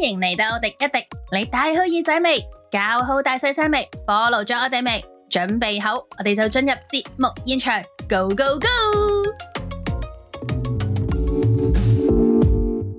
歡迎嚟到廸一廸，你戴好耳仔未？搞好大細聲未？暴露咗我哋未？準備好，我哋就進入節目現場，Go Go Go！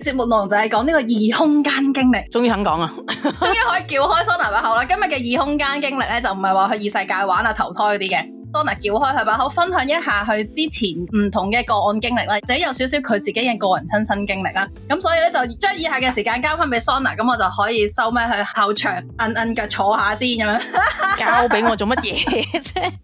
節目內容就係講呢個異空間經歷，終於肯講啦，終於可以叫開 Sona 把口啦。好啦，今日嘅異空間經歷咧，就唔係話去異世界玩啊、投胎嗰啲嘅。Sona 撬開佢把口。好，分享一下佢之前唔同嘅個案經歷啦。或者有少少佢自己嘅個人親身經歷啦。咁所以呢，就將以下嘅時間交翻俾 Sona，咁我就可以收咩去後場揞揞腳坐下先咁樣。 交俾我做乜嘢？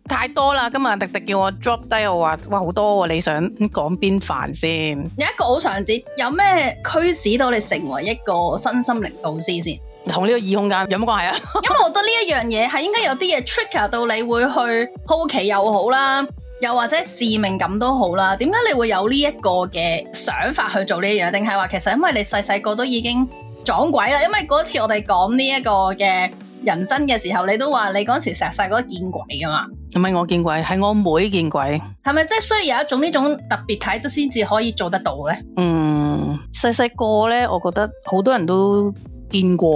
太多啦！今日迪迪叫我 drop 低，我話哇好多、哦，你想講邊瓣先？有一個好長節，有咩驅使到你成為一個身心靈導師先？同呢個異空間有冇關係啊？ 因為我覺得呢一樣嘢係應該有啲嘢 trigger 到你會去好奇又好啦，又或者使命感都好啦。點解你會有呢一個嘅想法去做呢一樣？定係話其實因為你細細個都已經撞鬼啦？因為嗰次我哋講呢一個嘅人生嘅時候，你都話你嗰時細細個見鬼噶嘛？唔係我見鬼，係我妹見鬼。係咪即係需要有一種呢種特別體質先至可以做得到咧？嗯，細細個咧，我覺得好多人都，見過，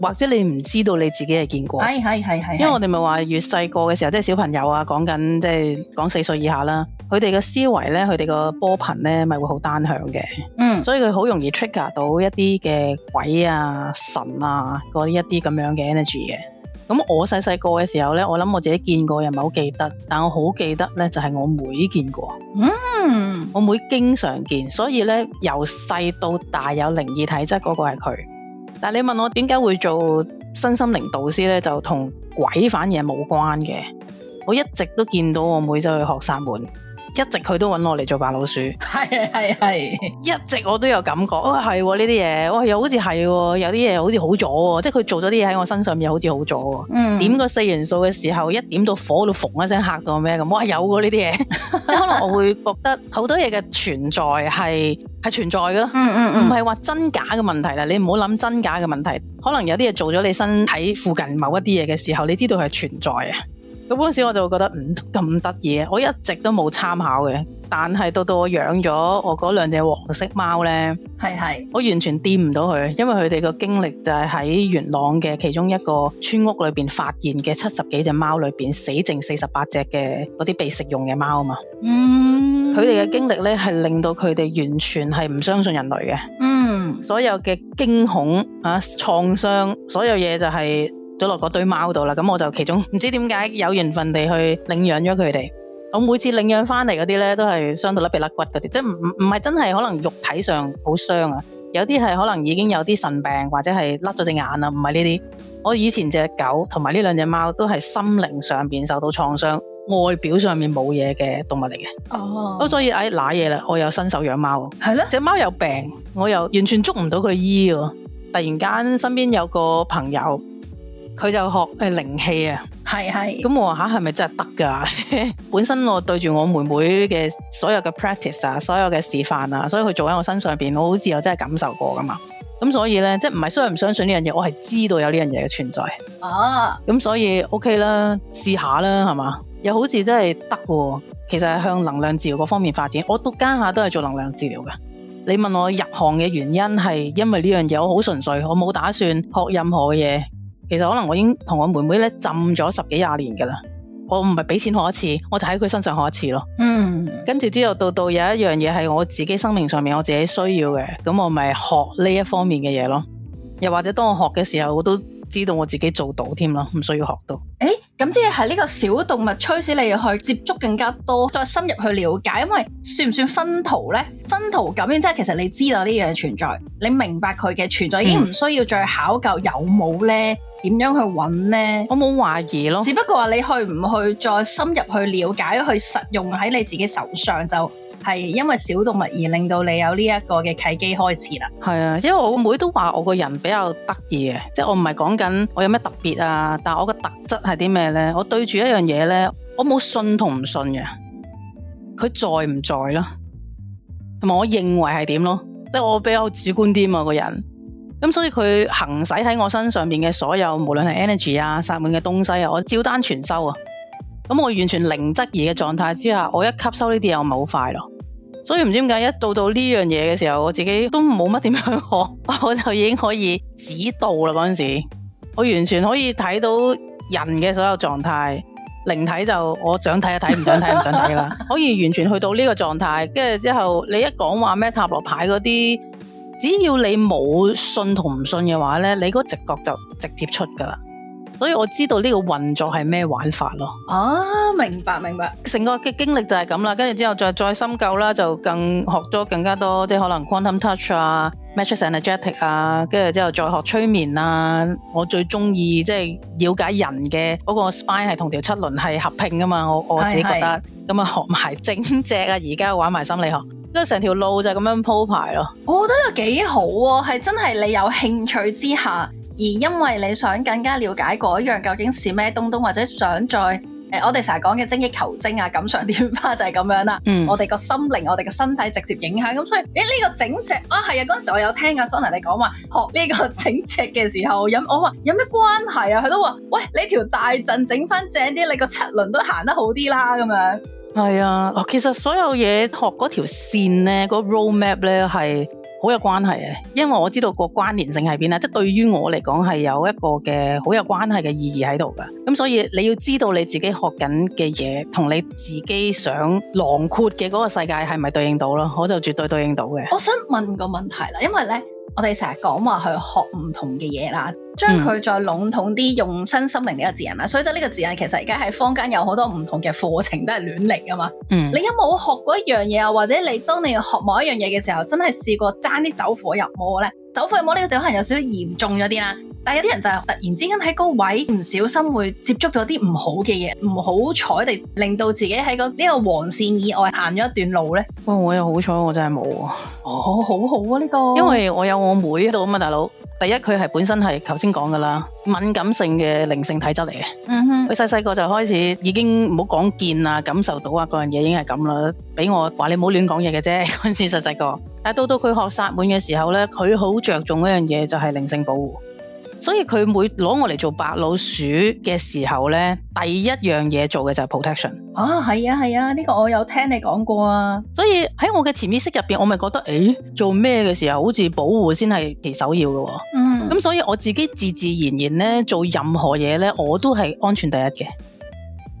或者你唔知道你自己係見過，係係係係， 因為我哋咪話越細個嘅時候， 即係小朋友啊，講緊即係講四歲以下啦，佢哋嘅思維咧，佢哋個波頻咧，咪會好單向嘅，嗯，所以佢好容易 trigger 到一啲嘅鬼啊神啊嗰一啲咁樣嘅 energy 嘅。咁我細細個嘅時候咧，我諗我自己見過又唔係好記得，但我好記得咧就係我妹見過，嗯，我妹經常見，所以咧由細到大有靈異體質嗰個係佢。但你問我點解會做身心靈導師呢？就同鬼反而係無關嘅。我一直都見到我妹走去學薩滿。一直佢都揾我嚟做白老鼠，係係係，一直我都有感覺，哇係呢啲嘢，哇、哦哦、又好似係、哦，有啲嘢好似好咗，即係佢做咗啲嘢喺我身上面，好似好咗，點個四元素嘅時候，一點到火度，逢一聲嚇到咩咁，哇有喎呢啲嘢， 可能我會覺得好多嘢嘅存在係係存在㗎囉，唔係話真假嘅問題啦，你唔好諗真假嘅問題，可能有啲嘢做咗你身體附近某一啲嘢嘅時候，你知道係存在啊。咁嗰時我就覺得唔咁得意，我一直都冇參考嘅。但係到到我養咗我嗰兩隻黃色貓咧，是是，我完全掂唔到佢，因為佢哋個經歷就係喺元朗嘅其中一個村屋裏面發現嘅七十幾隻貓裏面死剩四十八隻嘅嗰啲被食用嘅貓啊嘛。嗯，佢哋嘅經歷咧係令到佢哋完全係唔相信人類嘅。嗯，所的，所有嘅驚恐啊創傷，所有嘢就係、是。咗落嗰堆貓度啦，咁我就其中唔知點解有緣分地去領養咗佢哋。我每次領養翻嚟嗰啲咧，都係傷到甩鼻甩骨嗰啲，即係唔唔係真係可能肉體上好傷啊。有啲係可能已經有啲腎病或者係甩咗隻眼啊，唔係呢啲。我以前隻狗同埋呢兩隻貓都係心靈上邊受到創傷，外表上面冇嘢嘅動物嚟嘅。哦，咁所以誒瀨嘢啦，我有新手養貓係啦，隻貓的有病，我又完全捉唔到佢醫。突然間身邊有個朋友。佢就學誒靈氣啊，係係是，咁我話吓係咪真係得噶？ 本身我對住我妹妹嘅所有嘅 practice 啊，所有嘅示範啊，所以佢做喺我身上邊，我好似又真係感受過噶嘛。咁所以咧，即係唔係相唔相信呢樣嘢，我係知道有呢樣嘢嘅存在。哦、啊，咁所以 OK 啦，試下啦，係嘛？又好似真係得，其實係向能量治療嗰方面發展。我到家下都係做能量治療嘅。你問我入行嘅原因係因為呢樣嘢，我好純粹，我冇打算學任何嘢。其實可能我已經同我妹妹咧浸咗十幾廿年噶啦，我唔係俾錢學一次，我就喺佢身上學一次咯。嗯，跟住之後到到有一樣嘢係我自己生命上面我自己需要嘅，咁我咪學呢一方面嘅嘢咯。又或者當我學嘅時候，我都知道我自己做到添咯，唔需要學到。誒，咁即係呢個小動物趨使你去接觸更加多，再深入去了解，因為算唔算分圖呢？分圖咁樣，即係其實你知道呢樣存在，你明白佢嘅存在，已經唔需要再考究、嗯、有冇呢。點樣去揾呢？我冇懷疑咯，只不過話你去唔去再深入去了解、去實用喺你自己手上，就係因為小動物而令到你有呢一個嘅契機開始啦。係啊，因為我個妹都話我個人比較得意嘅，即係我唔係講緊我有咩特別啊，但係我個特質係啲咩呢？我對住一樣嘢呢，我冇信同唔信嘅，佢在唔在咯？同埋我認為係點咯？即係我比較主觀啲嘛個人。咁、嗯、所以佢行使喺我身上邊嘅所有，無論係 energy 啊、薩滿嘅東西啊，我照單全收啊。咁、嗯、我完全零質疑嘅狀態之下，我一吸收呢啲嘢，我咪好快咯。所以唔知點解一到到呢樣嘢嘅時候，我自己都冇乜點樣學， 我就已經可以指導啦。嗰陣時，我完全可以睇到人嘅所有狀態，靈體就我想睇就睇，唔想睇唔想睇啦。 可以完全去到呢個狀態，跟住之後你一講話咩塔羅牌嗰啲。只要你冇信同唔信嘅話咧，你嗰直覺就直接出噶啦。所以我知道呢個運作係咩玩法咯。啊，明白明白。成個嘅經歷就係咁啦，跟住之後再再深究啦，就更學咗更加多，即係可能 Quantum Touch 啊，Matrix Energetics 啊，跟住之後再學催眠啊。我最鍾意即係了解人嘅嗰個 spine 係同條七輪係合拼噶嘛，我我自己覺得。咁啊、哎是，學埋整隻啊，而家玩埋心理學。因為成條路就咁樣鋪排咯。哦，我覺得又幾好喎，啊，係真係你有興趣之下，而因為你想更加了解嗰樣究竟是咩東東，或者想再……誒、呃，我哋成日講嘅精益求精啊，感想點花，就係咁樣啦。嗯，我哋個心靈、我哋嘅身體直接影響，咁所以誒呢，這個整只啊係啊，嗰陣、啊、時我有聽阿桑 o 你講話學呢個整只嘅時候有，我有我話有咩關係啊？佢都話喂，你條大陣整翻正啲，你個七輪都行得好啲啦，啊，咁樣。係啊，其實所有嘢學嗰條線咧，嗰個 roadmap 呢係好有關係嘅，因為我知道個關聯性喺邊啦，即係對於我嚟講係有一個嘅好有關係嘅意義喺度㗎，咁所以你要知道你自己學緊嘅嘢同你自己想囊括嘅嗰個世界係咪對應到咯，我就絕對對應到嘅。我想問個問題啦，因為呢。我哋成日講話去學唔同嘅嘢啦，將佢再籠統啲用身心靈呢個字眼啦，所以就呢個字眼其實而家喺坊間有好多唔同嘅課程都係亂嚟㗎嘛。嗯，你有冇學過一樣嘢或者你當你學某一樣嘢嘅時候，真係試過爭啲走火入魔呢？手快冇呢個就可能有少少嚴重咗啲啦，但係有啲人就係突然之間喺高位唔小心會接觸到啲唔好嘅嘢，唔好彩地令到自己喺個呢個黃線以外行咗一段路咧。哇！我又好彩，我真係冇啊！哦，好好啊呢個，因為我有我妹喺度啊嘛，大佬。第一佢係本身係頭先講噶啦。敏感性嘅靈性體質嚟嘅，佢細細個就開始已經唔好講見啊，感受到啊嗰樣嘢已經係咁啦，俾我話你亂說，話你唔好亂講嘢嘅啫，嗰時細細個。但係到到佢學薩滿嘅時候咧，佢好著重嗰樣嘢就係靈性保護。所以佢每攞我嚟做白老鼠嘅時候咧，第一樣嘢做嘅就係 protection 啊，係啊係啊，呢個我有聽你講過啊。所以喺我嘅潛意識入邊，我咪覺得誒，做咩嘅時候好似保護先係其首要嘅哦。嗯，咁所以我自己自自然然咧，做任何嘢咧，我都係安全第一嘅。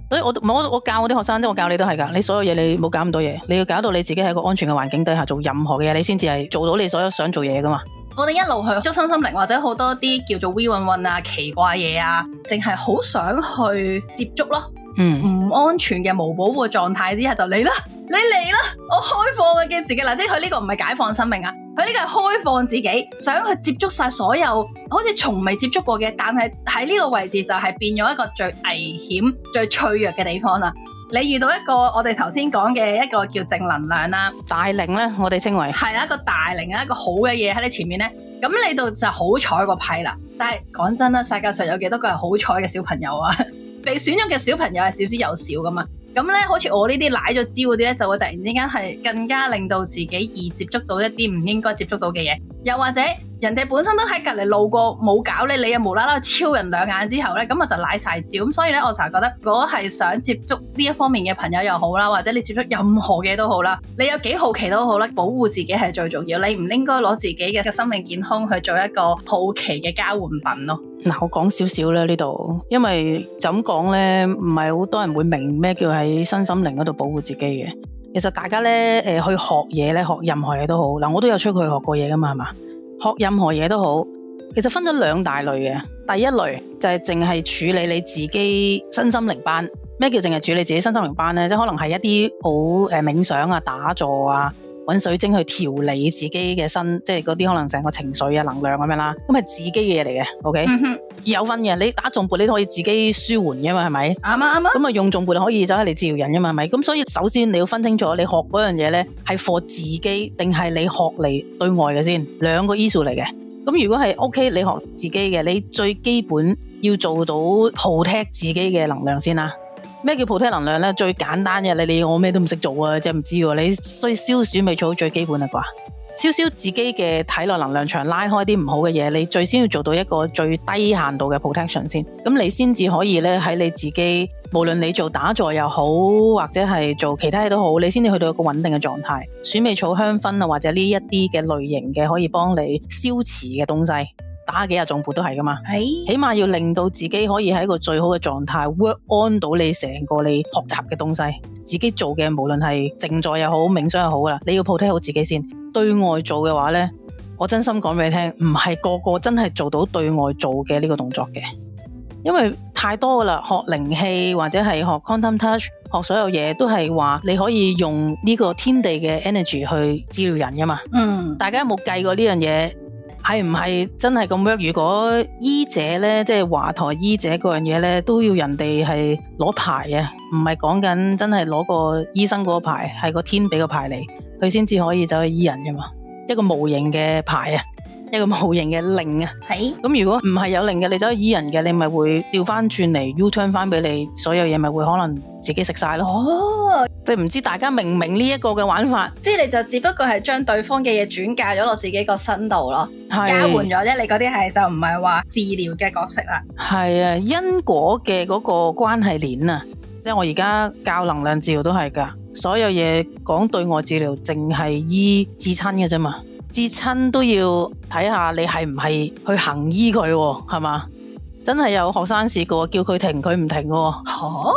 所以我我我教我啲學生即我教你都係噶，你所有嘢你冇搞咁多嘢，你要搞到你自己喺個安全嘅環境底下做任何嘅嘢，你先至係做到你所有想做嘢噶嘛。我哋一路去捉身心靈或者好多啲叫做 we run r 啊奇怪嘢啊，淨係好想去接觸咯，嗯，唔 安全嘅無保護嘅狀態之下就嚟啦，你嚟啦，我開放嘅自己嗱，即係佢呢個唔係解放生命啊，佢呢個係開放自己，想去接觸晒所有，好似從未接觸過嘅，但係喺呢個位置就係變咗一個最危險、最脆弱嘅地方啦。你遇到一個我哋頭先講嘅一個叫正能量啦，大靈咧，我哋稱為係一個大靈，一個好嘅嘢喺你前面咧，咁你度就好彩個批啦。但係講真啦，世界上有幾多個係好彩嘅小朋友啊？ 被選咗嘅小朋友係少之又少噶嘛。咁咧，好似我呢啲奶咗招嗰啲咧，就會突然之間係更加令到自己易接觸到一啲唔應該接觸到嘅嘢。又或者人哋本身都喺隔籬路過冇搞你，你又無啦啦超人兩眼之後咧，咁我就瀨晒照咁。所以咧，我就係覺得，如果係想接觸呢一方面嘅朋友又好啦，或者你接觸任何嘢都好啦，你有幾好奇都好啦，保護自己係最重要。你唔應該攞自己嘅生命健康去做一個好奇嘅交換品咯。嗱，我講少少啦，呢度，因為咁講咧，唔係好多人會明咩叫喺身心靈嗰度保護自己嘅。其實大家咧，誒去學嘢咧，學任何嘢都好。嗱，我都有出去學過嘢㗎嘛，係嘛？學任何嘢都好，其實分咗兩大類嘅。第一類就係淨係處理你自己身心靈班。咩叫淨係處理自己身心靈班咧？即係可能係一啲好誒冥想啊、打坐啊。搵水晶去調理自己嘅身，即係嗰啲可能成個情緒啊、能量咁樣啦，咁係自己嘅嘢嚟嘅。O、okay? K，、嗯、哼有分嘅。你打重撥，你可以自己舒緩嘅嘛，係咪？啱啊啱啊。咁、嗯、啊，用重撥你可以走去嚟治療人嘅嘛，係咪？咁所以首先你要分清楚，你學嗰樣嘢咧係 for 自己定係你學嚟對外嘅先，兩個 issue 嚟嘅。咁如果係 O K，你學自己嘅，你最基本要做到 protect 自己嘅能量先啦。咩叫普 r 能量咧？最簡單嘅，你你我咩都唔識做啊，即係唔知喎。你需要消鼠尾草最基本啦啩，消消自己嘅體內能量場，拉開啲唔好嘅嘢。你最先要做到一個最低限度嘅 protection 先，咁你先至可以咧喺你自己，無論你做打坐又好，或者係做其他嘢都好，你先至去到一個穩定嘅狀態。鼠尾草、香薰啊，或者呢一啲嘅類型嘅，可以幫你消磁嘅東西。打幾日重步都係噶嘛，Hey. 起碼要令到自己可以喺個最好嘅狀態 work on 到你成個你學習嘅東西，自己做嘅無論係靜坐又好，冥想又好噶啦，你要鋪貼好自己先。對外做嘅話呢，我真心講俾你聽，唔係個個真係做到對外做嘅呢個動作嘅，因為太多噶啦，學靈氣或者係學 quantum touch，學所有嘢都係話你可以用呢個天地嘅 energy 去治療人噶嘛。嗯，大家有冇計過呢樣嘢？係唔係真係咁 work？如果醫者呢，即係華佗醫者嗰樣嘢咧，都要人哋係攞牌啊，唔係講緊真係攞個醫生嗰個牌，係個天俾個牌嚟，佢先至可以走去醫人噶嘛，一個無形嘅牌啊。呢個模型嘅靈啊，係咁是如果唔係有靈嘅，你走去醫人嘅，你咪會調翻轉嚟，U turn 翻俾你，所有嘢咪會可能自己食晒咯。哦，即係唔知大家明唔明呢一個嘅玩法？即係你就只不過係將對方嘅嘢轉嫁咗落自己個身度咯，是交換咗啫。你嗰啲係就唔係話治療嘅角色啦。係啊，因果嘅嗰個關係鏈啊，即係我而家教能量治療都係噶，所有嘢講對外治療治，淨係醫自身嘅啫嘛。至親都要睇下你係唔係去行醫佢，係嘛？真係有學生試過，叫佢停佢唔停嘅，哦。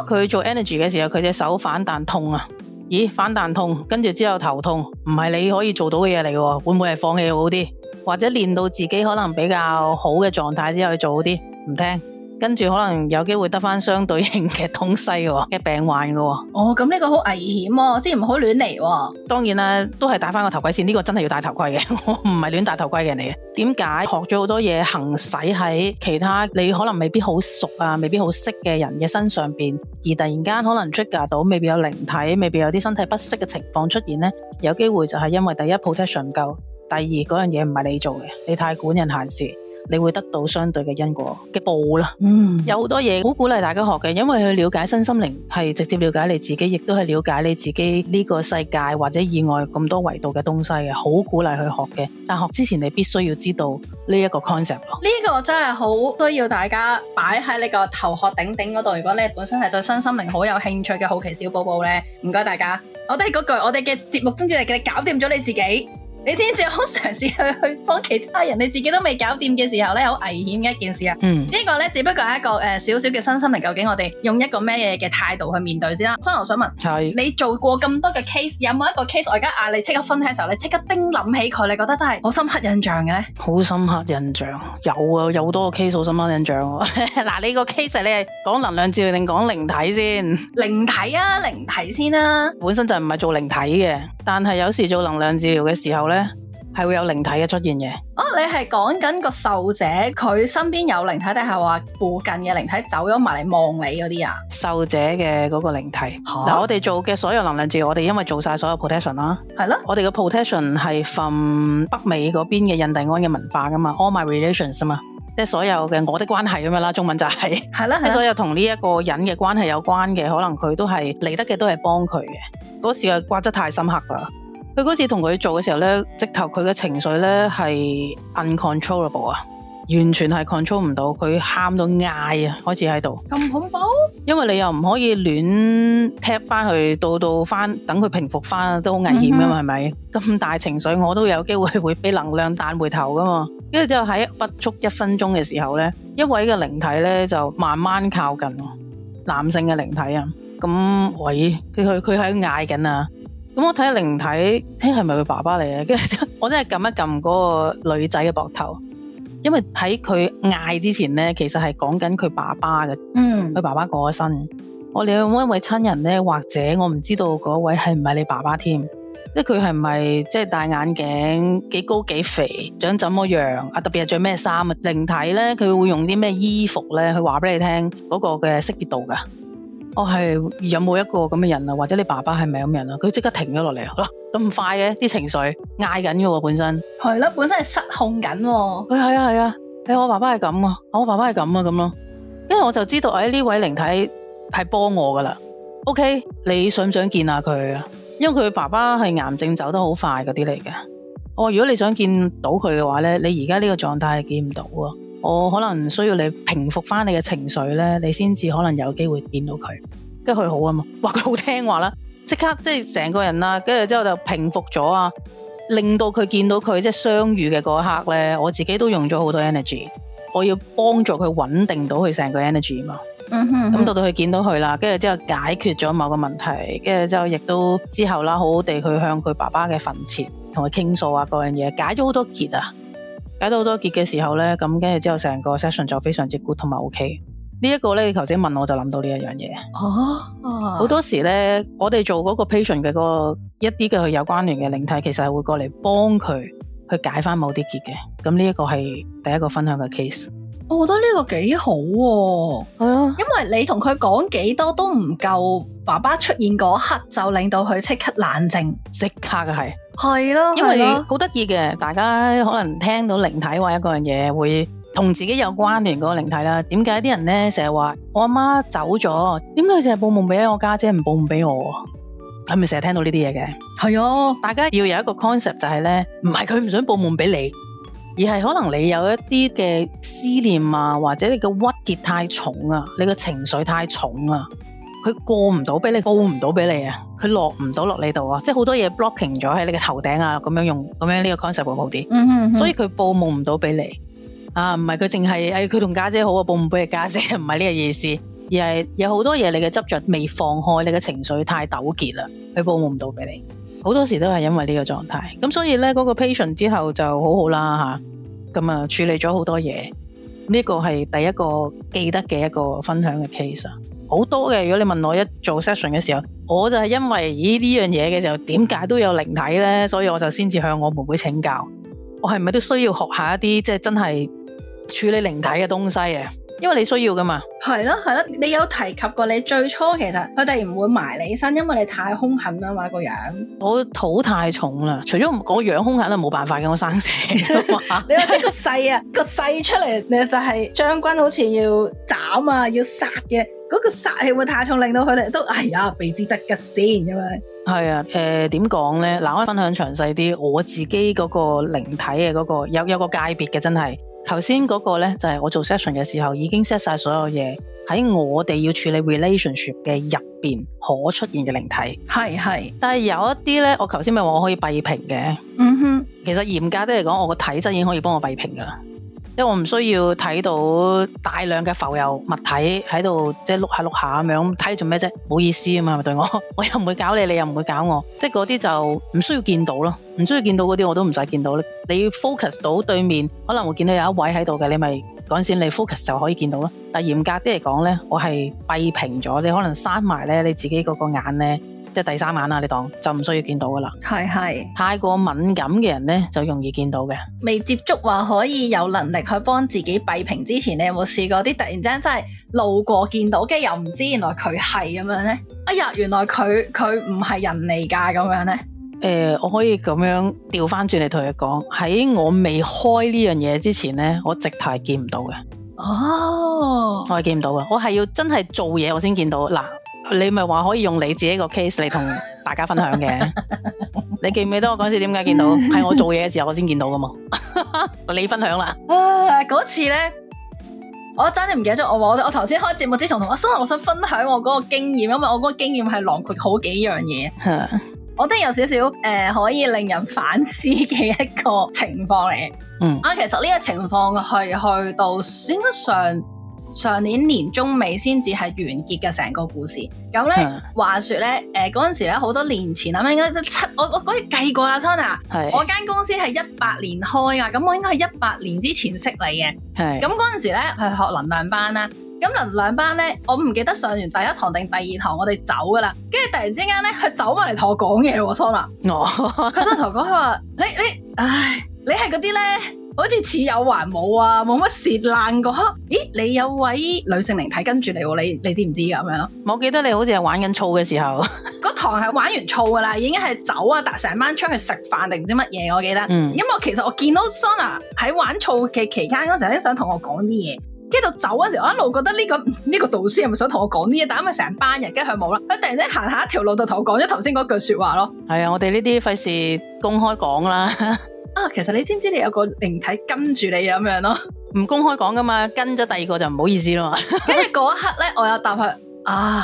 佢蛤做 energy 嘅時候，佢隻手反彈痛啊！咦，反彈痛，跟住之後頭痛，唔係你可以做到嘅嘢嚟嘅。會唔會係放棄好啲？或者練到自己可能比較好嘅狀態之後做好啲唔聽。跟住可能有機會得翻相對應嘅東西嘅、哦、病患嘅。哦，咁呢、哦嗯這個好危險喎、哦，即係唔好亂嚟喎。當然啦，都係戴翻個頭盔先，呢、這個真係要戴頭盔嘅，我唔係亂戴頭盔嘅人嚟嘅。點解學咗好多嘢行使喺其他你可能未必好熟啊，未必好識嘅人嘅身上邊，而突然間可能 trigger 到未必有靈體，未必有啲身體不適嘅情況出現咧，有機會就係因為第一 Protection 唔夠，第二嗰樣嘢唔係你做嘅，你太管人閒事。你會得到相對嘅因果嘅報啦，嗯，有好多嘢好鼓勵大家學嘅，因為去了解身心靈係直接了解你自己，亦都係了解你自己呢個世界或者以外咁多維度嘅東西嘅，好鼓勵去學嘅。但學之前你必須要知道呢一個 concept 咯。呢個真係好需要大家擺喺你個頭殼頂頂嗰度。如果你本身係對身心靈好有興趣嘅好奇小寶寶呢，唔該大家，我哋嗰句我哋嘅節目宗旨係叫你搞掂咗你自己。你先至好嘗試去去幫其他人，你自己都未搞掂嘅時候咧，好危險嘅一件事啊！嗯呢，呢個咧只不過係一個誒少少嘅身心靈，究竟我哋用一個咩嘢嘅態度去面對先啦？所以我想問，係是你做過咁多嘅 case，有冇一個 case 我而家嗌你即刻分享嘅時候，你即刻叮諗起佢，你覺得真係好深刻印象嘅咧？好深刻印象，有啊，有好多個 case 好深刻印象喎。嗱， 你個 case 你係講能量治療定講靈體先？靈體啊，靈體先啦、啊。本身就唔係做靈體嘅，但係有時做能量治療嘅時候，咧係會有靈體嘅出現嘅。哦、啊，你係講緊個受者，佢身邊有靈體，定係話附近嘅靈體走咗埋嚟望你嗰啲啊？受者嘅嗰個靈體。嗱，我哋做嘅所有能量治療，我哋因為做晒所有 potention 啦，係咯的。我哋嘅 potention 係從北美嗰邊嘅印第安嘅文化㗎嘛，all my relations 嘛，即、就、係、是、所有嘅我的關係咁樣啦。中文就係係啦，係所有同呢一個人嘅關係有關嘅，可能佢都係嚟得嘅，都係幫佢嘅。嗰時嘅瓜則太深刻啦。佢嗰次同佢做嘅時候呢，直頭佢嘅情緒呢係 uncontrollable 啊，un able，完全係 control 唔到，佢喊到嗌啊，開始喺度。咁恐怖！因為你又唔可以亂踢 a 翻去，到到翻等佢平復翻都好危險噶嘛，係咪、mm？咁、hmm。大情緒，我都有機會會俾能量彈回頭噶嘛。跟住之後就喺不足一分鐘嘅時候呢，一位嘅靈體呢就慢慢靠近，男性嘅靈體啊。咁，喂，佢佢喺嗌緊啊！咁我睇下靈體聽係咪佢爸爸嚟啊？跟 住我真係撳一撳嗰個女仔嘅膊頭，因為喺佢嗌之前咧，其實係講緊佢爸爸嘅。嗯，佢爸爸過咗身，我哋有冇一位親人咧？或者我唔知道嗰位係唔係你爸爸添？即係佢係唔係？即係戴眼鏡，幾高幾肥，長怎麼樣啊？特別係着咩衫啊？靈體咧，佢會用啲咩衣服咧？佢話俾你聽嗰個嘅識別度噶。我係、哦、有冇一個咁嘅人啊？或者你爸爸係咪咁嘅人啊？佢即刻停咗落嚟，嗱，咁快嘅、啊、啲情緒嗌緊嘅喎，本身係咯、啊，本身係失控緊。誒，係啊，係、哎、啊，誒、啊哎，我爸爸係咁啊，我爸爸係咁啊，咁咯、啊。因為我就知道，誒、哎、呢位靈體係幫我噶啦。O、okay? K，你想唔想見下佢啊？因為佢爸爸係癌症走得好快嗰啲嚟嘅。我、哦、如果你想見到佢嘅話咧，你而家呢個狀態係見唔到啊。我可能需要你平復翻你嘅情緒呢。你先至可能有機會見到佢。跟住佢好啊嘛，話佢好聽話啦，刻，即刻即係成個人啦、啊，跟住之後就平復咗啊，令到佢見到佢即係相遇嘅嗰一刻呢，我自己都用咗好多 energy，我要幫助佢穩定到佢成個 energy 啊嘛，咁、嗯嗯、到到佢見到佢啦，跟住之後解決咗某個問題，跟住之後亦都之後啦，好好地去向佢爸爸嘅墳前同佢傾訴啊各樣嘢，解咗好多結啊。解到好多結嘅時候呢，咁跟住之後成個 session 就非常之 good 同埋 OK。呢、這、一個呢，頭先問我就諗到呢一樣嘢。哦、啊，好多時呢，我哋做嗰個 patient 嘅個一啲嘅有關聯嘅靈體，其實係會過嚟幫佢去解翻某啲結嘅。咁呢一個係第一個分享嘅 case。我覺得呢個幾好喎，啊，啊因為你同佢講幾多都唔夠，爸爸出現嗰刻就令到佢即刻冷靜，即刻嘅係。係咯，因為好得意嘅，大家可能聽到靈體話一個樣嘢，會同自己有關聯嗰個靈體啦。點解啲人咧成日話我阿媽走咗？點解佢成日報夢俾我家姐、姐，唔報夢俾我？係咪成日聽到呢啲嘢嘅？係咯的，大家要有一個 concept 就係、是、咧，唔係佢唔想報夢俾你，而係可能你有一啲嘅思念啊，或者你嘅鬱結太重啊，你嘅情緒太重啊。佢過唔到俾你，報唔到俾你啊！佢落唔到落你度啊！即係好多嘢 blocking 咗喺你嘅頭頂啊！咁樣用咁樣呢個 concept 會好啲。嗯哼嗯哼。所以佢報夢唔到俾你啊！唔係佢淨係誒佢同家姐好啊，報唔俾佢家姐，唔係呢個意思，而係有好多嘢你嘅執着未放開，你嘅情緒太糾結啦，佢報夢唔到俾你。好多時都係因為呢個狀態。咁所以咧，嗰個 patient 之後就好好啦吓，咁啊，啊處理咗好多嘢。呢個係第一個記得嘅一個分享嘅 case 啊。好多嘅，如果你問我一做 session 嘅時候，我就係因為咦呢樣嘢嘅時候，點解都有靈體咧？所以我就先至向我妹妹請教，我係咪都需要學下一啲即係真係處理靈體嘅東西啊？因為你需要噶嘛。係咯，係咯，你有提及過你最初其實佢哋唔會埋你身，因為你太兇狠啦嘛，個樣。我肚太重啦，除咗我樣兇狠，都冇辦法嘅，我生死。 你話、個細啊，個細出嚟你就係將軍，好似要斬啊，要殺嘅。嗰個殺氣會,會太重，令到佢哋都哎呀，未知得嘅先咁樣。係啊，誒點講咧？嗱，我分享詳細啲，我自己嗰個靈體嘅嗰、嗰個有有個界別嘅，真係頭先嗰個咧就係、係、我做 session 嘅時候已經 set 晒所有嘢喺我哋要處理 relationship 嘅入邊可出現嘅靈體。係係係，但係有一啲咧，我頭先咪話我可以閉屏嘅。嗯哼，其實嚴格啲嚟講，我個體質已經可以幫我閉屏㗎喇。因係我唔需要睇到大量嘅浮游物體喺度，即係碌下碌下咁樣，睇做咩啫？冇意思啊嘛，係對我？我又唔會搞你，你又唔會搞我。即係嗰啲就唔需要見到咯，唔需要見到嗰啲我都唔使見到。你 focus 到對面，可能我見到有一位喺度嘅，你咪趕線你 focus 就可以見到咯。但係嚴格啲嚟講呢，我係閉屏咗，你可能刪埋你自己嗰個眼呢。即係，第三眼啦，你當就唔需要見到噶啦。係係太過敏感嘅人咧，就容易見到嘅。未接觸話可以有能力去幫自己閉屏之前，你有冇試過啲突然之間真係路過見到，跟住又唔知原來佢係咁樣咧？哎呀，原來佢佢唔係人嚟噶咁樣咧？誒、欸，我可以咁樣調翻轉嚟同佢講，喺我未開呢樣嘢之前咧，我直頭係見唔到嘅。哦，我係見唔到噶，我係要真係做嘢我先見到嗱。你咪話可以用你自己個 case 嚟同大家分享嘅， 你記唔記得我嗰次點解見到？係 我做嘢嘅時候我先見到噶嘛？ 你分享啦，嗰、uh，次咧，我真係唔記得咗。我我我頭先開節目之前同阿蘇，我想分享我嗰個經驗，因為我嗰個經驗係囊括好幾樣嘢。Uh. 我都有少少誒，可以令人反思嘅一個情況嚟。嗯，mm. 啊，其實呢個情況係去到先上上年年中尾先至係完結嘅成個故事，咁咧、啊、話說咧，誒嗰陣時咧好多年前啊，應該都七，我我嗰時計過啦，Sona，是我間公司係一百年開啊，咁我應該係一百年之前識你嘅，係是，咁嗰陣時咧係學能量班啦，咁能量班咧我唔記得上完第一堂定第二堂我哋走噶啦，跟住突然之間咧佢走埋嚟同我講嘢喎，Sona，哦，佢 就同我講佢話，你你,你，唉，你係嗰啲咧。好似似有還冇啊，冇乜蝕爛個。咦，你有位女性靈體跟住你喎、啊，你你知唔知噶咁樣咯？我記得你好似係玩緊醋嘅時候，個 堂係玩完醋噶啦，已經係走啊，搭成班出去食飯定唔知乜嘢。我記得，嗯、因為我其實我見到 Sona 喺玩醋嘅期間嗰陣已想同我講啲嘢，跟住到走嗰陣時，我一路覺得呢、呢個呢、嗯呢個導師係咪想同我講啲嘢？但因為成班人跟佢冇啦，佢突然之間行下一條路就同我講咗頭先嗰句説話咯。係啊，我哋呢啲費事公開講啦。 啊，其實你知唔知道你有個靈體跟住你咁樣咯？唔 公開講噶嘛，跟咗第二個就唔好意思咯嘛。跟住嗰一刻咧，我有答佢啊，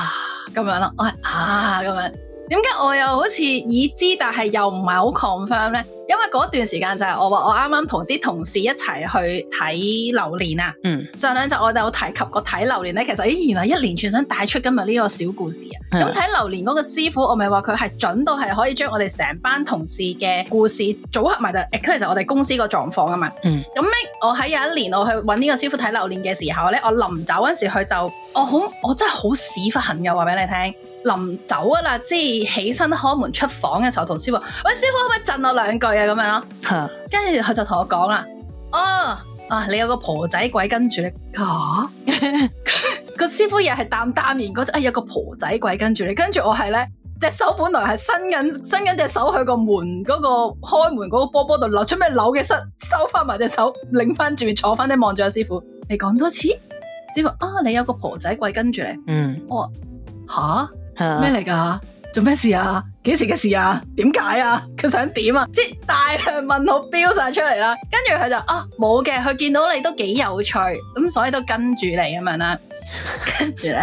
咁樣咯，我係啊，咁樣。點解我又好似已知，但係又唔係好 confirm 咧？因為嗰段時間就係我話我啱啱同啲同事一齊去睇榴蓮啊！嗯，上兩集我就有提及個睇榴蓮咧，其實咦原來一連串想帶出今日呢個小故事啊！咁睇、嗯、榴蓮嗰個師傅，我咪話佢係準到係可以將我哋成班同事嘅故事組合埋，欸、就其 x 我哋公司個狀況啊嘛！嗯，咁我喺有一年我去揾呢個師傅睇榴蓮嘅時候咧，我臨走嗰時佢就我好我真係好屎忽痕嘅話俾你聽。臨走啊啦，即係起身開門出房嘅時候，同師傅：「喂，師傅可唔可以震我兩句啊？咁樣咯，跟住佢就同我講啦：，哦啊，你有個婆仔鬼跟住你嚇？個、啊、 師傅又係淡淡然嗰隻，哎，有個婆仔鬼跟住你，跟住我係咧隻，、那個、隻手，本來係伸緊伸緊隻手去個門嗰個開門嗰個波波度流出咩扭嘅失收翻埋隻手，擰翻轉坐翻啲望住阿師傅，你講多次，師傅啊，你有個婆仔鬼跟住你，嗯、啊，我嚇、啊。咩嚟噶？做咩事啊？幾時嘅事啊？點解啊？佢想點啊？即係大量問號飆晒出嚟啦，跟住佢就啊冇嘅，佢見到你都幾有趣，咁所以都跟住你咁樣啦。 跟住咧，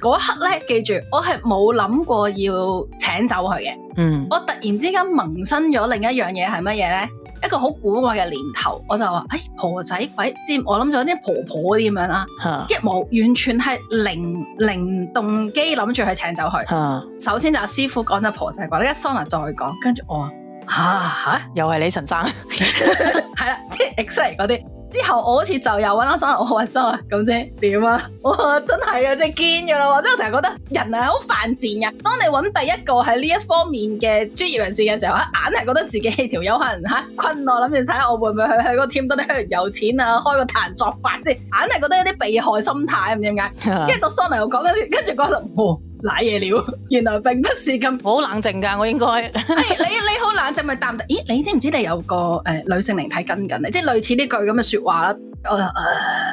嗰刻咧，記住我係冇諗過要請走佢嘅。嗯，我突然之間萌生咗另一樣嘢係乜嘢咧？一個好古怪嘅念頭，我就話，誒、欸，婆仔鬼，即係我諗咗啲婆婆啲咁樣啦、啊，即係冇完全係靈靈動機諗住去請走佢。啊、首先就阿師傅講咗婆仔啩，呢一 Sona 再講，跟住我話，吓、啊、吓，又係你陳生，係啦 對了，即係 X-ray 嗰啲。之後我好似就又揾阿 Sona，我好揾心啦，咁啫點啊？哇，真係啊，真係堅噶啦！即係我成日覺得人係好犯賤噶。當你揾第一個喺呢一方面嘅專業人士嘅時候，硬係覺得自己係條友可能吓坤我，諗住睇下我會唔會去去個 team 度呢？有錢啊，開個壇作法啫，硬係覺得有啲被害心態咁點解？跟住到 Sona 又講嗰時跟住講到， 瀨嘢了，原來並不是咁。我好冷靜㗎，我應該。 hey，你你好冷靜咪答？咦，你知唔知道你有個、呃、女性靈體跟緊你？即係類似呢句咁嘅説話。我誒，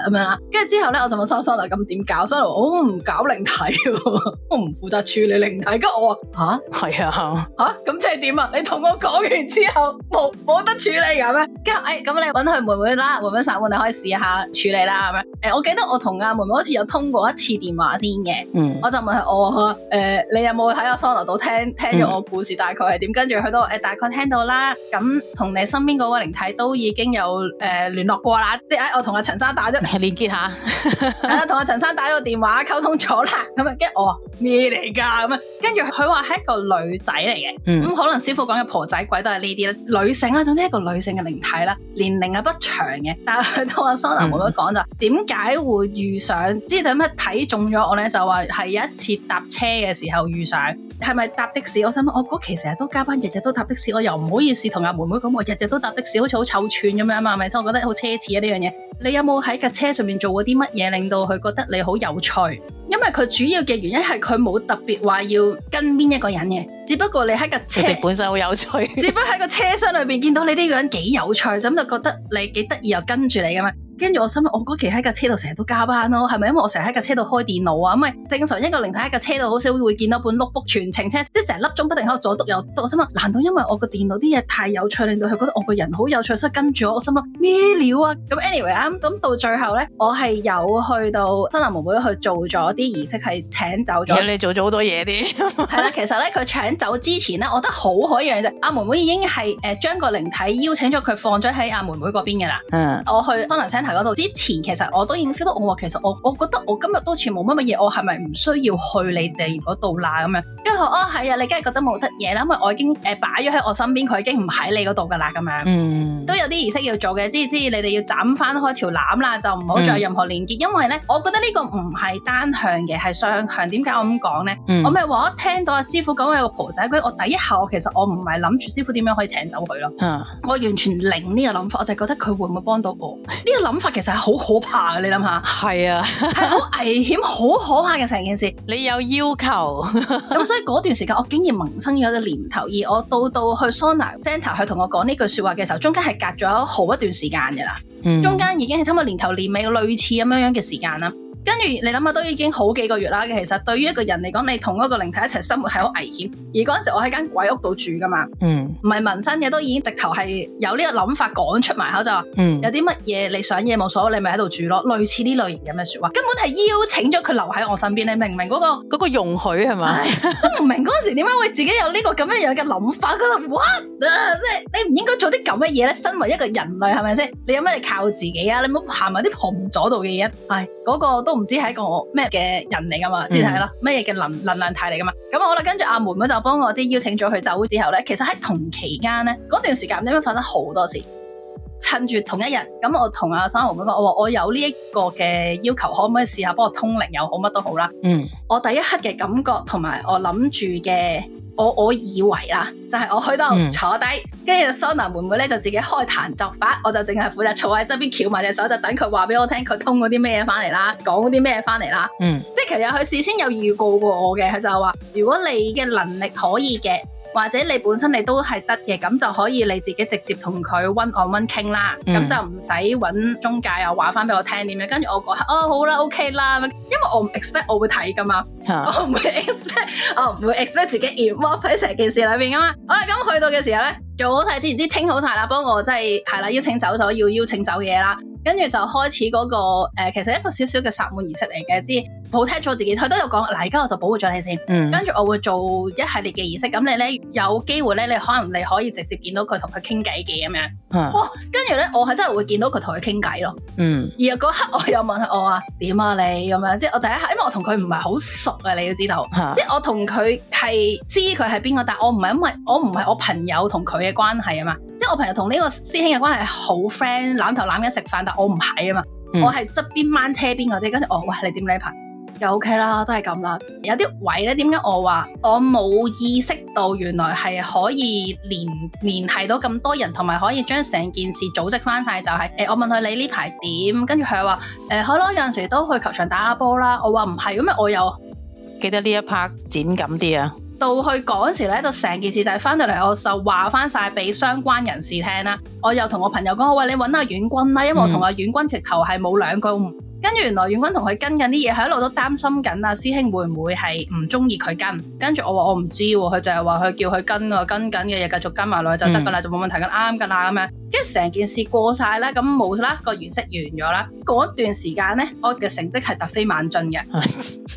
咁樣，跟住之後咧，我就問 Sona 啊，咁點搞？Sona 話我唔搞靈體，我唔負責處理靈體。跟住我話吓，係啊，吓，咁即係點啊？你同我講完之後，冇冇得處理噶咩？跟住誒，咁你搵佢妹妹啦，妹妹散妹你可以試下處理啦，咁樣。誒，我記得我同阿妹妹好似有通過一次電話先嘅。我就問佢我誒，你有冇喺阿 Sona 度聽聽咗我故事大概係點？跟住佢都誒，大概聽到啦。咁同你身邊嗰位靈體都已經有誒聯絡過啦，即係。我同阿陳生打咗連結下，係啊，同阿陳生打咗個電話溝通咗啦，咁啊，跟住我話咩嚟噶？咁啊，跟住佢話係一個女仔嚟嘅，咁、嗯嗯、可能師傅講嘅婆仔鬼都係呢啲啦，女性啦，總之一個女性嘅靈體啦，年齡啊不長嘅，但係都阿 Sona 妹妹講就點解會遇上？知道乜睇中咗我咧？就話係有一次搭車嘅時候遇上，係咪搭的士？我想問，我嗰期成日都加班，日日都搭的士，我又唔好意思同阿妹妹講，我日日都搭的士，好似好臭串咁樣啊？係咪先？我覺得好奢侈啊呢樣嘢。你有冇喺架車上面做過啲乜嘢令到佢覺得你好有趣？因為佢主要嘅原因係佢冇特別話要跟邊一個人嘅。只不過你喺架車，本身好有， 有趣。只不喺個車廂裏邊見到你呢個人幾有趣，咁就覺得你幾得意又跟住你咁啊。跟住我心諗，我嗰期喺架車度成日都加班咯，係咪因為我成日喺架車度開電腦啊？咁咪正常一個零探喺架車度好少會見到本碌 o 全程車，即係成粒鐘不停喺度左讀右讀。我心諗，難道因為我個電腦啲嘢太有趣，令到佢覺得我個人好有趣，所以跟住我？我心諗咩料啊？咁 anyway 啦、啊，咁到最後咧，我係有去到新南妹妹去做咗啲儀式，係請走咗。你做咗好多嘢啲。係 啦，其實咧佢請。走之前咧，我覺得好可以嘅就阿妹妹已經係誒、呃、將個靈體邀請咗佢放咗喺阿妹妹嗰邊嘅啦。Yeah. 我去多能聖台嗰度之前其、哦，其實我都已經 feel 到我話其實我我覺得我今日都似冇乜乜嘢，我係咪唔需要去你哋嗰度啦咁樣？跟住佢話哦係啊，你梗係覺得冇得嘢啦，因為我已經誒擺咗喺我身邊，佢已經唔喺你嗰度噶啦咁樣。Mm. 都有啲儀式要做嘅，知知你哋要斬翻開條纜啦，就唔好再有任何連結，mm. 因為咧，我覺得呢個唔係單向嘅，係雙向。點解我咁講咧？Mm. 我咪話我聽到阿師傅講有個僆仔，我第一下我其實我唔係諗住師傅點樣可以請走佢咯，啊、我完全零呢個諗法，我就係覺得佢會唔會幫到我？呢、這個諗法其實係好可怕嘅，你諗下，係是啊，係 好危險、好可怕嘅成件事。你有要求，咁、 嗯、所以嗰段時間我竟然萌生咗個念頭，而我到到去 Sona Center 去同我講呢句説話嘅時候，中間係隔咗好一段時間嘅啦，嗯、中間已經係差唔多年頭年尾類似咁樣樣嘅時間啦。跟住你諗下都已經好幾個月啦。其實對於一個人嚟講，你同嗰個靈體一齊生活係好危險。而嗰陣時我喺間鬼屋度住噶嘛，唔係、嗯、紋身嘅，都已經直頭係有呢個諗法講出埋口就話，嗯、有啲乜嘢你想嘢冇所謂，你咪喺度住咯。類似呢類型咁嘅說話，根本係邀請咗佢留喺我身邊。你明唔明嗰、嗰個容許係嘛？ 都唔明嗰陣時點解會自己有呢、呢個咁樣樣嘅諗法？覺得 what 即係你唔應該做啲咁嘅嘢咧。身為一個人類係咪先？你有乜嘢靠自己啊？你唔好行埋啲旁咗度嘅嘢。唉，嗰個都。唔知係一個咩嘅人嚟噶嘛？先睇啦，咩嘢嘅能能量、嗯、體嚟噶嘛？咁好啦，跟住阿妹妹就幫我啲邀請咗佢走之後咧，其實喺同期間咧，嗰段時間點樣發生好多事。趁住同一日，咁我同 Sona 妹妹講，我話我有呢一個嘅要求，可唔可以試下幫我通靈又好，乜都好啦。嗯，我第一刻嘅感覺同埋我諗住嘅。我我以為啦，就係、是、我去到坐低，跟住 Sona 妹妹咧就自己開壇作法，我就淨係負責坐喺側邊翹埋隻手，就等佢話俾我聽佢通過啲咩嘢翻嚟啦，講啲咩嘢翻嚟啦。嗯，即係其實佢事先有預告過我嘅，佢就話如果你嘅能力可以嘅。或者你本身你都係得嘅，咁就可以你自己直接同佢 one on one 傾啦，咁、嗯、就唔使揾中介又話翻俾我聽點樣，跟住我講，哦好啦，OK 啦，因為我唔 expect 我會睇噶嘛，啊、我唔會 expect，我唔會 expect 自己 involve 喺成件事裏面噶嘛。好啦，咁去到嘅時候咧？做好曬，之前之清好曬啦。幫我真係係啦，邀請走咗，要邀請走嘢啦。跟住就開始嗰、那個、呃、其實一個少少嘅薩滿儀式嚟嘅，即係保護咗自己。佢都有講，嗱，而家我就保護咗你先。嗯、跟住我會做一系列嘅儀式，咁你咧有機會咧，你可能你可以直接見到佢同佢傾偈嘅咁樣。跟住咧，我係真係會見到佢同佢傾偈咯。嗯。而嗰刻我有問我啊，點啊你咁樣？即係我第一下，因為我同佢唔係好熟啊，你要知道。嗯、即係我同佢係知佢係邊個，但我唔係因為我唔係我朋友同佢。嘅關係啊嘛，即係我朋友同呢個師兄嘅關係好 friend，攬頭攬緊食飯，但我唔係啊嘛，嗯、我係側邊掹車邊嗰啲。跟住我，喂你點呢排？又 OK 啦，都係咁啦。有啲位咧，點解我話我冇意識到原來係可以聯聯繫到咁多人，同埋可以將成件事組織翻晒就係、是、誒、欸，我問佢你呢排點，跟住佢話誒好啦，有陣時都去球場打下波啦。我話唔係，咁咪我又記得呢一 part 剪緊啲啊。到去講時咧，就成件事就係翻到嚟，我就話翻晒俾相關人士聽啦。我又同我朋友講，喂，你揾阿遠君啦，因為我同阿遠君直頭係冇兩句。跟住、嗯、原來遠君同佢跟緊啲嘢，一路都擔心緊啊。師兄會唔會係唔中意佢跟？我我他他跟住我話我唔知喎，佢就係話佢叫佢跟啊，跟緊嘅嘢繼續跟埋落去就得㗎啦，就冇、嗯、問題㗎，啱㗎啦咁樣。即係成件事過晒啦，咁冇啦，個儀式完咗啦。嗰段時間咧，我嘅成績係突飛猛進嘅，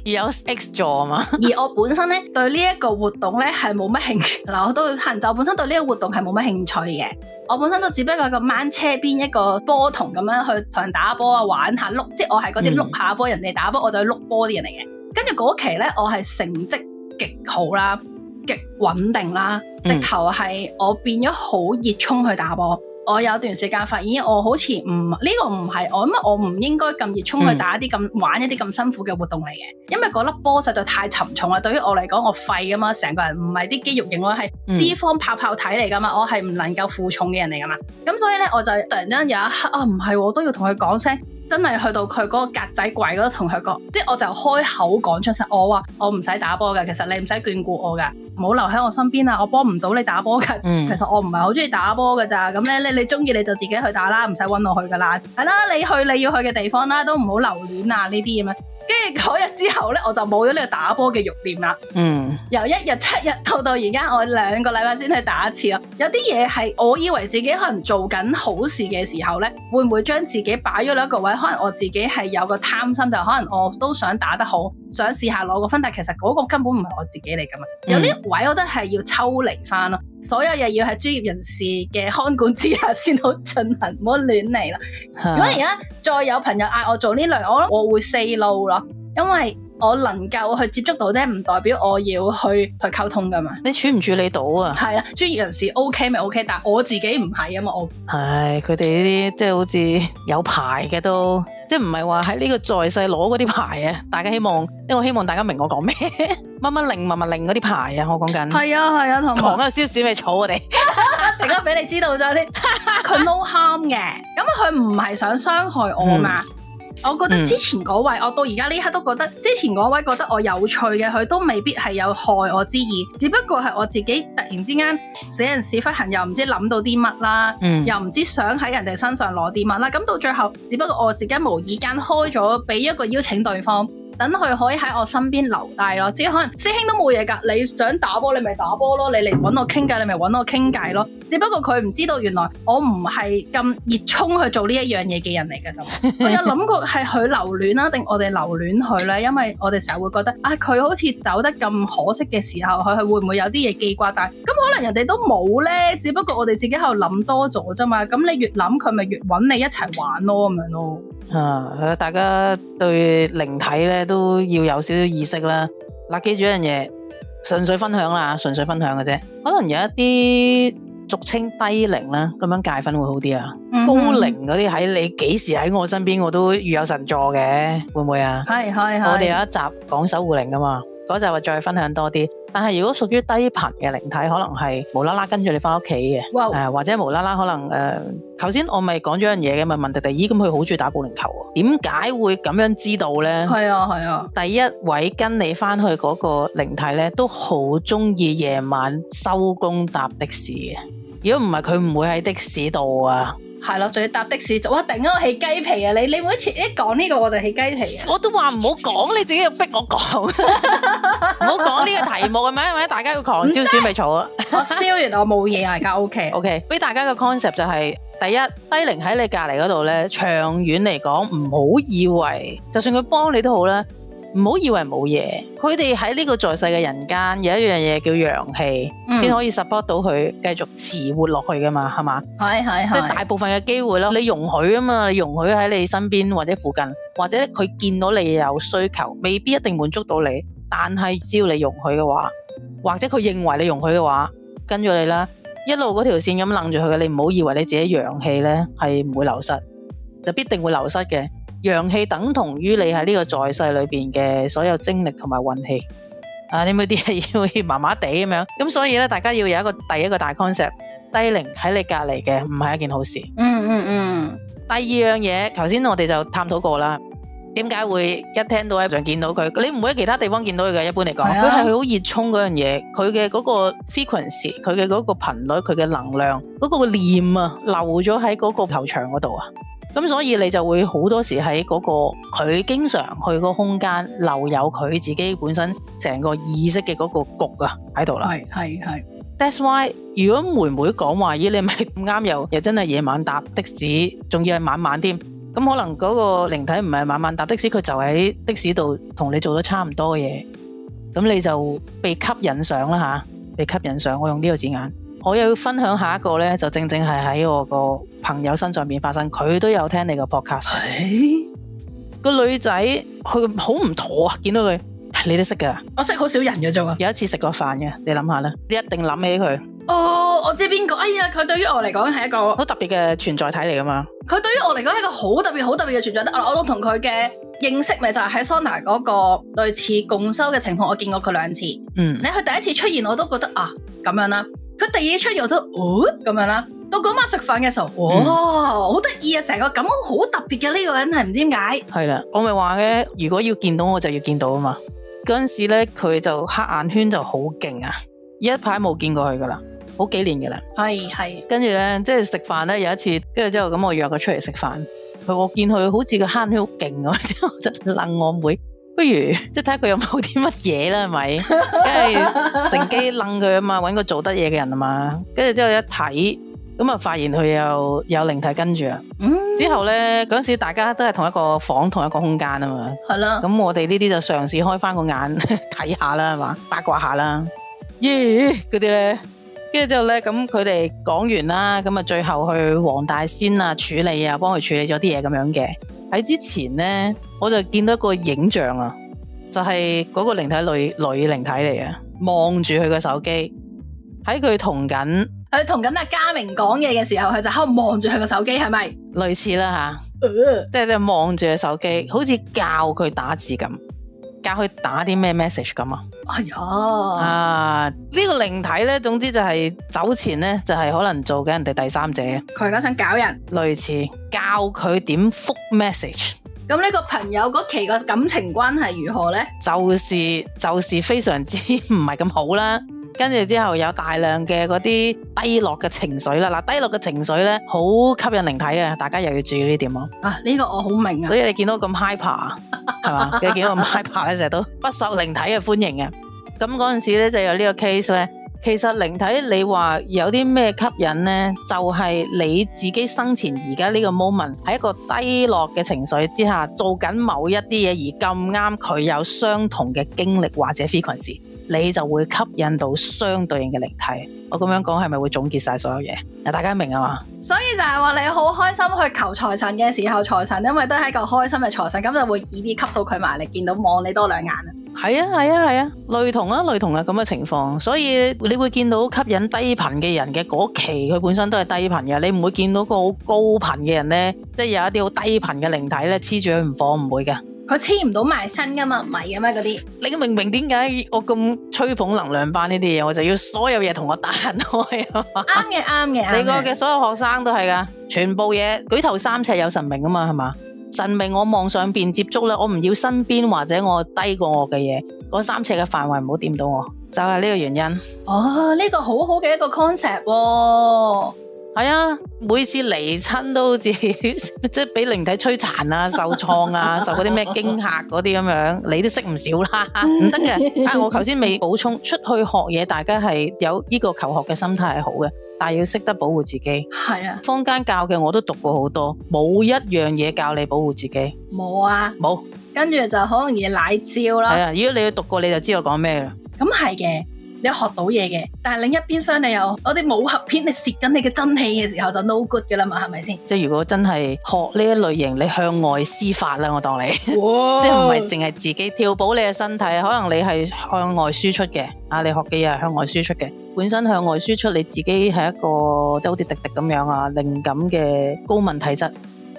而有 X 座啊嘛。而我本身咧 對呢一個活動咧係冇乜興趣嗱，我都行就本身對呢個活動係冇乜興趣嘅。我本身都只不過一個掹車邊一個波童咁樣去同人打波啊，玩下碌，即係我係嗰啲碌下波，嗯、人哋打波我就碌波啲人嚟嘅。跟住嗰期咧，我係成績極好啦，極穩定啦，直頭係、嗯、我變咗好熱衷去打波。我有段時間發現我、這個，我好似唔呢個唔係我，因為我唔應該咁熱衷去打一啲咁、嗯、玩一啲咁辛苦嘅活動嚟嘅，因為嗰粒波實在太沉重啦。對於我嚟講，我肥㗎嘛，成個人唔係啲肌肉型，我係脂肪泡泡體嚟噶嘛，我係唔能夠負重嘅人嚟噶嘛。咁所以咧，我就突然間有一刻啊，唔係、哦、我都要同佢講聲。真係去到佢嗰個格仔櫃嗰度同佢講，即係我就開口講出聲，我話我唔使打波嘅，其實你唔使眷顧我嘅，唔好留喺我身邊啊，我幫唔到你打波嘅，嗯、其實我唔係好中意打波嘅咋，咁咧你你中意你就自己去打啦，唔使搵我去噶啦，係啦，你去你要去嘅地方啦，都唔好留戀啊呢啲咁啊。跟住嗰日之後咧，我就冇咗呢個打波嘅慾念啦。嗯，由一日七日到到而家，我兩個禮拜先去打一次咯。有啲嘢係我以為自己可能做緊好事嘅時候咧，會唔會將自己擺咗喺一個位？可能我自己係有個貪心，就可能我都想打得好，想試下攞個分。但其實嗰個根本唔係我自己嚟㗎嘛。有啲位我覺得係要抽離翻咯。嗯。所有嘢要喺專業人士嘅看管之下先好進行，唔好亂嚟啦。啊、如果而家再有朋友嗌我做呢類，我我會 say n、no, 咯，因為我能夠去接觸到啫，唔代表我要去去溝通噶嘛。你處唔處理到啊？係啦、啊，專業人士 OK 咪 OK，但係我自己唔係啊嘛，我係佢哋呢啲即係好似有牌嘅都。即係唔係話喺呢個在世攞嗰啲牌啊？大家希望，因為我希望大家明我講咩，乜乜靈乜乜靈嗰啲牌啊！我講緊係啊係啊，同埋一個消息咩草我哋，成日俾你知道咗啲，佢 no harm 嘅，咁佢唔係想傷害我嘛。嗯我覺得之前嗰位，嗯、我到而家呢刻都覺得之前嗰位覺得我有趣嘅，佢都未必係有害我之意，只不過係我自己突然之間死人屎忽痕，又唔知諗到啲乜啦，嗯、又唔知想喺人哋身上攞啲乜啦，咁到最後，只不過我自己無意間開咗俾一個邀請對方。等佢可以喺我身邊留低咯，至於可能師兄都冇嘢㗎，你想打波你咪打波咯，你嚟揾我傾偈你咪揾我傾偈咯。只不過佢唔知道原來我唔係咁熱衷去做呢一樣嘢嘅人嚟㗎就，我有諗過係佢留戀啊定我哋留戀佢咧，因為我哋成日會覺得啊佢好似走得咁可惜嘅時候，佢佢會唔會有啲嘢記掛？但係咁可能人哋都冇咧，只不過我哋自己喺度諗多咗啫嘛。咁你越諗佢咪越揾你一齊玩咯咁樣咯。啊！大家對靈體咧都要有少少意識啦。嗱、啊，記住一樣嘢，純粹分享啦，純粹分享嘅啫。可能有一啲俗稱低靈啦，咁樣界分會好啲啊。高靈嗰啲喺你幾時喺我身邊，我都如有神助嘅，會唔會啊？係，係，係。我哋有一集講守護靈噶嘛，嗰集話再分享多啲。但係如果屬於低頻嘅靈體，可能係無啦啦跟住你翻屋企嘅，誒 Wow.、呃、或者無啦啦可能誒，頭、呃、先我咪講咗樣嘢嘅，問問廸廸咦，咁佢好中意打保齡球，點解會咁樣知道呢？係啊，係啊，第一位跟你翻去嗰個靈體呢，都好中意夜晚收工搭的士嘅，如果唔係佢唔會喺的士度啊。係咯，仲要搭的士，就哇！頂啊，我起雞皮啊，你你每次一講呢個我就起雞皮啊！我都話唔好講，你自己要逼我講，唔好講呢個題目係咪？因為大家要狂燒書咪嘈啊！我燒完我冇嘢，啊、OK。而家 O K？O K，俾大家個 concept 就係、是、第一，低靈喺你隔離嗰度咧，長遠嚟講唔好以為，就算佢幫你都好啦。唔好以為冇嘢，佢哋喺呢個在世嘅人間有一樣嘢叫陽氣，先、嗯、可以 support 到佢繼續持活落去噶嘛，係嘛？係係即係大部分嘅機會咯，你容許啊嘛，你容許喺你身邊或者附近，或者佢見到你有需求，未必一定滿足到你，但係只要你容許嘅話，或者佢認為你容許嘅話，跟住你啦，一路嗰條線咁楞住佢，你唔好以為你自己陽氣咧係唔會流失，就必定會流失嘅。陽氣等同於你喺呢個在世裏邊嘅所有精力同埋運氣，啊，你每啲係要麻麻地咁樣，咁所以咧，大家要有一個第一個大 concept，低靈喺你隔離嘅唔係一件好事。嗯嗯嗯，嗯。第二樣嘢，頭先我哋就探討過啦，點解會一聽到 app 就見到佢？你唔會喺其他地方見到佢嘅。一般嚟講，佢係佢好熱衝嗰樣嘢，佢嘅嗰個 frequency，佢嘅嗰個頻率，佢嘅能量，嗰個念啊，留咗喺嗰個球場嗰度啊。咁所以你就會好多時，喺嗰個佢經常去個空間，留有佢自己本身成個意識嘅嗰個局啊，喺度啦。係係係。That's why 如果妹妹講話咦、哎，你咪咁啱又又真係夜晚搭的士，仲要係晚晚添。咁可能嗰個靈體唔係晚晚搭的士，佢就喺的士度同你做咗差唔多嘅嘢。咁你就被吸引上啦吓，被吸引上。我用呢個字眼。我要分享下一個咧，就正正係喺我個朋友身上面發生，佢都有聽你個 podcast。個女仔佢好唔妥啊！見到佢，你都識噶，我識好少人嘅啫。有一次食個飯嘅，你諗下，你一定諗起佢。哦，oh, 我知邊個。哎呀，佢對於我嚟講係一個好特別嘅存在體嚟噶嘛。佢對於我嚟講係一個好特別、好特別嘅存在體。我我都同佢嘅認識咪就係喺 Sona 嗰個類似共修嘅情況，我見過佢兩次。嗯，你佢第一次出現，我都覺得啊，咁樣啦。佢第二日出完我都，哦咁樣啦。到嗰晚食飯嘅時候，哇，哦，好得意啊！成個感覺好特別嘅呢個人係唔知點解。係啦，我咪話咧，如果要見到我就要見到啊嘛。嗰陣時咧，佢就黑眼圈就好勁啊，一排冇見過佢噶啦，好幾年噶啦。係係。跟住咧，即係食飯咧，有一次，跟住之後咁，我約佢出嚟食飯，我見佢好似個黑眼圈好勁啊，之 後就楞我妹，妹。不如即係睇下佢有冇啲乜嘢啦，係咪？跟住乘機楞佢啊嘛，揾個做得嘢嘅人啊嘛。跟住之後一睇，咁啊發現佢又有靈體跟住啊。嗯，之後咧，嗰陣時大家都係同一個房同一個空間啊嘛。係啦的。咁我哋呢啲就嘗試開翻個眼睇下啦，係嘛？八卦下啦。咦，yeah，嗰啲咧？跟住之後咧，咁佢哋講完啦，咁啊最後去黃大仙啊處理啊，幫佢處理咗啲嘢咁樣嘅。喺之前咧。我就見到一個影像啊，就係、是、嗰個靈體女女靈體嚟嘅，望住佢個手機，喺佢同緊，喺同緊阿家明講嘢嘅時候，佢就喺度望住佢個手機，係咪類似啦吓？啊、 即係你望住個手機，好似教佢打字咁，教佢打啲咩 message 咁啊？哎喲，啊呢個靈體咧，總之就係走前咧，就係、是、可能做緊人哋第三者，佢而家想搞人，類似教佢點覆 message。咁呢個朋友嗰期嘅感情關係如何呢？就是就是非常之唔係咁好啦，跟住之後有大量嘅嗰啲低落嘅情緒啦，嗱，低落嘅情緒呢，好吸引靈體啊，大家又要注意呢點咯。啊，呢個我好明啊，所以你見到咁 hyper 係嘛， 你見到咁 hyper 咧，成日都不受靈體嘅歡迎啊。咁嗰陣時咧，就有呢個 case 呢。其實靈體，你話有啲咩吸引呢？就係你自己生前而家呢個 moment，喺一個低落嘅情緒之下，做緊某一啲嘢而咁啱佢有相同嘅經歷或者 frequency。你就會吸引到相對應嘅靈體，我咁樣講係咪會總結曬所有嘢？大家明啊嘛？所以就係話你好開心去求財神嘅時候，財神因為都係一個開心嘅財神，咁就會易啲吸到佢埋嚟，見到望你多兩眼係啊！係啊，係啊，係啊，類同啊，類同啊咁嘅情況，所以你會見到吸引低頻嘅人嘅嗰期，佢本身都係低頻嘅，你唔會見到個好高頻嘅人呢，即係有一啲好低頻嘅靈體呢，黐住佢唔放，唔會嘅。佢黐唔到埋身噶嘛，唔係噶咩嗰啲？你明唔明點解我咁吹捧能量班呢啲嘢？我就要所有嘢同我彈開。啊！啱嘅，啱嘅。你個嘅所有學生都係噶，全部嘢舉頭三尺有神明啊嘛，係嘛？神明我望上邊接觸啦，我唔要身邊或者我低過我嘅嘢，嗰三尺嘅範圍唔好掂到我，就係呢個原因。哦，呢個好好嘅一個 concept 哦。係啊， 每次嚟親都好似 即係俾靈體摧殘啊、受創啊、受嗰啲咩驚嚇嗰啲咁樣你，你都識唔少啦，唔得嘅。我頭先未補充，出去學嘢，大家係有呢個求學嘅心態係好嘅，但係要識得保護自己。係啊，坊間教嘅我都讀過好多，冇一樣嘢教你保護自己。冇啊，冇有。跟住就好容易奶照啦。係啊，如果你去讀過，你就知道我講咩啦。咁係嘅。你學到嘢嘅，但係另一邊廂你有嗰啲武俠片你攝緊你嘅真氣嘅時候就 no good 嘅啦嘛，係咪先？即係如果真係學呢一類型，你向外施法啦，我當你， 哇即係唔係淨係自己跳補你嘅身體，可能你係向外輸出嘅。啊，你學嘅嘢係向外輸出嘅，本身向外輸出，你自己係一個即係、就是、好似迪迪咁樣啊，靈感嘅高敏體質。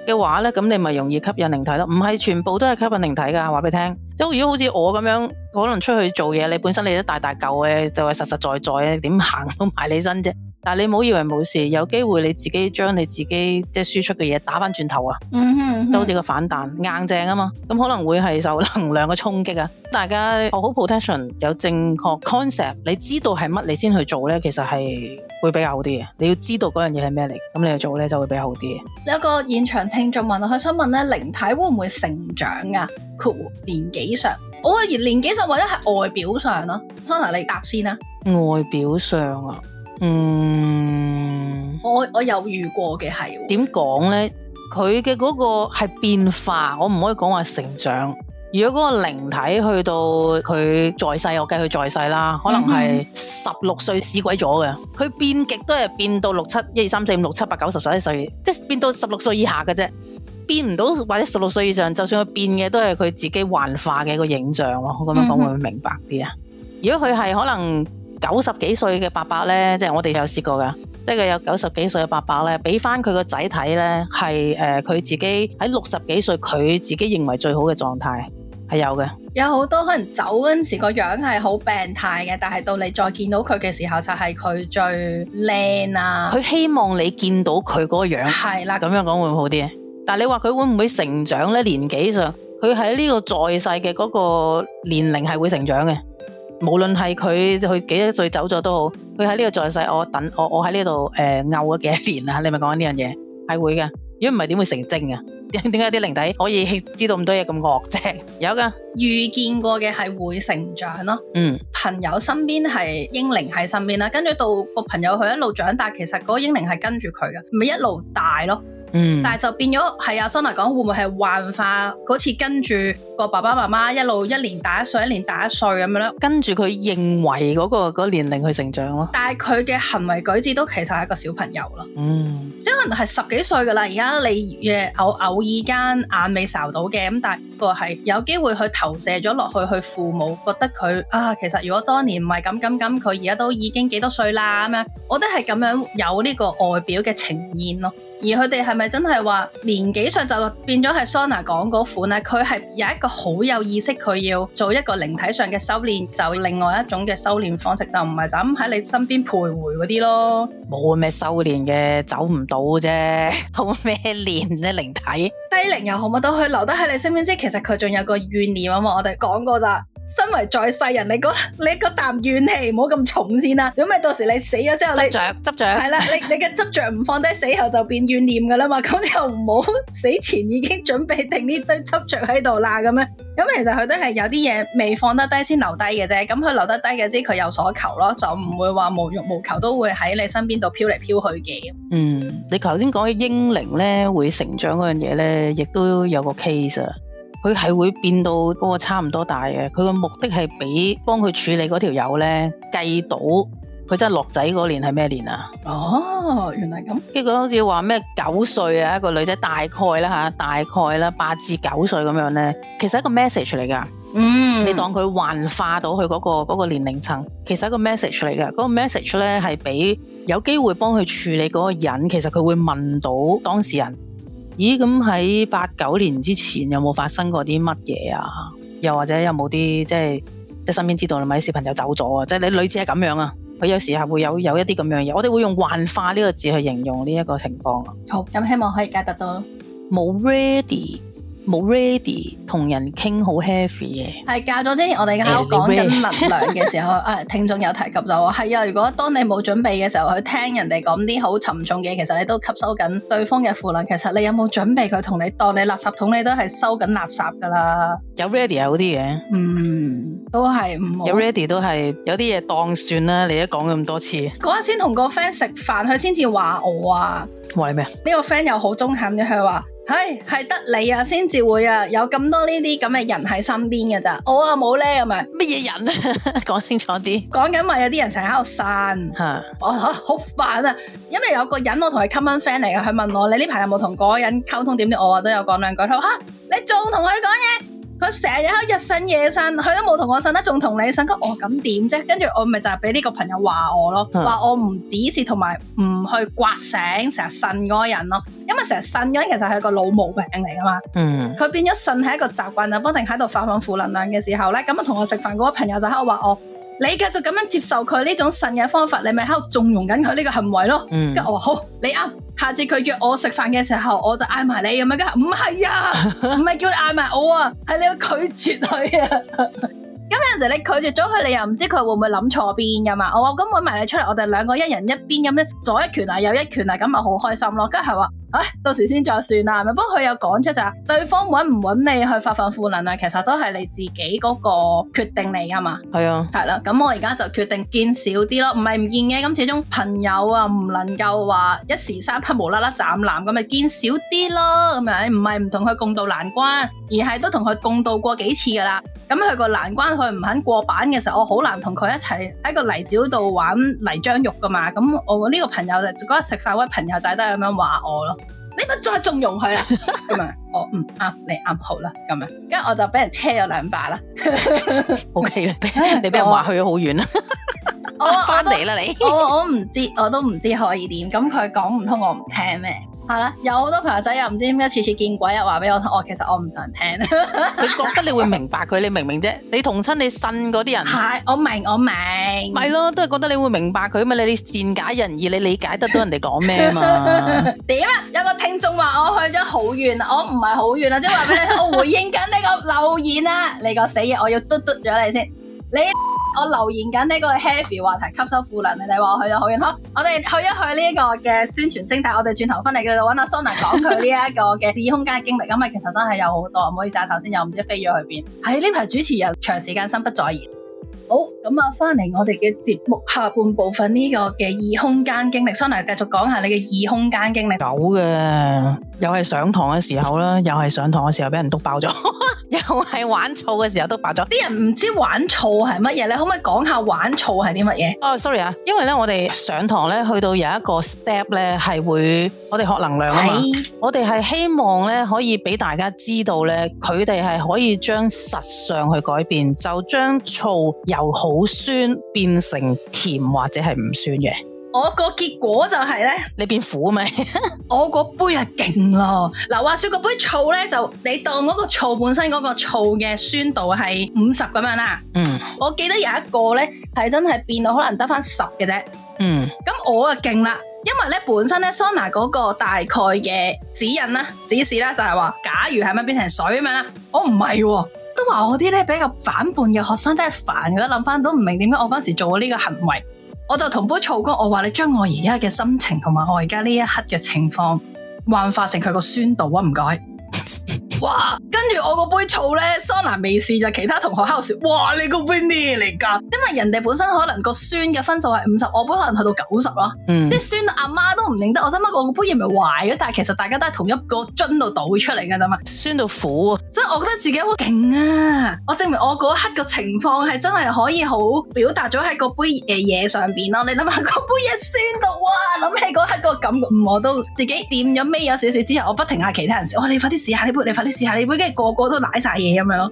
嘅話呢，咁你咪容易吸引靈體咯。唔係全部都係吸引靈體噶，話俾你聽。即係如果好似我咁樣，可能出去做嘢，你本身你都大大嚿嘅，就係實實在在嘅，點行都埋你身啫。但係你唔好以為冇事，有機會你自己將你自己即係輸出嘅嘢打翻轉頭啊嗯！嗯哼，都好似個反彈硬正啊嘛，咁可能會係受能量嘅衝擊啊！大家學好 protection，有正確 concept，你知道係乜你先去做咧，其實係會比較好啲嘅。你要知道嗰樣嘢係咩嚟，咁你去做咧就會比較好啲。有個現場聽眾問，佢想問咧，靈體會唔會成長啊？括弧年紀上，我話而年紀上或者係外表上咯，蘇娜你答先啦。外表上啊？嗯，我我有遇過嘅係點講呢？佢嘅嗰個係變化，我唔可以講話成長。如果嗰個靈體去到佢在世，我計佢在世啦，可能係十六歲死鬼咗嘅。佢變極都係變到六七一二三四五六七八九十十一歲，即係變到十六歲以下嘅啫，變唔到或者十六歲以上。就算佢變嘅，都係佢自己幻化嘅一個影像。我咁樣講會唔會明白啲啊？嗯、哼如果佢係可能。九十幾歲嘅伯伯呢，即係、就是、我哋有試過噶，即係佢有九十幾歲嘅伯伯呢，俾翻佢個仔睇呢，係誒佢自己喺六十幾歲，佢自己認為最好嘅狀態係有嘅。有好多可能走嗰陣時個樣係好病態嘅，但係到你再見到佢嘅時候就、啊，就係佢最靚啦。佢希望你見到佢嗰個樣係啦。咁的樣講會唔會好啲？但係你話佢會唔會成長咧？年紀上，佢喺呢個在世嘅嗰個年齡係會成長嘅。無論係佢去幾多歲走咗都好，佢喺呢度在世，我等我我喺呢度誒拗咗幾多年啦，你咪講緊呢樣嘢係會嘅。如果唔係點會成精啊？點解啲靈體可以知道咁多嘢咁惡啫？ 有噶的，遇見過嘅係會成長咯。嗯，朋友身邊係英靈喺身邊啦，跟住到個朋友佢一路長大，其實嗰個英靈係跟住佢嘅，咪一路大咯。嗯，但係就變咗，係阿 Sona 嚟講，會唔會係幻化好似跟住個爸爸媽媽一路一年大一歲，一年大一歲咁樣咧？跟住佢認為嗰個嗰個年齡去成長咯。但係佢嘅行為舉止都其實係一個小朋友咯。嗯，即係可能係十幾歲噶啦。而家你嘅偶偶爾間眼尾睄到嘅，咁但係個係有機會去投射咗落去，去父母覺得佢啊，其實如果當年唔係咁咁咁，佢而家都已經幾多歲啦咁樣。我覺得係咁樣有呢個外表嘅呈現咯。而佢哋係咪真係話年紀上就變咗係 Sona 講嗰款咧？佢係有一個好有意識，佢要做一個靈體上嘅修練，就另外一種嘅修練方式，就唔係就咁喺你身邊徘徊嗰啲咯。冇咩修練嘅，走唔到啫，好咩練啫靈體？低靈又好唔到，佢留得喺你身邊，即其實佢仲有個怨念啊嘛，我哋講過咋。身為在世人，你、那個你個啖怨氣唔好咁重先、啊、啦，咁咪到時你死咗之後，執着執着係啦，你你嘅執着唔放低， 死後就變怨念噶啦嘛，咁你又唔好死前已經準備定呢堆執着喺度啦，咁樣咁其實佢都係有啲嘢未放得低先留低嘅啫，咁佢留得低嘅，知佢有所求咯，就唔會話無欲無求，都會喺你身邊度飄嚟飄去嘅。嗯，你頭先講嘅嬰靈咧會成長嗰樣嘢咧，亦都有個 case 啊。佢係會變到嗰個差唔多大嘅，佢個目的係俾幫佢處理嗰條友呢，計到佢真係落仔嗰年係咩年啊？哦，原來咁。結果好似話咩九歲啊，一個女仔大概啦嚇，大概啦八至九歲咁樣呢。其實一個 message 嚟噶。嗯。你當佢幻化到佢嗰個嗰個年齡層，其實一個 message 嚟噶。嗰個 message 咧係俾有機會幫佢處理嗰個人，其實佢會問到當事人。咦，咁喺八九年之前有冇發生過啲乜嘢啊？又或者有冇啲即係即係身邊知道你咪小朋友走咗啊？即係你類似係咁樣啊？佢有時候會有有一啲咁樣嘢，我哋會用幻化呢個字去形容呢一個情況。好，咁希望可以解答到冇 ready。冇 ready 同人傾好 heavy 嘅，係教咗之前我哋啱啱講緊能量嘅時候，誒 聽眾有提及到，話：係啊，如果當你冇準備嘅時候去聽人哋講啲好沉重嘅，其實你都吸收緊對方嘅負能。其實你有冇準備佢同你當你垃圾桶，你都係收緊垃圾噶啦。有 ready 係、啊、好啲嘅，嗯，都係唔好，有 ready 都係有啲嘢當算啦。你都講咁多次，嗰日先同個 friend 食飯，佢先至話我啊，話你咩啊？呢個 friend 又好中肯嘅，佢話。係，係得，哎，你啊，先至會啊，有咁多呢啲咁嘅人喺身邊嘅咋？我啊冇咧，咁啊乜嘢人啊？講 清楚啲，講緊話有啲人成日喺度散，我、 哦啊、好煩啊！因為有個人我同佢 common friend 嚟嘅，佢問我你呢排有冇同嗰個人溝通點啲， 我啊都有講兩句。佢話：啊，你仲同佢講嘢？佢成日喺日呻夜呻，佢都冇同我呻啦，仲同你呻，咁、哦、我咁點啫？跟住我咪就係俾呢個朋友話我咯，話、嗯、我唔止是同埋唔去刮醒成日呻嗰個人咯，因為成日呻咁，其實係一個老毛病嚟噶嘛。嗯，佢變咗呻係一個習慣，就不停喺度發放負能量嘅時候咧，咁啊同我食飯嗰個朋友就喺度話我。你繼續咁樣接受佢呢種神嘅方法，你咪喺度縱容緊佢呢個行為咯。跟住、嗯、我話好，你啱。下次佢約我食飯嘅時候，我就嗌埋你咁樣。唔係啊，唔係 叫你嗌埋我啊，係你要拒絕佢啊。咁 有陣時候你拒絕咗佢，你又唔知佢會唔會諗錯邊㗎嘛。我話咁揾埋你出嚟，我哋兩個一人一邊咁咧，左一拳啊，右一拳啊，咁咪好開心咯。跟住係話。到時先再算啦，係咪？不過佢又講出就係，對方揾唔揾你去發放負能量，啊，其實都係你自己嗰個決定嚟噶嘛。係啊，係啦，咁、嗯、我而家就決定見少啲咯，唔係唔見嘅，咁始終朋友啊，唔能夠話一時三刻無啦啦斬纜，咁咪見少啲咯，咁又唔係唔同佢共度難關，而係都同佢共度過幾次噶啦，咁佢個難關佢唔肯過板嘅時候，我好難同佢一齊喺個泥沼度玩泥漿浴噶嘛，咁、嗯、我呢個朋友就嗰日食飯位朋友仔都係咁樣話我咯。你唔再縱容佢啦，咁 樣，樣，樣我唔啱 ，okay，你啱好啦，咁 樣我，跟住我就俾人車咗兩把啦，OK 啦，你俾人話去好遠啦，我返嚟啦，你，我我唔知，我都唔知，道都不知道可以點，咁佢講唔通，我唔聽咩。係啦，有好多朋友仔又唔知點解次次見鬼啊，話俾我聽，我其實我唔想聽。你 覺得你會明白佢？你明唔明啫？你同親你信嗰啲人。係，我明，我明。咪咯， 都係覺得你會明白佢啊嘛？你你善解人意，你理解得到人哋講咩啊嘛？點啊？ 有個聽眾話我去咗好遠啦，我唔係好遠啦，即係話俾你聽， 我回應緊你個留言啦，啊。你個死嘢，我要嘟嘟咗你先。你。我留言緊呢個 heavy 話題吸收負能量。你話我去就好去。好，我哋去一去呢個嘅宣傳聲帶，我哋轉頭翻嚟繼續揾阿 Sona 講佢呢一個嘅異空間經歷。咁啊，其實真係有好多，唔好意思啊，頭先又唔知飛咗去邊。喺呢排主持人長時間心不在焉。好，咁啊，翻嚟我哋嘅節目下半部分呢個嘅異空間經歷，Sona 繼續講下你嘅異空間經歷。有嘅。又係上堂嘅時候啦，又係上堂嘅時候俾人篤爆咗， 又係玩醋嘅時候篤爆咗。啲人唔知玩醋係乜嘢咧，你可唔可以講下玩醋係啲乜嘢？哦、oh，sorry 啊，因為呢，我哋上堂呢去到有一個 step 呢，係會，我哋學能量啊嘛，是我哋係希望呢，可以俾大家知道呢，佢哋係可以將實相去改變，就將醋由好酸變成甜或者係唔酸嘅。我個結果就係咧，你變苦味。 我個杯係勁咯。嗱，話說個杯醋咧，就你當嗰個醋本身嗰個醋嘅酸度係五十咁樣啦。嗯，我記得有一個咧係真係變到可能得翻十嘅啫。嗯，咁我啊勁啦，因為咧本身咧，Sona 嗰個大概嘅指引啦、指示啦，就係話，假如係咪變成水咁樣啦，我唔係喎，都話我啲咧比較反叛嘅學生真係煩，覺得諗翻都唔明點解我嗰時做咗呢個行為。我就同杯嘈講，我話你將我而家嘅心情同埋我而家呢一刻嘅情況幻化成佢個酸度啊，唔該。 哇！跟住我嗰杯醋咧，桑拿未試，就其他同學喺度笑，哇！你嗰杯咩嚟噶？因為人哋本身可能個酸嘅分數係五十，我杯可能去到九十咯。嗯、即係酸到阿媽都唔認得我。我心諗我嗰杯嘢咪壞咗，但係其實大家都係同一個樽度倒出嚟嘅咋嘛？酸到苦，所以我覺得自己好勁啊！我證明我嗰刻個情況係真係可以好表達咗喺嗰杯嘅嘢上邊咯、啊。你諗下嗰杯嘢酸到，哇！諗起嗰刻個感覺、嗯，我都自己掂咗咩有少少之後，我不停嗌其他人食、哦。你快啲試下呢杯，你快啲。試下你杯，跟個個都瀨晒嘢咁樣咯，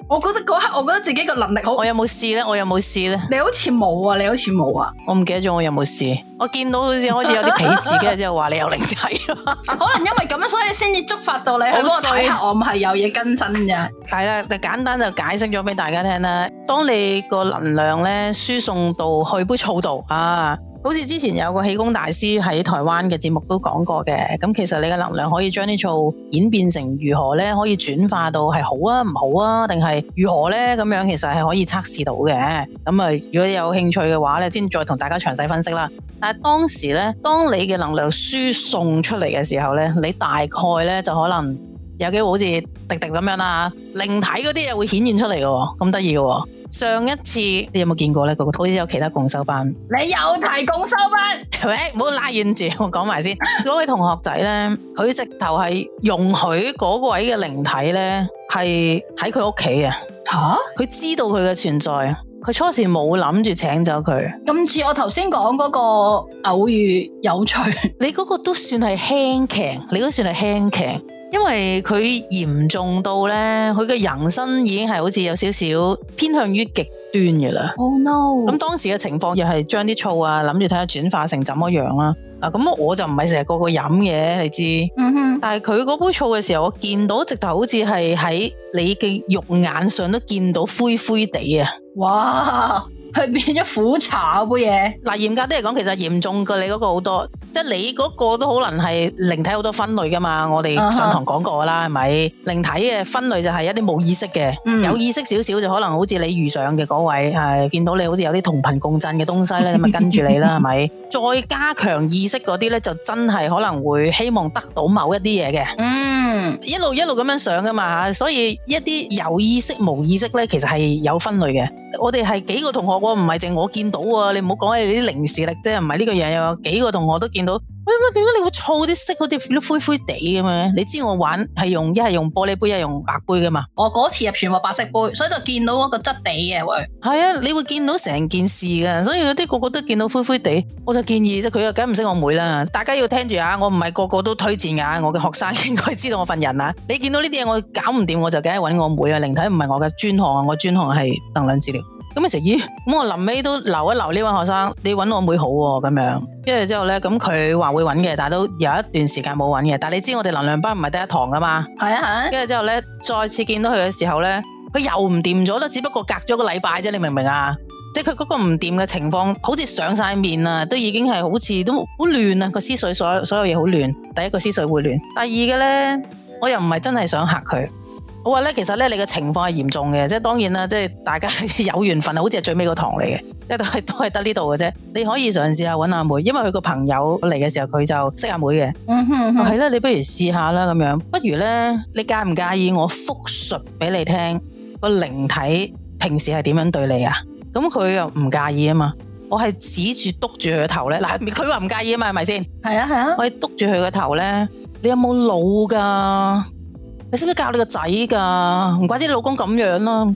我覺得嗰刻我覺得自己個能力好。我有冇試咧？我有冇試咧？你好似冇啊！你好似冇啊！我唔記得咗我有冇試。我見到好似開始有啲鄙視，嘅，之後話你有靈體， 可能因為咁樣所以先至觸發到你。好衰，我唔係有嘢更新咋。係啦，就簡單就解釋咗俾大家聽啦。當你個能量咧輸送到去杯醋度啊。好似之前有個氣功大師喺台灣嘅節目都講過嘅，咁其實你嘅能量可以將啲醋演變成如何呢？可以轉化到係好啊，唔好啊，定係如何呢？咁樣，其實係可以測試到嘅。咁啊，如果你有興趣嘅話咧，先再同大家詳細分析啦。但係當時咧，當你嘅能量輸送出嚟嘅時候呢，你大概呢，就可能有機會好似滴滴咁樣啦，靈體嗰啲又會顯現出嚟嘅，咁得意嘅。上一次你有冇見過呢？嗰、嗰個好似有其他共修班，你又提共修班？ 喂，唔好拉遠住，我講埋先。嗰 位同學仔呢，佢直頭係容許嗰位嘅靈體呢，係喺佢屋企啊。吓，佢知道佢嘅存在，佢初時冇諗住請走佢。今次我頭先講嗰個偶遇有趣， 你嗰個都算係輕強，你都算係輕強。因為佢嚴重到咧，佢嘅人生已經係好似有少少偏向於極端嘅啦。Oh, no！咁當時嘅情況又係將啲醋啊，諗住睇下轉化成怎麼樣啦。啊，咁我就唔係成日個個飲嘅，你知。Mm hmm. 但係佢嗰杯醋嘅時候，我見到直頭好似係喺你嘅肉眼上都見到灰灰地啊。哇！佢變咗苦茶杯嘢，嗱嚴格啲嚟講，其實嚴重過你嗰個好多，即係你嗰個都可能係靈體好多分類噶嘛，我哋上堂講過啦，係咪？靈體嘅分類就係一啲冇意識嘅，有意識少少就可能好似你遇上嘅嗰位，係見到你好似有啲同頻共振嘅東西咧，咁咪跟住你啦，係咪？再加強意識嗰啲咧，就真係可能會希望得到某一啲嘢嘅，嗯，一路一路咁樣上噶嘛吓，所以一啲有意識、冇意識咧，其實係有分類嘅。我哋係幾個同學喎，唔係淨我見到喎，你唔好講係你啲靈視力啫，唔係呢個嘢又幾個同學都見到。喂喂，點解你會燥啲色嗰啲灰灰地嘅咩？你知我玩係用一係用玻璃杯，一係用白杯嘅嘛？我嗰次入全部白色杯，所以就見到嗰個質地嘅、啊、喂。係啊，你會見到成件事嘅，所以有啲個個都見到灰灰地，我就建議即係佢啊，梗唔識我妹啦。大家要聽住啊，我唔係個個都推薦啊。我嘅學生應該知道我份人啊。你見到呢啲嘢我搞唔掂，我就梗係搵我妹啊。靈體唔係我嘅專項啊，我專項係能量治療。咁咪時，咦？咁我臨尾都留一留呢位學生，你搵我妹好喎，哦，咁樣。跟住之後咧，咁佢話會搵嘅，但係都有一段時間冇搵嘅。但係你知我哋能量班唔係第一堂噶嘛？係啊係啊。跟住、啊、之後咧，再次見到佢嘅時候咧，佢又唔掂咗啦，只不過隔咗個禮拜啫。你明唔明啊？即係佢嗰個唔掂嘅情況，好似上晒面啊，都已經係好似都好亂啊，個思緒所所有嘢好亂。第一個思緒會亂，第二嘅咧，我又唔係真係想嚇佢。我話咧，其實咧，你嘅情況係嚴重嘅，即係當然啦，即係大家有緣分啊，好似係最尾個堂嚟嘅，即係都係都係得呢度嘅啫。你可以嘗試下搵阿妹，因為佢個朋友嚟嘅時候，佢就識阿妹嘅。嗯哼，嗯哼，係啦，你不如試下啦，咁樣，不如咧，你介唔介意我複述俾你聽個靈體平時係點樣對你啊？咁佢又唔介意啊嘛，我係指住督住佢個頭咧，嗱，佢話唔介意啊嘛，係咪先？係啊係啊，啊我係督住佢個頭咧，你有冇腦噶？你識唔識教你個仔噶？唔怪之，你老公咁樣啦。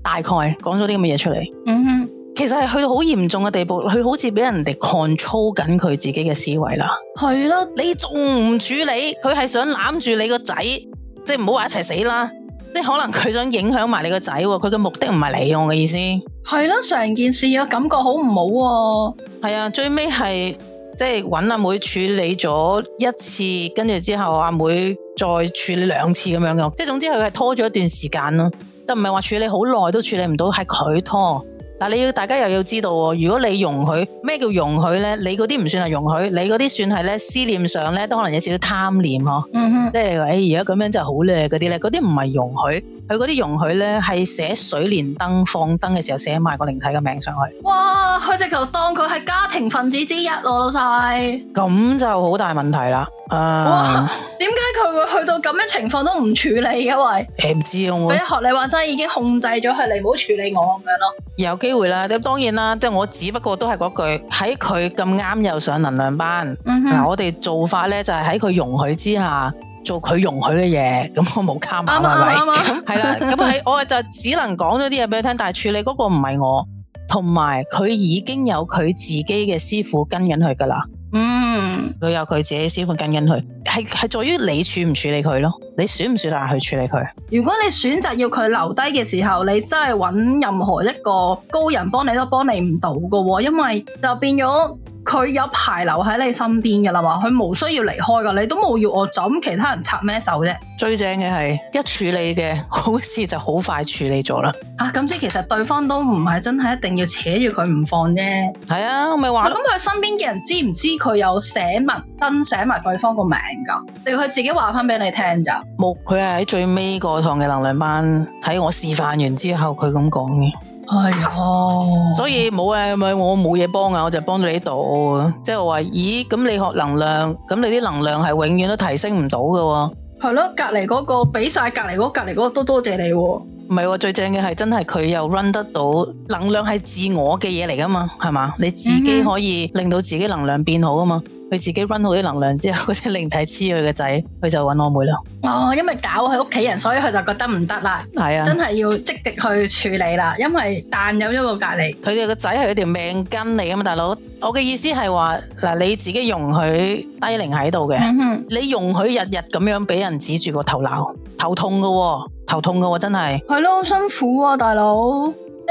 大概講咗啲咁嘅嘢出嚟，嗯哼，其實係去到好嚴重嘅地步，佢好似俾人哋 control 緊佢自己嘅思維啦。係咯，你仲唔處理？佢係想攬住你個仔，即係唔好話一齊死啦。即係可能佢想影響埋你個仔，佢嘅目的唔係你，我嘅意思。係咯，成件事嘅感覺好唔好？係啊，最尾係。即係揾阿妹處理咗一次，跟住之後阿妹，妹再處理兩次咁樣嘅，即係總之佢係拖咗一段時間咯。就唔係話處理好耐都處理唔到，係佢拖嗱。你要大家又要知道喎，如果你容許咩叫容許呢？你嗰啲唔算係容許，你嗰啲算係咧思念上咧都可能有少少貪念囉。嗯哼，即係誒而家咁樣真係好叻嗰啲咧，嗰啲唔係容許。佢嗰啲容許咧，係寫水蓮燈放燈嘅時候寫埋個靈體嘅名上去。哇！佢直頭當佢係家庭分子之一喎，老細。咁就好大問題啦。啊、uh！點解佢會去到咁樣情況都唔處理？因為唔、嗯、知我、嗯、一學你話齋已經控制咗佢，你唔好處理我咁樣咯。有機會啦，咁當然啦，即係我只不過都係嗰句喺佢咁啱又上能量班，嗯、哼我哋做法咧就係喺佢容許之下。做佢容許嘅嘢，咁我冇卡嘛，係啦吧，咁係樣 我就只能講咗啲嘢俾佢聽，但係處理嗰個唔係我，同埋佢已經有佢自己嘅師傅跟緊佢噶啦，嗯，佢有佢自己師傅跟緊佢，係係在於你處唔處理佢咯，你選唔選擇去處理佢？如果你選擇要佢留低嘅時候，你真係揾任何一個高人幫你都幫你唔到噶，因為就變咗。佢有排留喺你身邊㗎啦嘛，佢冇需要離開噶，你都冇要我走，咁其他人插咩手啫？最正嘅係一處理嘅，好似就好快處理咗啦。啊，咁即其實對方都唔係真係一定要扯住佢唔放啫。係啊，咪話咁佢身邊嘅人知唔知佢有寫埋登寫埋對方個名噶？定佢自己話翻俾你聽咋？冇，佢係喺最尾個堂嘅能量班，喺我示範完之後佢咁講嘅。係哦，哎、所以冇誒，咪我冇嘢幫啊，我就幫到你呢度。即係我話，咦，咁你學能量，咁你啲能量係永遠都提升唔到噶。係咯，隔籬嗰、嗰個俾晒、嗰個，隔籬嗰隔籬嗰都多多謝你、啊。唔係喎，最正嘅係真係佢又 run 得到能量係自我嘅嘢嚟噶嘛，係嘛，你自己可以令到自己能量變好啊嘛。嗯佢自己 run 好啲能量之後，嗰隻靈體黐佢個仔，佢就揾我妹啦。哦，因為搞佢屋企人，所以佢就覺得唔得啦。係是啊，真係要積極去處理啦，因為但有咗個隔離。佢哋個仔係佢條命根嚟㗎嘛，大佬。我嘅意思係話，嗱，你自己容許低靈喺度嘅，嗯、哼你容許日日咁樣俾人指住個頭鬧，頭痛嘅喎、哦，頭痛嘅喎、哦，真係。係咯，辛苦啊，大佬。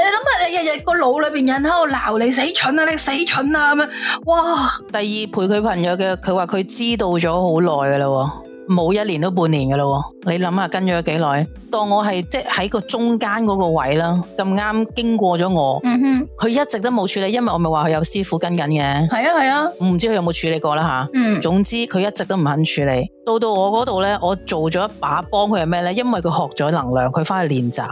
你諗下，你日日個腦裏邊人喺度鬧你，死蠢啊！你死蠢啊！咁樣，哇！第二陪佢朋友嘅，佢話佢知道咗好耐啦，冇一年都半年㗎啦。你諗下跟咗幾耐？當我係即係喺個中間嗰個位啦，咁啱經過咗我。嗯哼，佢一直都冇處理，因為我咪話佢有師傅跟緊嘅。係啊係啊，我唔知佢有冇處理過啦吓。嗯，總之佢一直都唔肯處理，到到我嗰度咧，我做咗一把幫佢係咩咧？因為佢學咗能量，佢翻去練習。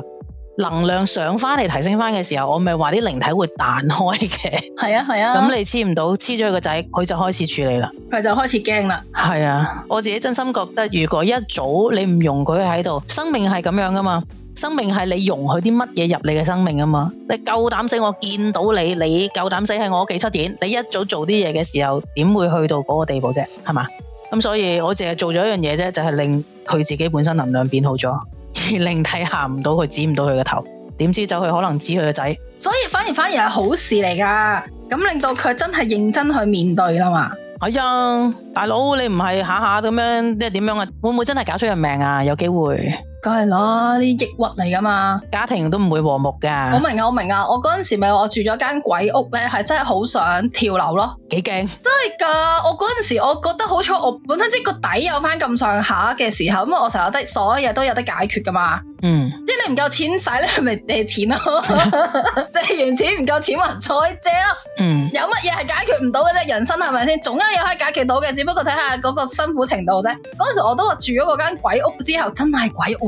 能量上翻嚟提升翻嘅時候，我咪話啲靈體會彈開嘅。係啊係啊。咁、啊嗯、你黐唔到黐咗佢個仔，佢就開始處理啦。佢就開始驚啦。係啊，我自己真心覺得，如果一早你唔容佢喺度，生命係咁樣噶嘛。生命係你容許啲乜嘢入你嘅生命啊嘛。你夠膽死我，我見到你，你夠膽死喺我屋企出現，你一早做啲嘢嘅時候，點會去到嗰個地步啫？係嘛。咁所以，我淨係做咗一樣嘢啫，就係、是、令佢自己本身能量變好咗。而令睇下唔到佢指唔到佢個頭，點知走去可能指佢個仔，所以反而反而係好事嚟噶，咁令到佢真係認真去面對啦嘛。係啊、哎，大佬你唔係下下咁樣，即係點樣啊？會唔會真係搞出人命啊？有機會。梗係咯，啲抑鬱嚟噶嘛，家庭都唔會和睦噶。我明啊，我明啊，我嗰陣時咪我住咗間鬼屋咧，係真係好想跳樓咯，幾驚！真係噶，我嗰陣時我覺得好彩，我本身即個底有翻咁上下嘅時候，咁我成日得所有嘢都有得解決噶嘛。嗯，即你唔夠錢使咧，咪借錢咯， 借完錢唔夠錢還再借咯。嗯，有乜嘢係解決唔到嘅啫？人生係咪先？總有一樣可以解決到嘅，只不過睇下嗰個辛苦程度啫。嗰陣時我都話住咗嗰間鬼屋之後，真係鬼屋。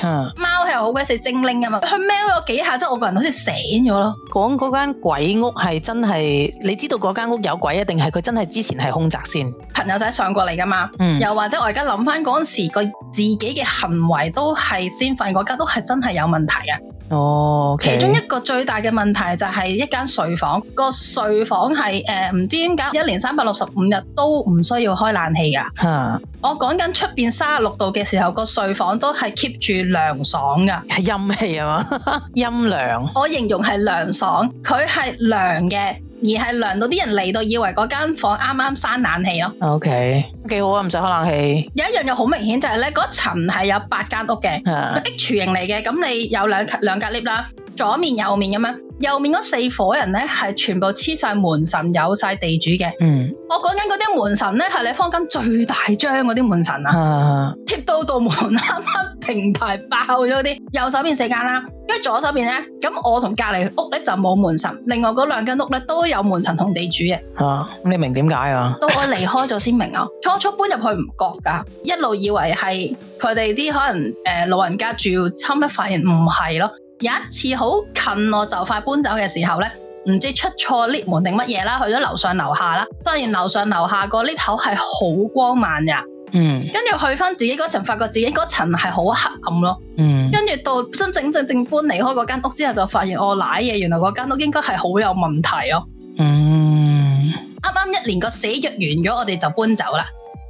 吓，貓係好鬼死精靈啊嘛！佢喵咗幾下，之後我個人好似醒咗咯。講嗰間鬼屋係真係，你知道嗰間屋有鬼啊，定係佢真係之前係空宅先？朋友仔上過嚟噶嘛？嗯，又或者我而家諗翻嗰陣時個自己嘅行為都係先瞓嗰間，都係真係有問題嘅。哦，okay，其中一個最大嘅問題就係一間睡房，個睡房係誒唔知點解一年三百六十五日都唔需要開冷氣噶。吓，嗯，我講緊出邊三十六度嘅時候，個睡房都係 keep 住。涼爽噶，係陰氣啊嘛，陰涼。我形容係涼爽，佢係涼嘅，而係涼到啲人嚟到以為嗰間房啱啱閂冷氣咯。OK，幾好啊，唔使開冷氣。有一樣嘢好明顯就係咧，嗰層係有八間屋嘅，H 型嚟嘅，咁你有兩兩格 lift 啦。左面右面咁樣，右面嗰四伙人咧係全部黐晒門神有晒地主嘅。嗯，我講緊嗰啲門神咧係你坊間最大張嗰啲門神啊，貼到、啊、到門啱、啊、啱平排爆咗啲。右手邊四間啦，跟住左手邊咧，咁我同隔籬屋咧就冇門神，另外嗰兩間屋咧都有門神同地主嘅。吓、啊，你明點解啊？到我離開咗先明啊，初初搬入去唔覺噶，一路以為係佢哋啲可能誒老人家住，後屘發現唔係咯。有一次好近我就快搬走嘅時候咧，唔知出錯 lift 門定乜嘢啦，去咗樓上樓下啦，發現樓上樓下個 lift 口係好光猛㗎，嗯，跟住去翻自己嗰層，發覺自己嗰層係好黑暗咯，嗯，跟住到真真正正搬離開嗰間屋之後，就發現我瀨嘢，原來嗰間屋應該係好有問題咯，嗯，啱啱一年個死約完咗，我哋就搬走啦。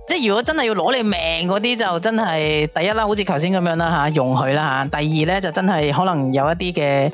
即係如果真係要攞你命嗰啲就真係第一啦，好似頭先咁樣啦吓、啊，容許啦吓。第二咧就真係可能有一啲嘅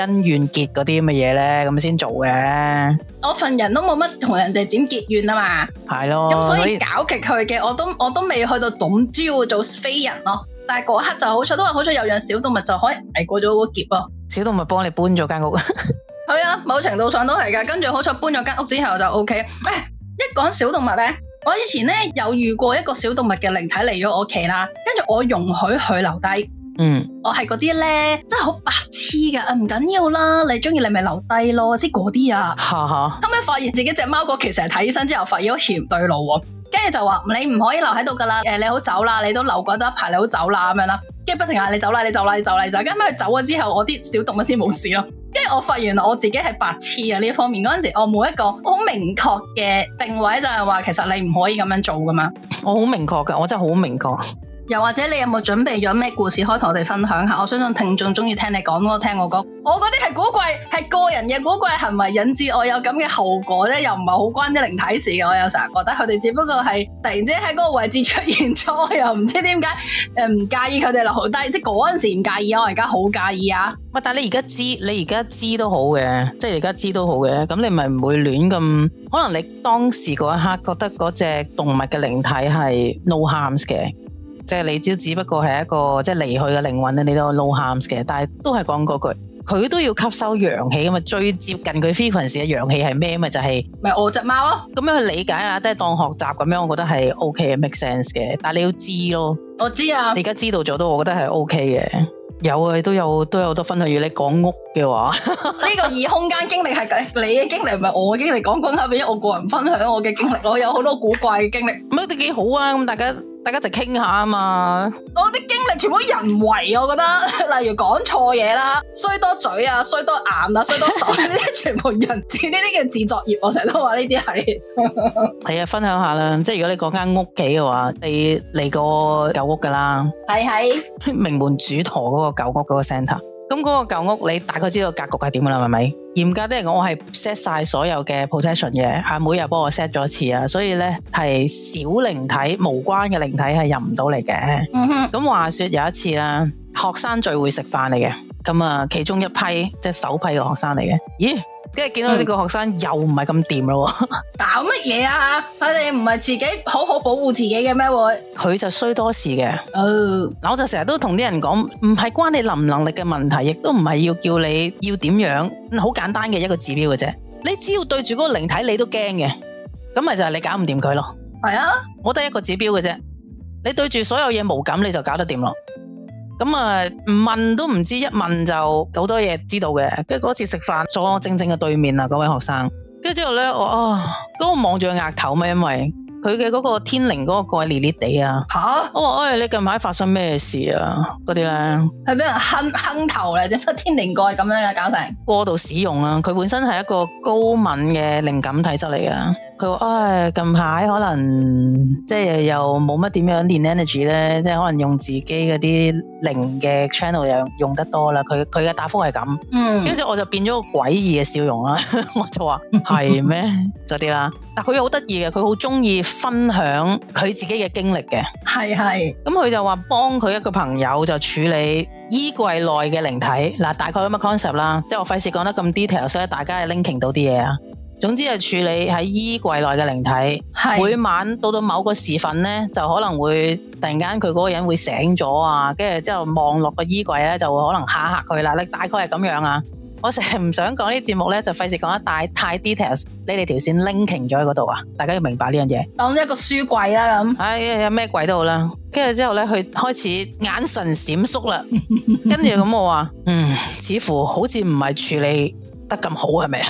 恩怨結嗰啲咁嘅嘢咧，咁先做嘅、啊。我份人都冇乜同人哋點結怨啊嘛。係咯的，咁、嗯、所以搞極佢嘅，我都我都未去到懂招做飛人咯、啊。但係嗰刻就好彩，都係好彩有樣小動物就可以挨過咗個劫咯、啊。小動物幫你搬咗間屋。係啊，某程度上都係噶。跟住好彩搬咗間屋之後就 OK。喂，一講小動物咧。我以前咧，有遇過一個小動物嘅靈體嚟咗我屋企啦，跟住我容許佢留低，嗯，我係嗰啲咧真係好白痴噶，唔緊要啦，你中意你咪留低咯，即係嗰啲啊，後尾哈發現自己隻貓哥成日睇起身之後發現好似唔對路喎、啊，跟住就話你唔可以留喺度噶啦，誒，你好走啦，你都留過得一排你好走啦咁樣啦，跟住不停嗌你走啦你走啦你走啦，咁樣佢走咗之後我啲小動物先冇事咯。因為我發現我自己係白痴啊呢一方面，嗰陣時我冇一個好明確嘅定位就係話，其實你唔可以咁樣做噶嘛。我好明確噶，我真係好明確。又或者你有冇準備咗咩故事，可以同我哋分享下？我相信聽眾中意聽你講多，聽我講。我嗰啲係古怪，係個人嘅古怪行為引致我有咁嘅後果啫，又唔係好關啲靈體事嘅。我有時覺得佢哋只不過係突然之間喺嗰個位置出現咗，又唔知點解誒唔介意佢哋留低。即係嗰陣時唔介意，我而家好介意啊！唔係，但你而家知，你而家知都好嘅，即係而家知都好嘅。咁你咪唔會亂咁，可能你當時嗰一刻覺得嗰隻動物嘅靈體係 no harms 嘅。即係你只，只不過係一個即係離去嘅靈魂咧，你都 no 嘅，但係都係講嗰句，佢都要吸收陽氣咁啊！最接近佢 frequency 嘅陽氣係咩？咪就係、是、咪我隻貓咯？咁樣去理解啦，即係當學習咁樣，我覺得係 OK 嘅，make sense 嘅。但係你要知咯，我知啊，你而家知道咗都，我覺得係 OK 嘅。有啊，都有都有好多分享。如果你講屋嘅話，呢 個異空間經歷係你嘅經歷，唔係我嘅經歷。講講下俾我個人分享我嘅經歷，我有好多古怪嘅經歷，唔都幾好啊！咁大，大家。大家就傾下啊嘛，我啲、哦、經歷全部都人為，我覺得，例如講錯嘢啦，衰多嘴啊，衰多眼啊，衰多手呢、啊、啲 全部人字，呢啲嘅自作業，我成日都話呢啲係。係啊，分享下啦，即係如果你講間屋企嘅話，你嚟過舊屋噶啦，係喺是明門主陀嗰個舊屋嗰個 centre 咁嗰個舊屋，你大概知道格局係點噶啦，係咪？嚴格啲嚟講，我係 set 晒所有嘅 protection 嘅，阿妹又幫我 set 咗一次啊，所以咧係小靈體無關嘅靈體係入唔到嚟嘅。咁、嗯、哼話說有一次啦，學生聚會食飯嚟嘅，咁啊其中一批即係首批嘅學生嚟嘅，咦？跟住見到呢個學生、嗯、又唔係咁掂咯， 搞乜嘢啊？佢哋唔係自己好好保護自己嘅咩？喎，佢就衰多事嘅。誒，嗱，我就成日都同啲人講，唔係關你能唔能力嘅問題，亦都唔係要叫你要點樣，好簡單嘅一個指標嘅啫。你只要對住嗰個靈體，你都驚嘅，咁咪就係你搞唔掂佢咯。係啊，我得一個指標嘅啫，你對住所有嘢無感，你就搞得掂咯。咁啊，唔、嗯、問都唔知，一問就好多嘢知道嘅。跟住嗰次食飯，坐我正正嘅對面啊，嗰位學生。跟住之後咧，我啊，嗰個望住個額頭咩，因為佢嘅嗰個天靈嗰個蓋裂裂地啊。吓？我話喂，你近排發生咩事啊？嗰啲咧係畀人坑坑頭嚟定乜天靈蓋咁樣嘅搞成過度使用啊！佢本身係一個高敏嘅靈感體質嚟噶。佢啊、哎，近排可能即係又冇乜點樣練 energy 咧，即係可能用自己嗰啲靈嘅 channel 又用得多啦。佢佢嘅答覆係咁，跟住、嗯、我就變咗個詭異嘅笑容啦。 我就話係咩嗰啲啦？但佢好得意嘅，佢好中意分享佢自己嘅經歷嘅，係係是。咁佢就話幫佢一個朋友就處理衣櫃內嘅靈體嗱，大概咁嘅 concept 啦。即係我費事講得咁 detail，所以大家係 linking 到啲嘢啊。總之係處理喺衣櫃內嘅靈體，是每晚到到某個時分呢，就可能會突然間佢嗰個人會醒咗啊，跟住之後望落個衣櫃呢，就會可能吓吓佢啦。你大概係咁樣啊？我成日唔想講呢節目呢，就費事講得太太 details。你哋條線拎停咗喺嗰度啊？大家要明白呢樣嘢。當一個書櫃啦咁。唉，有咩鬼都好啦。跟住之後呢，佢開始眼神閃縮啦，跟住咁我話，嗯，似乎好似唔係處理得咁好，係咪啊？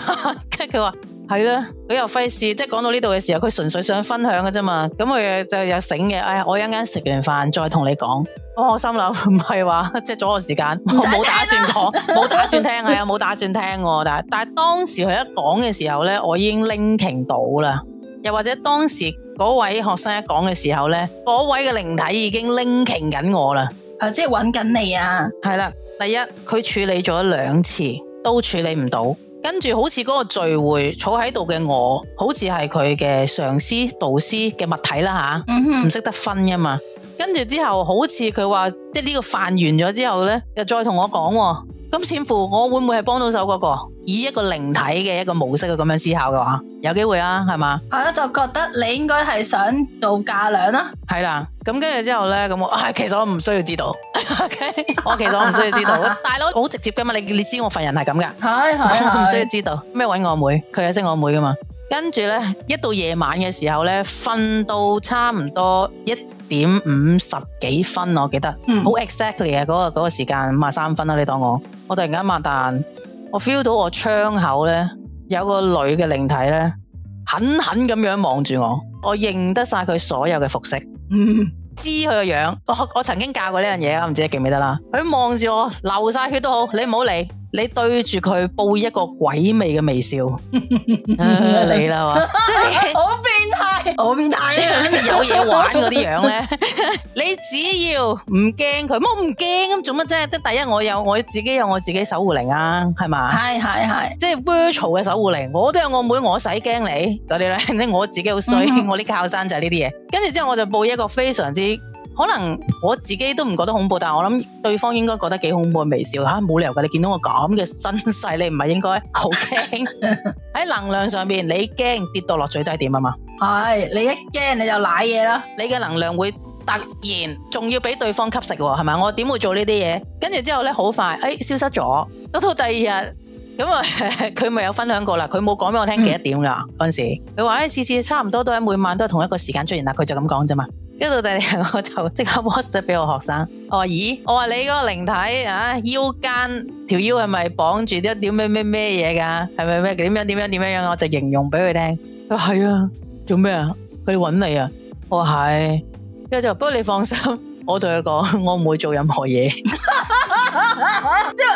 跟住佢話。係啦，佢又費事，即係講到呢度嘅時候，佢純粹想分享嘅啫嘛。咁佢就又醒嘅，哎呀，我一陣間食完飯再同你講。哦、不用 我心諗，唔係話即係阻我時間，我冇打算講，冇聽了 打算聽，係啊， 冇打算聽。但係但係當時佢一講嘅時候咧，我已經拎擎到啦。又或者當時嗰位學生一講嘅時候咧，嗰位嘅靈體已經拎擎緊我啦。誒、啊，即係搵緊你啊！係啦，第一佢處理咗兩次都處理唔到。跟住好似嗰個聚會坐喺度嘅我，好似係佢嘅上司、導師嘅物體啦吓，啊？嗯哼。唔識得分噶嘛。跟住之後好似佢話，即係呢個飯完咗之後呢，又再同我講啊。咁似乎我會唔會係幫到手嗰、嗰個？以一個靈體嘅一個模式去咁樣思考嘅話，有機會啊，係嘛？係啊，就覺得你應該係想做嫁娘啦。係啦，咁跟住之後咧，咁我係、哎、其實我唔需要知道，OK，我其實我唔需要知道，大佬好直接噶嘛？你你知我份人係咁噶？係係。我唔需要知道咩？搵我妹，佢係識我妹噶嘛？跟住咧，一到夜晚嘅時候咧，瞓到差唔多一。點五十幾分我記得，好 exactly 啊，嗰個嗰個時間五十三分啦，你當我我突然間擘大，我 feel 到我窗口咧有個女嘅靈體咧，狠狠咁樣望住我，我認得晒佢所有嘅服飾，嗯，知佢個樣我，我曾經教過呢樣嘢啦，唔知你記唔記得啦，佢望住我流晒血都好，你唔好嚟。你對住佢報一個鬼味嘅微笑， 啊、你啦，即係好變態，好變態，有嘢玩嗰啲樣咧。你只要唔驚佢，我唔驚咁做乜啫？得第一，我有我自己有我自己守護靈啊，係嘛？係係係， 即係 virtual 嘅守護靈，我都有我妹，我使驚你嗰啲咧，即係 我自己好衰， 我啲靠山就係呢啲嘢。跟住之後我就報一個非常之。可能我自己都唔覺得恐怖，但係我諗對方應該覺得幾恐怖。微笑吓冇、啊、理由噶，你見到我咁嘅身勢，你唔係應該好驚？喺 能量上邊，你驚跌到落最低點啊嘛？係、哎、你一驚你就瀨嘢啦，你嘅能量會突然仲要俾對方吸食喎，係咪？我點會做呢啲嘢？跟住之後咧，好快誒、哎，消失咗，到到第二日咁啊，佢、嗯、咪、嗯、 有分享過啦？佢冇講俾我聽幾多點噶嗰陣時，佢話誒，次次差唔多都係每晚都係同一個時間出現啦，佢就咁講咋嘛？跟到第日我就即刻 WhatsApp 俾我學生，我話咦，我話你嗰個靈體啊腰間條腰係咪綁住啲點咩咩咩嘢噶？係咪咩點樣點樣點樣樣？我就形容俾佢聽，啊係啊，做咩啊？佢哋揾你啊？我話係，跟住就不過你放心，我同佢講，我唔會做任何嘢。 即係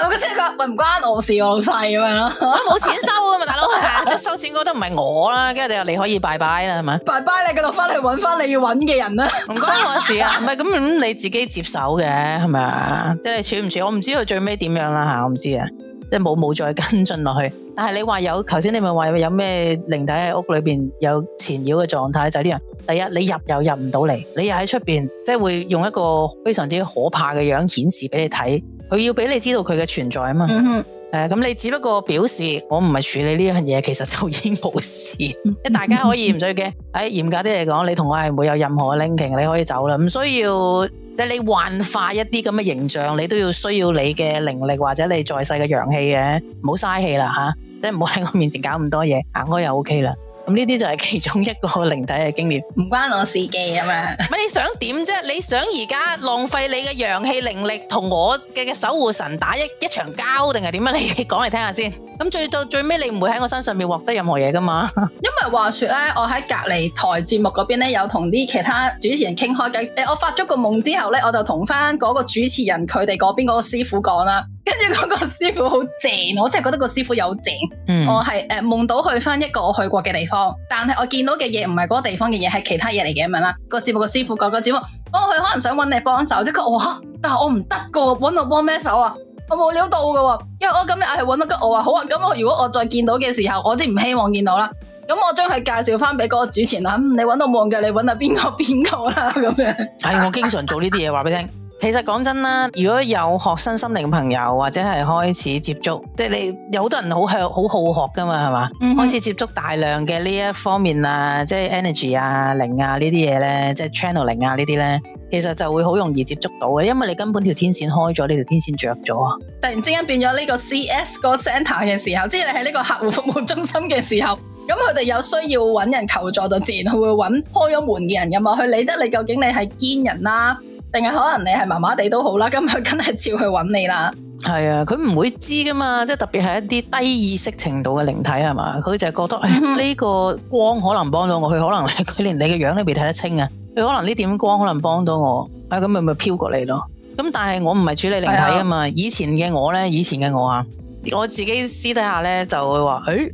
我即係佢唔關我事，我老細咁樣咯。我冇、啊、錢收啊嘛，大佬即係收錢嗰都唔係我啦。跟住你話你可以拜拜啦，係咪？拜拜你嗰度翻去搵翻你要搵嘅人啦。唔吧關我事啊，唔係咁你自己接手嘅係咪啊？即係、就是、你處唔處？我唔知佢最尾點樣啦吓，我唔知啊。即係冇冇再跟進落去。但係你話有，頭先你咪話有咩靈體喺屋裏邊有纏繞嘅狀態，就啲、是、人第一你入又入唔到嚟，你又喺出邊，即係會用一個非常之可怕嘅樣顯示俾你睇。佢要俾你知道佢嘅存在啊嘛，誒、嗯哼，咁、呃、你只不過表示我唔係處理呢樣嘢，其實就已經冇事，一 大家可以唔使驚。誒、 哎，嚴格啲嚟講，你同我係唔會有任何嘅 linking，你可以走啦，唔需要即係你幻化一啲咁嘅形象，你都要需要你嘅靈力或者你在世嘅陽氣嘅，唔好嘥氣啦吓，即係唔好喺我面前搞咁多嘢，行開又 OK 啦。咁呢啲就係其中一個靈體嘅經驗，唔關我事嘅嘛。唔 你想點啫？你想而家浪費你嘅陽氣靈力，同我嘅守護神打一一場交，定係點啊？你講嚟聽下先。咁最到尾，你唔會喺我身上面獲得任何嘢㗎嘛？ 因為話説咧，我喺隔離台節目嗰邊咧，有同啲其他主持人傾開偈。我發咗個夢之後咧，我就同返嗰個主持人佢哋嗰邊嗰個師傅講啦。跟住嗰個師傅好正，我真係覺得個師傅有正。嗯、我係誒、呃、夢到去翻一個我去過嘅地方，但係我見到嘅嘢唔係嗰個地方嘅嘢，係其他嘢嚟嘅咁樣啦。個節目個師傅講、那個節目，我、那、佢、個那個哦、可能想揾你幫手，即係話，但係我唔得噶，揾我幫咩手啊？我冇料到噶，因為我今日係揾到，吉我話好啊，咁我如果我再見到嘅時候，我都唔希望見到啦。咁我將佢介紹翻俾嗰個主持人，你揾到望嘅，你揾到邊個邊個啦咁樣。係、 哎、我經常做呢啲嘢，話俾你聽。 其實講真啦，如果有學生心靈嘅朋友或者係開始接觸，即係你有好多人好向好好學噶嘛，係嘛？嗯、哼開始接觸大量嘅呢一方面 energy，啊，即係 energy 啊、靈啊呢啲嘢咧，即係 channel 靈啊呢啲咧，其實就會好容易接觸到嘅，因為你根本條天線開咗，呢條天線着咗啊！突然之間變咗呢個 C S 個 center 嘅時候，即係你喺呢個客戶服務中心嘅時候，咁佢哋有需要揾人求助，就自然佢會揾開咗門嘅人，有冇？佢理得你究竟你係堅人啦、啊。定係可能你係麻麻地都好啦，咁佢梗係照去揾你啦。係啊，佢唔會知噶嘛，即係特別係一啲低意識程度嘅靈體係嘛，佢就係覺得呢、哎、 個光可能幫到我，佢可能佢連你嘅樣都未睇得清啊，佢可能呢點光可能幫到我，啊咁咪咪飄過嚟咯。咁但係我唔係處理靈體啊嘛， 以前嘅我呢，以前嘅我啊，我自己私底下呢就會話，誒、哎，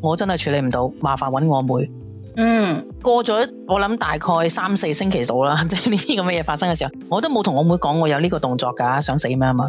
我真係處理唔到，麻煩揾我妹、妹。嗯，過咗我諗大概三四星期到啦，即係呢啲咁嘅嘢發生嘅時候，我都冇同我妹講我有呢個動作噶，想死咩啊嘛，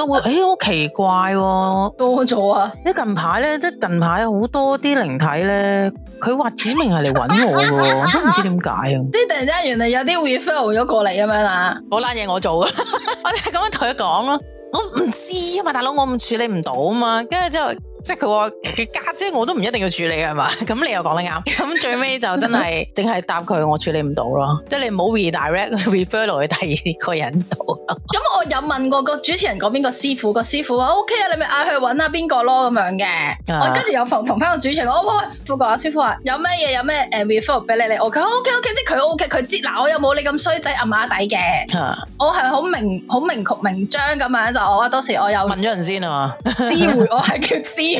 我話誒好奇怪喎，多咗啊！啲近排咧，即係近排好多啲靈體咧，佢話指名係嚟揾我噶，都唔知點解啊！即係突然之間，原來有啲 refer 咗過嚟咁樣啊，好攬嘢我做啊， 我就咁樣同佢講咯，我唔知啊嘛，大佬我唔處理唔到啊嘛，跟住之後。即係佢話佢家姐，姐我都唔一定要處理嘅係嘛，咁你又講得啱，咁最尾就真係淨係答佢，我處理唔 到咯。即係你唔好 re direct refer 落去第二個人度。咁我有問過個主持人嗰邊、個師傅，個師傅話 O K 啊，你咪嗌佢搵下邊個咯咁樣嘅。我跟住有房同翻個主持人 on, 國、呃 me, okay，我喂副哥阿師傅話有咩嘢有咩誒 refer 俾你，你 O K，O K，O K 即係佢 O K，佢知嗱我又冇你咁衰仔，暗下底嘅。我係好、嗯、明好明確明，明章咁樣就，我話到時我又問咗人先啊，嘛，知會我係叫知。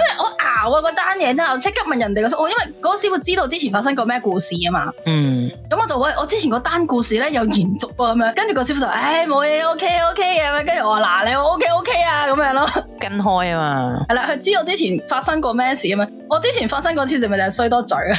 因為我熬啊嗰單嘢，之後即刻問人哋嗰出，因為嗰師傅知道之前發生過咩故事啊嘛。嗯。咁我就我我之前個單故事咧有延續咁樣，跟住個師傅就唉，冇、哎、嘢，ok ok 嘅，咁跟住我話嗱、啊、你 ok ok 啊咁樣咯，跟開啊嘛。係啦，佢知道我之前發生過咩事啊嘛。我之前發生嗰次是是就咪就衰多嘴啊，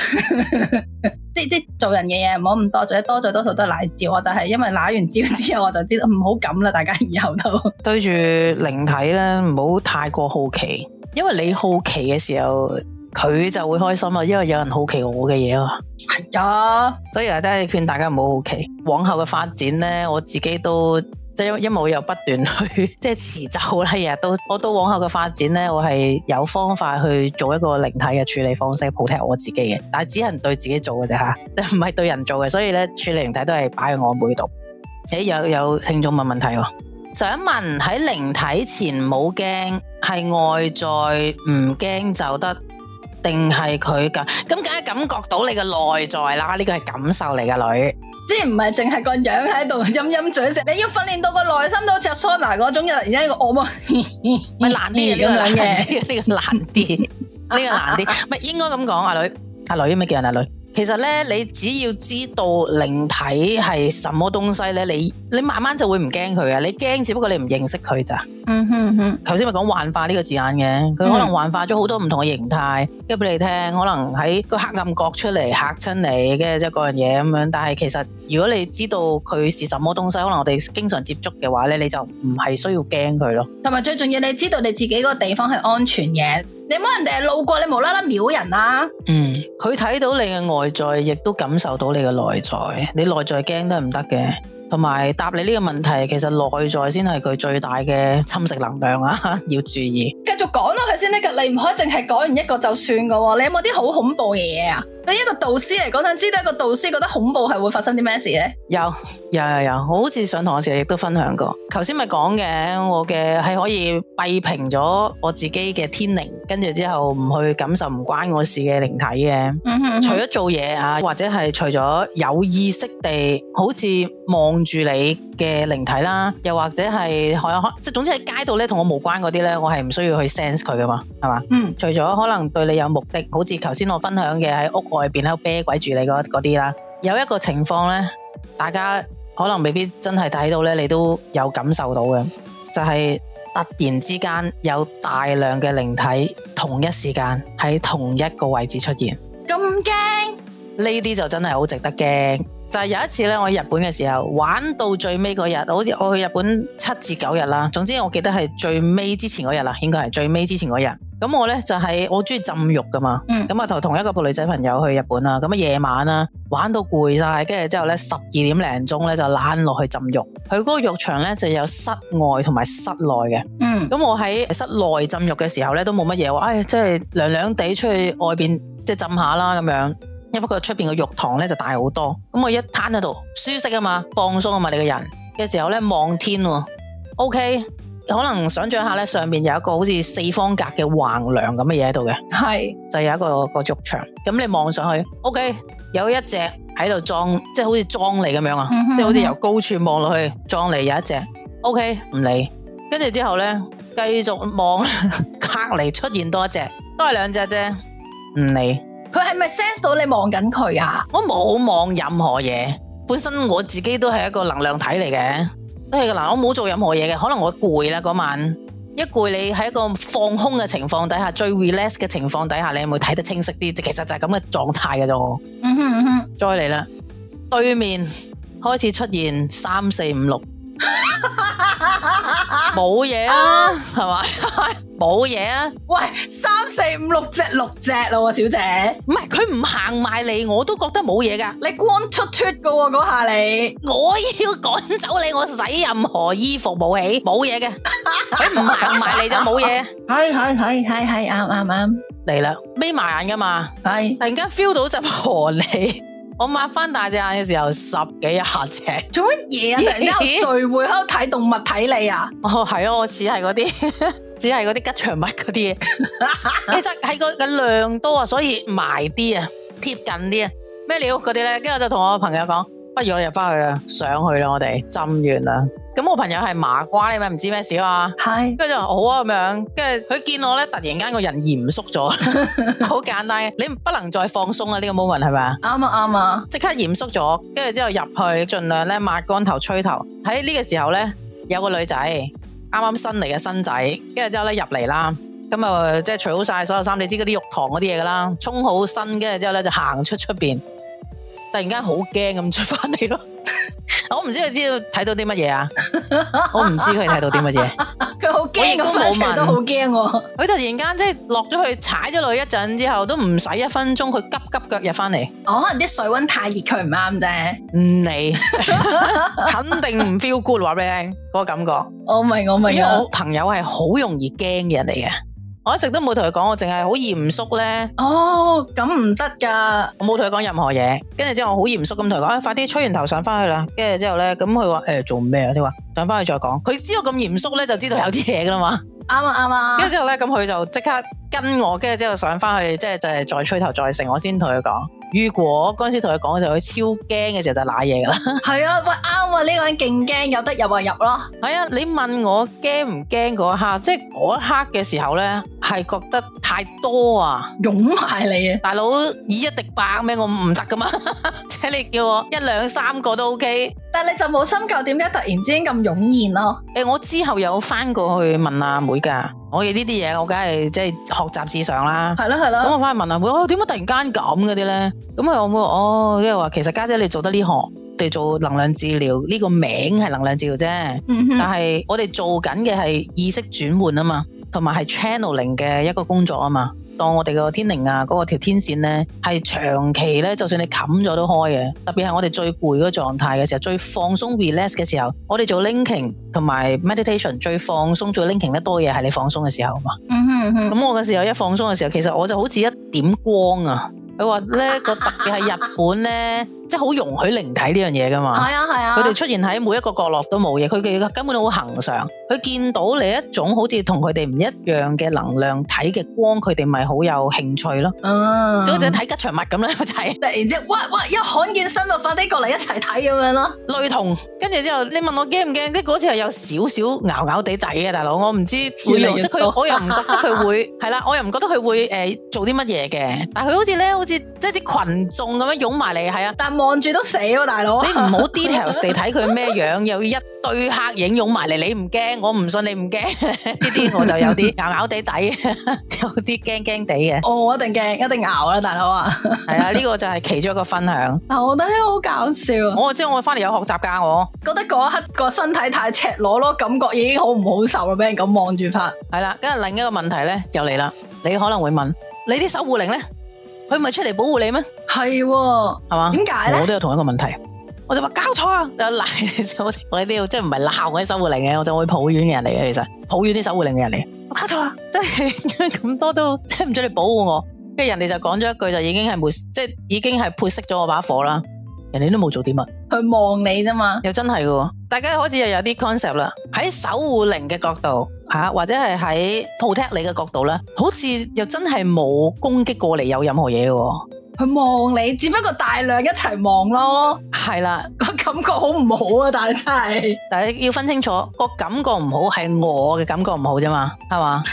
即即做人嘅嘢唔好咁多嘴， 多嘴多數都係瀨蕉，我就係、是、因為瀨完蕉之後我就知道唔好咁啦，大家以後都對住靈體咧，唔好太過好奇。因為你好奇嘅時候，佢就會開心啊！因為有人好奇我嘅嘢，啊，係啊的，所以啊，都係勸大家唔好好奇。往後嘅發展呢，我自己都即係因因為我又不斷去即係持咒啦，日日都，我到往後嘅發展呢，我係有方法去做一個靈體嘅處理方式，普聽我自己嘅，但係只係對自己做嘅啫吓，唔係對人做嘅，所以呢處理靈體都係擺喺我妹度。誒、欸，有有聽眾問問題，啊。想問喺靈體前冇驚，係外在唔驚就得，定係佢噶？咁梗係感覺到你個內在啦，呢個係感受嚟㗎，女。即係唔係淨係個樣喺度陰陰嘴食，你要訓練到個內心都着 Sona 嗰種人，而家個惡嗎？咪難啲，呢個難啲，呢個難啲，呢個難啲。咪應該咁講，阿女，阿女，咩叫阿女？其實咧，你只要知道靈體係什麼東西咧，你你慢慢就會唔驚佢啊！你驚只不過你唔認識佢咋。嗯哼哼，頭先咪講幻化呢個字眼嘅，佢可能幻化咗好多唔同嘅形態，講俾、嗯、你聽，可能喺個黑暗角出嚟吓親你嘅即係各樣嘢咁樣。但係其實如果你知道佢是什麼東西，可能我哋經常接觸嘅話咧，你就唔係需要驚佢咯。同埋最重要，你知道你自己個地方係安全嘅。你冇人哋係路過，你無啦啦秒人啦，啊。嗯，佢睇到你嘅外在，亦都感受到你嘅內在。你內在驚都係唔得嘅。同埋答你呢個問題，其實內在先係佢最大嘅侵蝕能量啊， 要注意。繼續講落去先得噶，你唔可以淨係講完一個就算噶。你有冇啲好恐怖嘅嘢啊？對一個導師嚟講，想知道一個導師覺得恐怖係會發生啲咩事咧？有，有，有，有，有，我好似上堂嘅時候亦都分享過。頭先咪講嘅，我嘅係可以閉平咗我自己嘅天靈，跟住之後唔去感受唔關我事嘅靈體嘅。嗯哼、mm，hmm. 除咗做嘢啊，或者係除咗有意識地，好似望住你。嘅靈體啦，又或者係可即總之喺街度咧，同我無關嗰啲咧，我係唔需要去 sense 佢噶嘛，係嘛？嗯，除咗可能對你有目的，好似頭先我分享嘅，喺屋外邊喺度啤鬼住你嗰啲啦。有一個情況咧，大家可能未必真係睇到咧，你都有感受到嘅，就係突然之間有大量嘅靈體同一時間喺同一個位置出現，咁驚？呢啲就真係好值得驚。就係有一次咧，我喺日本嘅時候玩到最尾嗰日，好似我去日本七至九日啦。總之我記得係最尾之前嗰日啦，應該係最尾之前嗰日。咁我咧就係我中意浸浴㗎嘛。咁啊，同同一個女仔朋友去日本啦。咁啊，夜晚啦，玩到攰晒。跟住之後咧，十二點零鐘咧就攬落去浸浴。佢嗰個浴場咧就有室外同埋室內嘅。咁、嗯、我喺室內浸浴嘅時候咧都冇乜嘢喎。唉、哎，即係涼涼地出去外邊即係浸下啦咁樣。因為個出邊嘅浴堂咧就大好多，咁我一攤喺度舒適啊嘛，放鬆啊嘛，你個人嘅時候咧望天，OK，可能想象下咧上面有一個好似四方格嘅橫樑咁嘅嘢，喺度嘅，係是就有一個一個浴場，咁你望上去，OK，有一隻喺度裝，即係好似裝你咁樣啊，即係 好似由高處望落去裝你有一隻，OK，唔理，跟住之後咧繼續望隔籬 出現多一隻，都係兩隻啫，唔理。佢係咪 sense 到你望緊佢啊？我冇望任何嘢，本身我自己都係一個能量體嚟嘅，都係噶嗱，我冇做任何嘢嘅，可能我攰啦嗰晚，一攰你喺一個放空嘅情況底下，最 relax 嘅情況底下，你有冇睇得清晰啲？其實就係咁嘅狀態嘅啫。嗯哼，嗯哼，再嚟啦，對面開始出現三四五六，冇 嘢啊，係咪、啊？是吧 冇嘢啊！喂，三四五六隻六隻咯，小姐。唔係佢唔行埋嚟，我都覺得冇嘢噶。你光禿禿噶喎嗰下你，我要趕走你，我使任何衣服武器冇嘢嘅。佢唔行埋嚟就冇嘢。係係係係係啱啱啱嚟啦，眯埋眼噶嘛。係，突然間 feel 到陣寒氣，我擘翻大隻眼嘅時候十幾廿隻。做乜嘢啊？突然之間聚會喺度睇動物睇你啊？哦係咯，我似係嗰啲。只係嗰啲吉祥物嗰啲，其實喺個嘅量多啊，所以埋啲啊，貼近啲啊，咩料嗰啲咧，呢跟住我就同我朋友講，不如我哋翻去啦，上去啦，我哋浸完啦。咁我朋友係麻瓜，你咪唔知咩事啊係，跟住 Hi? 就好啊咁樣，跟住佢見我咧，突然間個人嚴肅咗，好 簡單，你不能再放鬆啊！呢個 moment 係咪啊？啱啊啱啊，即 刻嚴肅咗，跟住之後入去盡量咧抹乾頭吹頭。喺呢個時候咧，有個女仔。啱啱新嚟嘅新仔，跟住之後呢入嚟啦，咁啊即係除好晒所有衫，你知嗰啲浴堂嗰啲嘢㗎啦，沖好身，跟住之後呢就行出出面。突然間好驚咁出翻嚟咯， 我唔知佢知道睇到啲乜嘢啊？ 我唔知佢睇到啲乜嘢。佢好驚咁，我亦都冇都好驚。佢突然間即係落咗去踩咗落去一陣之後，都唔使一分鐘，佢急急腳入翻嚟。哦，可能啲水溫太熱，佢唔啱啫。唔理，肯定唔 feel good，話俾你聽嗰、那個感覺。我明，我明，我朋友係好容易驚嘅人嚟嘅。我一直都冇同佢講，我淨係好嚴肅咧。哦，咁唔得噶，我冇同佢講任何嘢。跟住之後我好嚴肅咁同佢講，誒、啊，快啲吹完頭上翻去啦。跟住之後咧，咁佢話誒，做咩啊？你、哎、話上翻去再講。佢知道咁嚴肅咧，就知道有啲嘢噶啦嘛。啱啊，啱啊。跟住、啊、之後咧，咁佢就即刻跟我。跟住之後上翻去，即係就係再吹頭再成，我先同佢講。如果嗰陣時同佢講嘅時候，佢超驚嘅時候就瀨嘢㗎啦。係 啊，喂啱啊，呢、這個人勁驚，有得入啊入咯。係啊、哎，你問我驚唔驚嗰一刻，即係嗰一刻嘅時候咧，係覺得太多啊，擁埋你啊，大佬以一敵百咩？我唔得噶嘛，即係 你叫我一兩三個都 OK。但係你就冇深究，點解突然之間咁湧現咯？誒、欸，我之後有翻過去問阿妹噶，我嘅呢啲嘢，我梗係即係學習至上啦。係咯係咯。咁我翻去問阿妹，哦、啊，點解突然間咁嗰啲咧？咁佢我妹話，哦，即係話其實家姐，姐你做得呢、這、行、個，我哋做能量治療呢、這個名係能量治療啫，嗯、哼但係我哋做緊嘅係意識轉換啊嘛，同埋係 channeling 嘅一個工作啊嘛。當我哋個天靈啊，嗰個條天線咧，係長期咧，就算你冚咗都開嘅。特別係我哋最攰嗰狀態嘅時候，最放鬆 relax 嘅時候，我哋做 linking 同埋 meditation 最放鬆，最 linking 得多嘢係你放鬆嘅時候嘛。咁、嗯嗯、我嘅時候一放鬆嘅時候，其實我就好似一點光啊。佢話咧，個特別係日本咧。 即係好容許靈體呢樣嘢噶嘛？係啊係啊！佢哋出現喺每一個角落都冇嘢，佢哋根本都好恒常。佢見到你一種好似同佢哋唔一樣嘅能量、體嘅光，佢哋咪好有興趣咯。就好似睇吉祥物咁啦，就係突然之間，哇哇，有罕見生物快啲過嚟一齊睇咁樣咯。類同，跟住之後你問我驚唔驚？即嗰次係有少少咬咬哋底嘅，大佬，我唔知會唔會即係佢，我又唔覺得佢會係啦，我又唔覺得佢會誒做啲乜嘢嘅。但係佢好似咧，好似即係啲群眾咁樣湧埋嚟，係啊。望住都死喎，大佬！ 你唔好 details 地睇佢咩樣，又一堆黑影湧埋嚟，你唔驚？我唔信你唔驚。呢啲我就有啲咬咬地底，有啲驚驚地嘅。我一定驚，一定咬啦，大佬 啊！係啊，呢個就係其中一個分享。但 我，我，我覺得好搞笑。我知我翻嚟有學習㗎，我覺得嗰一刻個身體太赤裸咯，感覺已經好唔好受啊！俾人咁望住拍。係啦，跟住另一個問題咧又嚟啦，你可能會問：你啲守護靈咧？佢唔係出嚟保護你咩？係吧，係嘛？點解咧？我都有同一個問題，我就話交錯啊！就 鬧我我啲，即係唔係鬧嗰啲守護靈嘅，我就我會抱怨嘅人嚟嘅，其實抱怨啲守護靈嘅人嚟。我交錯啊！真係咁 多都，即係唔出嚟保護我，跟住人哋就講咗一句，就已經係冇，即係已經係潑熄咗我把火啦。人哋都冇做啲乜，去望你啫嘛。又真係嘅、啊。大家開始又有啲 concept 啦，喺守護靈嘅角度嚇、啊，或者係喺 protect 你嘅角度咧，好似又真係冇攻擊過你，有任何嘢嘅、哦。佢望你，只不過大量一齊望咯。係啦的，個 感覺好唔好啊？大家真係，但係 要分清楚，個感覺唔好係我嘅感覺唔好啫嘛，係嘛？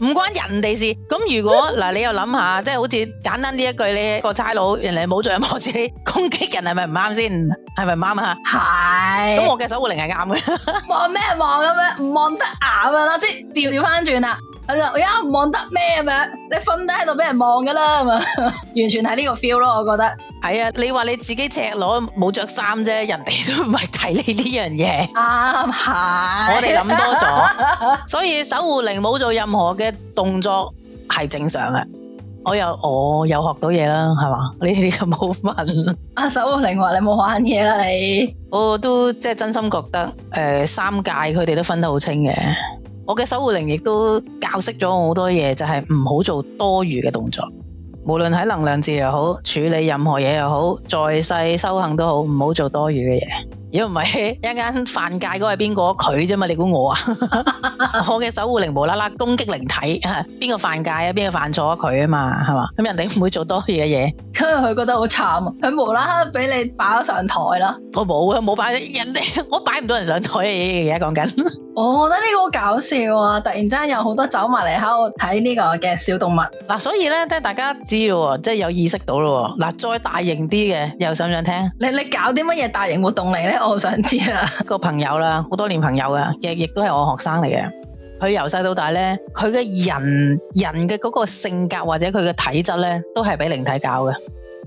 唔關人哋事，咁如果嗱， 你又諗下，即係好似簡單啲一句，你個差佬人哋冇做嘢，冇事，攻擊人係咪唔啱先？係咪唔啱啊？係是，咁我嘅守護靈係啱嘅。望咩望咁樣？望得啱啊！即係調調翻轉啦！ 我而家唔望得咩咁樣，你瞓低喺度俾人望噶啦，係嘛？ 完全係呢個 feel 咯，我覺得係啊、哎。你話你自己赤裸冇着衫啫，人哋都唔係睇你呢樣嘢。啱係、啊，我哋諗多咗， 所以守護靈冇做任何嘅動作係正常嘅。我又我有學到嘢啦，係嘛、 啊？你哋就冇問。阿守護靈話你冇玩嘢啦，你我都即係真心覺得誒、呃，三界佢哋都分得好清嘅。我嘅守護靈亦都教識咗我好多嘢，就係唔好做多餘嘅動作，無論喺能量字又好，處理任何嘢又好，在世修行都好，唔好做多餘嘅嘢。如果唔係一陣間犯界嗰係邊個佢啫嘛？你估我啊？ 我嘅守護靈無啦啦攻擊靈體，邊個犯界？啊？邊個犯錯啊？佢啊嘛係嘛？咁人哋唔會做多嘢嘅嘢，因佢覺得好慘啊！佢無啦啦俾你擺上台啦，我冇啊，冇擺人哋，我擺唔到人上台啊！而家講緊，我覺得呢個好搞笑啊！突然之間有好多走埋嚟喺度睇呢個嘅小動物嗱、啊，所以咧，即係大家知道即係有意識到咯。嗱、啊，再大型啲嘅，又想唔想聽？你你搞啲乜嘢大型活動嚟咧？我想知啊， 個朋友啦，好多年朋友啊，亦亦都係我學生嚟嘅。佢由細到大咧，佢嘅人人嘅嗰個性格或者佢嘅體質咧，都係俾靈體教嘅。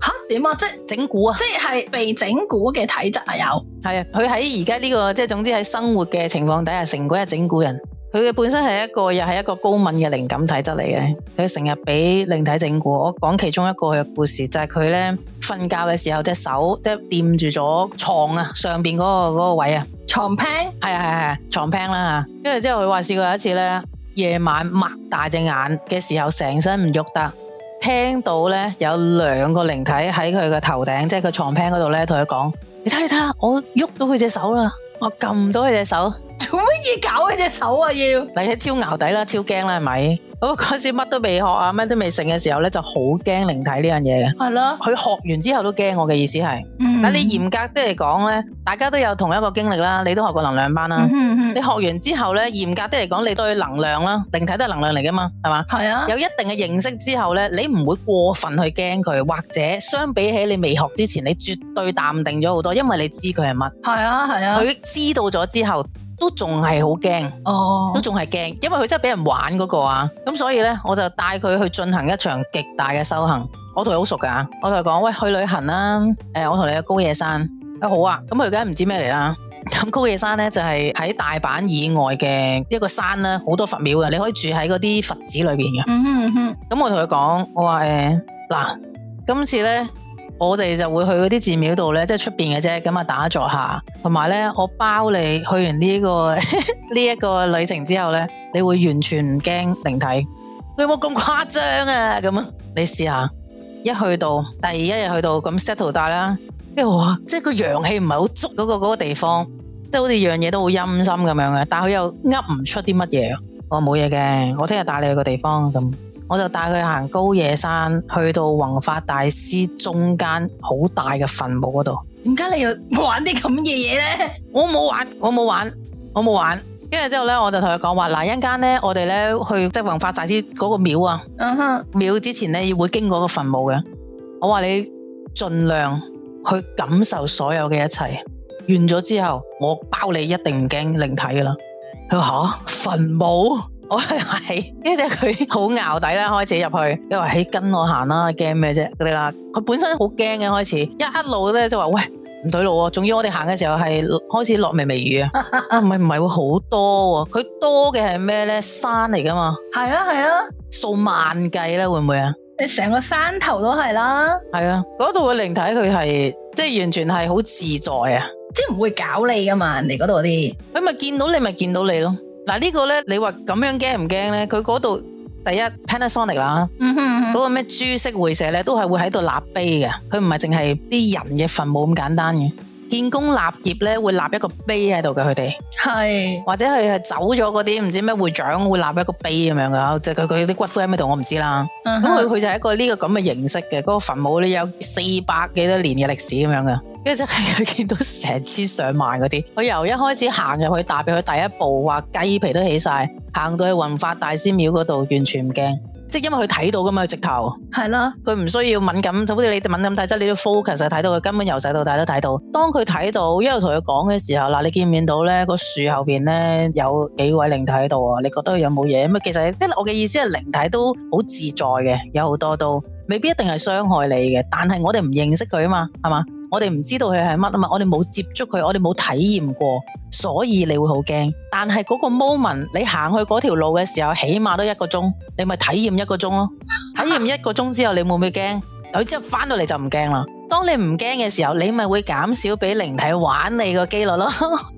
吓點啊？即係整蠱啊？即係被整蠱嘅體質啊？有係啊？佢喺而家呢個即係總之喺生活嘅情況底下，成日整蠱人。佢嘅本身係一個又係一個高敏嘅靈感體質嚟嘅，佢成日俾靈體整蠱。我講其中一個佢嘅故事就是，就係佢咧瞓覺嘅時候，隻手即係掂住咗床啊，上面嗰、嗰個嗰個位床 pan？係啊，係啊，係啊。床 pan 係啊床 pan 啦吓，跟住之後佢話試過有一次咧，夜晚擘大隻眼嘅時候，成身唔喐得，聽到咧有兩個靈體喺佢嘅頭頂，即係個床 pan 嗰度咧，同佢講：你睇你睇，我喐到佢隻手啦。我撳唔到佢隻手，做乜嘢要搞佢隻手啊？要嚟一招牛底啦，超驚啦，係咪？嗰、哦、時乜都未學啊，乜都未成嘅時候咧，就好驚靈體呢樣嘢嘅。係咯。佢學完之後都驚，我嘅意思係。嗯、但係你嚴格啲嚟講咧，大家都有同一個經歷啦，你都學過能量班啦。嗯、哼哼，你學完之後咧，嚴格啲嚟講，你對能量啦，靈體都係能量嚟噶嘛，係嘛？係啊。有一定嘅認識之後咧，你唔會過分去驚佢，或者相比起你未學之前，你絕對淡定咗好多，因為你知佢係乜。係啊係啊。佢知道咗之後。都仲係好驚，都仲係驚，因為佢真係俾人玩嗰個啊！咁所以呢，我就帶佢去進行一場極大嘅修行。我同佢好熟㗎，我同佢講：喂，去旅行啦！誒、呃，我同你去高野山啊！好啊！咁佢梗係唔知咩嚟啦。咁高野山呢，就係、是、喺大阪以外嘅一個山啦，好多佛廟嘅，你可以住喺嗰啲佛寺裏邊嘅。咁我同佢講，我話誒，嗱、呃，今次呢……」我哋就會去嗰啲寺廟度呢，即係出邊嘅啫，咁啊打坐下，同埋呢，我包你去完呢、這個呢一 個旅程之後呢，你會完全唔驚靈體，有冇咁誇張啊？咁你試一下一去到，第二一日去到咁 settle down 啦、哎，因為即係個陽氣唔係好足嗰個、那個地方，即係好似樣嘢都好陰森咁樣嘅，但係佢又噏唔出啲乜嘢，我冇嘢嘅，我聽日帶你去個地方咁。我就帶佢行高野山，去到弘法大師中間好大嘅墳墓嗰度。點解你又冇玩啲咁嘅嘢咧？ 我冇玩，我冇玩，我冇玩。跟住之後咧，我就同佢講話嗱，一陣間咧，我哋咧去即係弘法大師嗰個廟啊。嗯哼、uh。Huh. 廟之前咧要會經過個墳墓嘅。我話你盡量去感受所有嘅一切。完咗之後，我包你一定唔驚靈體噶啦。佢話，吓，墳墓。我係，跟住佢好拗底，啦，開始入去，因為喺跟我行啦，驚咩啫啲啦？佢本身好驚嘅開始，一路咧就話喂唔對路啊！仲要我哋行嘅時候係開始落微微雨 啊，唔係唔係會好多啊？佢多嘅係咩咧？山嚟噶嘛？係啊係啊，數萬計啦，會唔會啊？你成個山頭都係啦，係啊，嗰度嘅靈體佢係即係完全係好自在啊，即係唔會搞你噶嘛？人哋嗰度啲，佢咪見到你咪見到你咯。嗱，呢個咧，你話咁樣驚唔驚咧？佢嗰度第一 Panasonic 啦，嗰、嗯嗯、個咩株式會社咧，都係會喺度立碑嘅。佢唔係淨係啲人嘅墳墓咁簡單嘅，建功立業咧會立一個碑喺度嘅佢哋。係是，或者佢係走咗嗰啲唔知咩會長會立一個碑咁樣嘅，即係佢佢啲骨灰喺邊度我唔知啦。咁佢佢就係一個呢個咁嘅形式嘅，嗰、那個墳墓咧有四百幾多年嘅歷史咁樣嘅。即係佢見到成千上萬嗰啲，佢由一開始行入去，踏入去第一步，話雞皮都起晒，行到去雲發大仙廟嗰度，完全唔驚。即係因為佢睇到噶嘛，直頭係啦，佢唔需要敏感，好似你敏感睇真，即你都 focus 睇到，佢根本由細到大都睇到。當佢睇到，一路同佢講嘅時候，嗱，你見唔見到咧？個樹後邊咧有幾位靈體喺度啊？你覺得佢有冇嘢？咁啊，其實即係我嘅意思係，靈體都好自在嘅，有好多都未必一定係傷害你嘅，但係我哋唔認識佢啊嘛，係嘛？我哋唔知道佢係乜啊嘛，我哋冇接觸佢，我哋冇體驗過，所以你會好驚。但係嗰個 moment，你行去嗰條路嘅時候，起碼都一個鐘，你咪體驗一個鐘咯。體驗一個鐘之後，你會唔會驚？佢之後返到嚟就唔驚啦。當你唔驚嘅時候，你咪會減少俾靈體玩你個機率咯。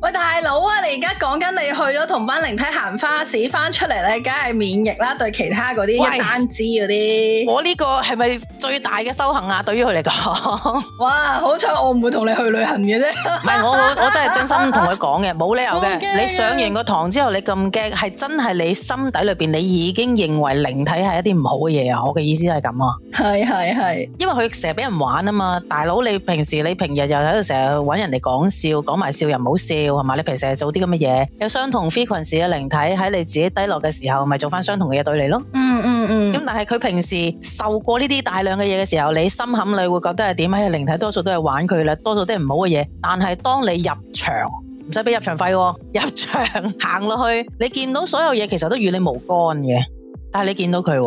喂，大佬啊，你而家講緊你去咗同班靈體行花市翻出嚟咧，梗係免疫啦，對其他嗰啲一單支嗰啲。我呢個係咪最大嘅修行啊？對於佢嚟講，哇，好彩我唔會同你去旅行嘅啫。唔係我 我我真係真心同佢講嘅，冇理由嘅。你上完個堂之後你，你咁驚係真係你心底裏邊你已經認為靈體係一啲唔好嘅嘢啊？我嘅意思係咁啊，係係係，因為佢成日俾人玩啊嘛。大佬，你平時你平日又喺度成日揾人嚟講笑，講埋笑又唔好笑，係嘛？你平時係做啲咁嘅嘢，有相同 frequency 嘅靈體喺你自己低落嘅時候，咪做翻相同嘅嘢對你咯。嗯嗯嗯。咁、嗯嗯、但係佢平時受過呢啲大量嘅嘢嘅時候，你心坎裏會覺得係點？喺靈體多數都係玩佢啦，多數都係唔好嘅嘢。但係當你入場，唔使俾入場費，入場行落去，你見到所有嘢其實都與你無關嘅，但係你見到佢。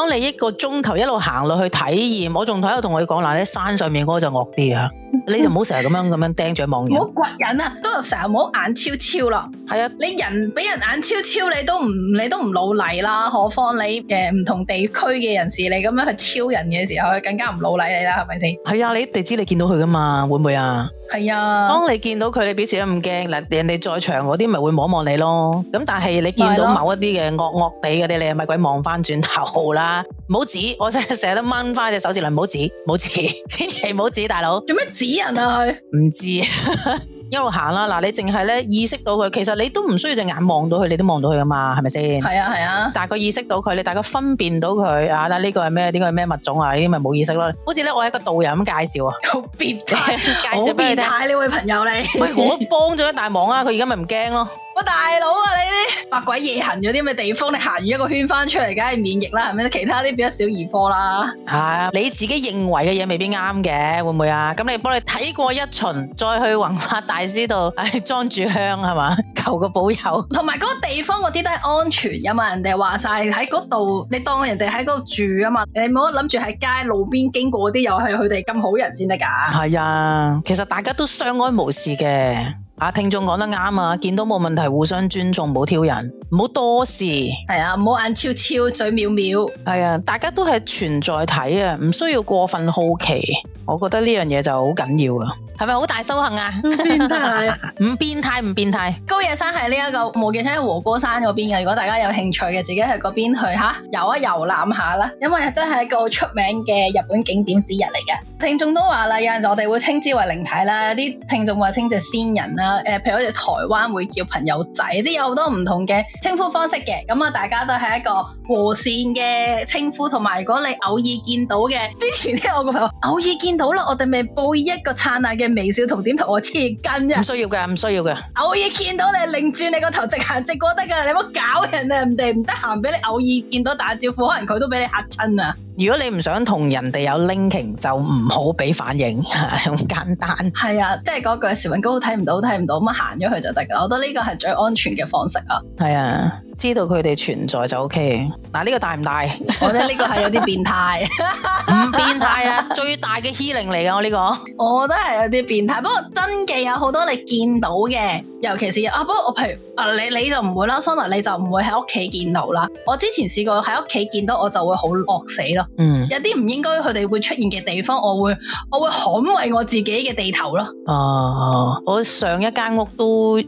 當你一個鐘頭一路行落去體驗，我仲喺度同佢講嗱，喺山上面嗰個就惡啲啊，你就唔好成日咁樣咁樣盯住望人，唔好掘人啊，都成日唔好眼超超咯。係啊，你人俾人眼超超，你都唔你都唔努力啦，何況你誒唔同地區嘅人士你咁樣去超人嘅時候，佢更加唔努力你啦，係咪先？係啊，你地知你見到佢噶嘛？會唔會啊？係啊，當你見到佢，你表示咁驚嗱，人哋在場嗰啲咪會望望你咯。咁但係你見到某一啲嘅惡惡地嗰啲，你咪鬼望翻轉頭啦。唔好指，我真係成日都掹翻隻手指嚟。唔好指，唔好指，千祈唔好指，大佬。做咩指人啊？佢唔知 一路行啦。嗱，你淨係咧意識到佢，其實你都唔需要隻眼望到佢，你都望到佢噶嘛？係咪先？係啊係啊。但係佢意識到佢，你大概分辨到佢啊？嗱，呢個係咩？呢個係咩物種啊？呢啲咪冇意識咯。好似咧，我係一個導遊咁介紹啊，好變態，介紹俾你聽呢位朋友你。喂， 我幫咗一大忙啊，佢而家咪唔驚咯。大佬啊，你啲百鬼夜行嗰啲咁嘅地方，你行完一個圈翻出嚟，梗係免疫啦，係咪？其他啲變咗小兒科啦。係啊，你自己認為嘅嘢未必啱嘅，會唔會啊？咁你幫你睇過一巡，再去弘法大師度，唉、哎，裝住香係嘛，求個保佑。同埋嗰個地方嗰啲都係安全吖嘛。人哋話晒喺嗰度，你當人哋喺嗰度住吖嘛。你唔好諗住喺街路邊經過嗰啲，又係佢哋咁好人先得㗎。係啊，其實大家都相安無事嘅。啊！聽眾講得啱啊，見到冇問題，互相尊重，冇挑人挑釁。唔好多事，係啊，唔好眼超超，嘴藐藐，係啊，大家都係存在體啊，唔需要過分好奇，我覺得呢樣嘢就好緊要啊，係咪好大修行啊？唔變態，唔 變態，唔變態。高野山係呢一個冇記錯喺和歌山嗰邊嘅，如果大家有興趣嘅，自己去嗰邊去吓、啊、遊一遊覽一下啦，因為都係一個出名嘅日本景點之一嚟嘅。聽眾都話啦，有陣時我哋會稱之為靈體啦，啲聽眾話稱作仙人啦，誒、呃，譬如好似台灣會叫朋友仔，即係有好多唔同嘅。稱呼方式嘅，咁、嗯、啊，大家都係一個和善嘅稱呼，同埋如果你偶爾見到嘅，之前咧我個朋友偶爾見到啦，我哋未報一個燦爛嘅微笑同點同我切近啊，唔需要嘅，唔需要嘅，偶爾見到你擰轉你個頭，直行直過得噶。你唔好搞人啊，人哋唔得閒俾你偶爾見到打招呼，可能佢都俾你嚇親啊。如果你唔想同人哋有 linking，就唔好俾反應，咁 簡單。係啊，即係嗰句時運高睇唔到，睇唔到，咁行咗去就得噶啦。我覺得呢個係最安全嘅方式啊。係啊，知道佢哋存在就 OK。嗱、啊，呢個大唔大？我覺得呢個係有啲變態，唔 變態啊！最大嘅 healing 嚟噶，我呢個。我覺得係有啲變態，不過真嘅有好多你見到嘅，尤其是啊，不過我譬如啊，你你就唔會啦，Sona 你就唔會喺屋企見到啦。我之前試過喺屋企見到，我就會好惡死咯。嗯，有啲唔應該佢哋會出現嘅地方，我會我會捍衛我自己嘅地頭咯。哦、啊，我上一間屋都有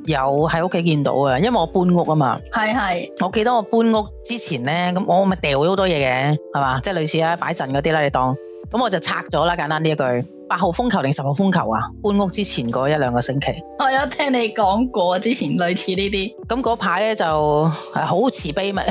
喺屋企見到嘅，因為我搬屋啊嘛。係係是，我記得我搬屋之前咧，咁我咪掉咗好多嘢嘅，係嘛，即係類似啦、啊，擺陣嗰啲啦，你當，咁我就拆咗啦，簡單呢一句。八號風球定十號風球啊？搬屋之前嗰一兩個星期，我有聽你講過之前類似呢啲。咁嗰排呢，就係好慈悲嘛，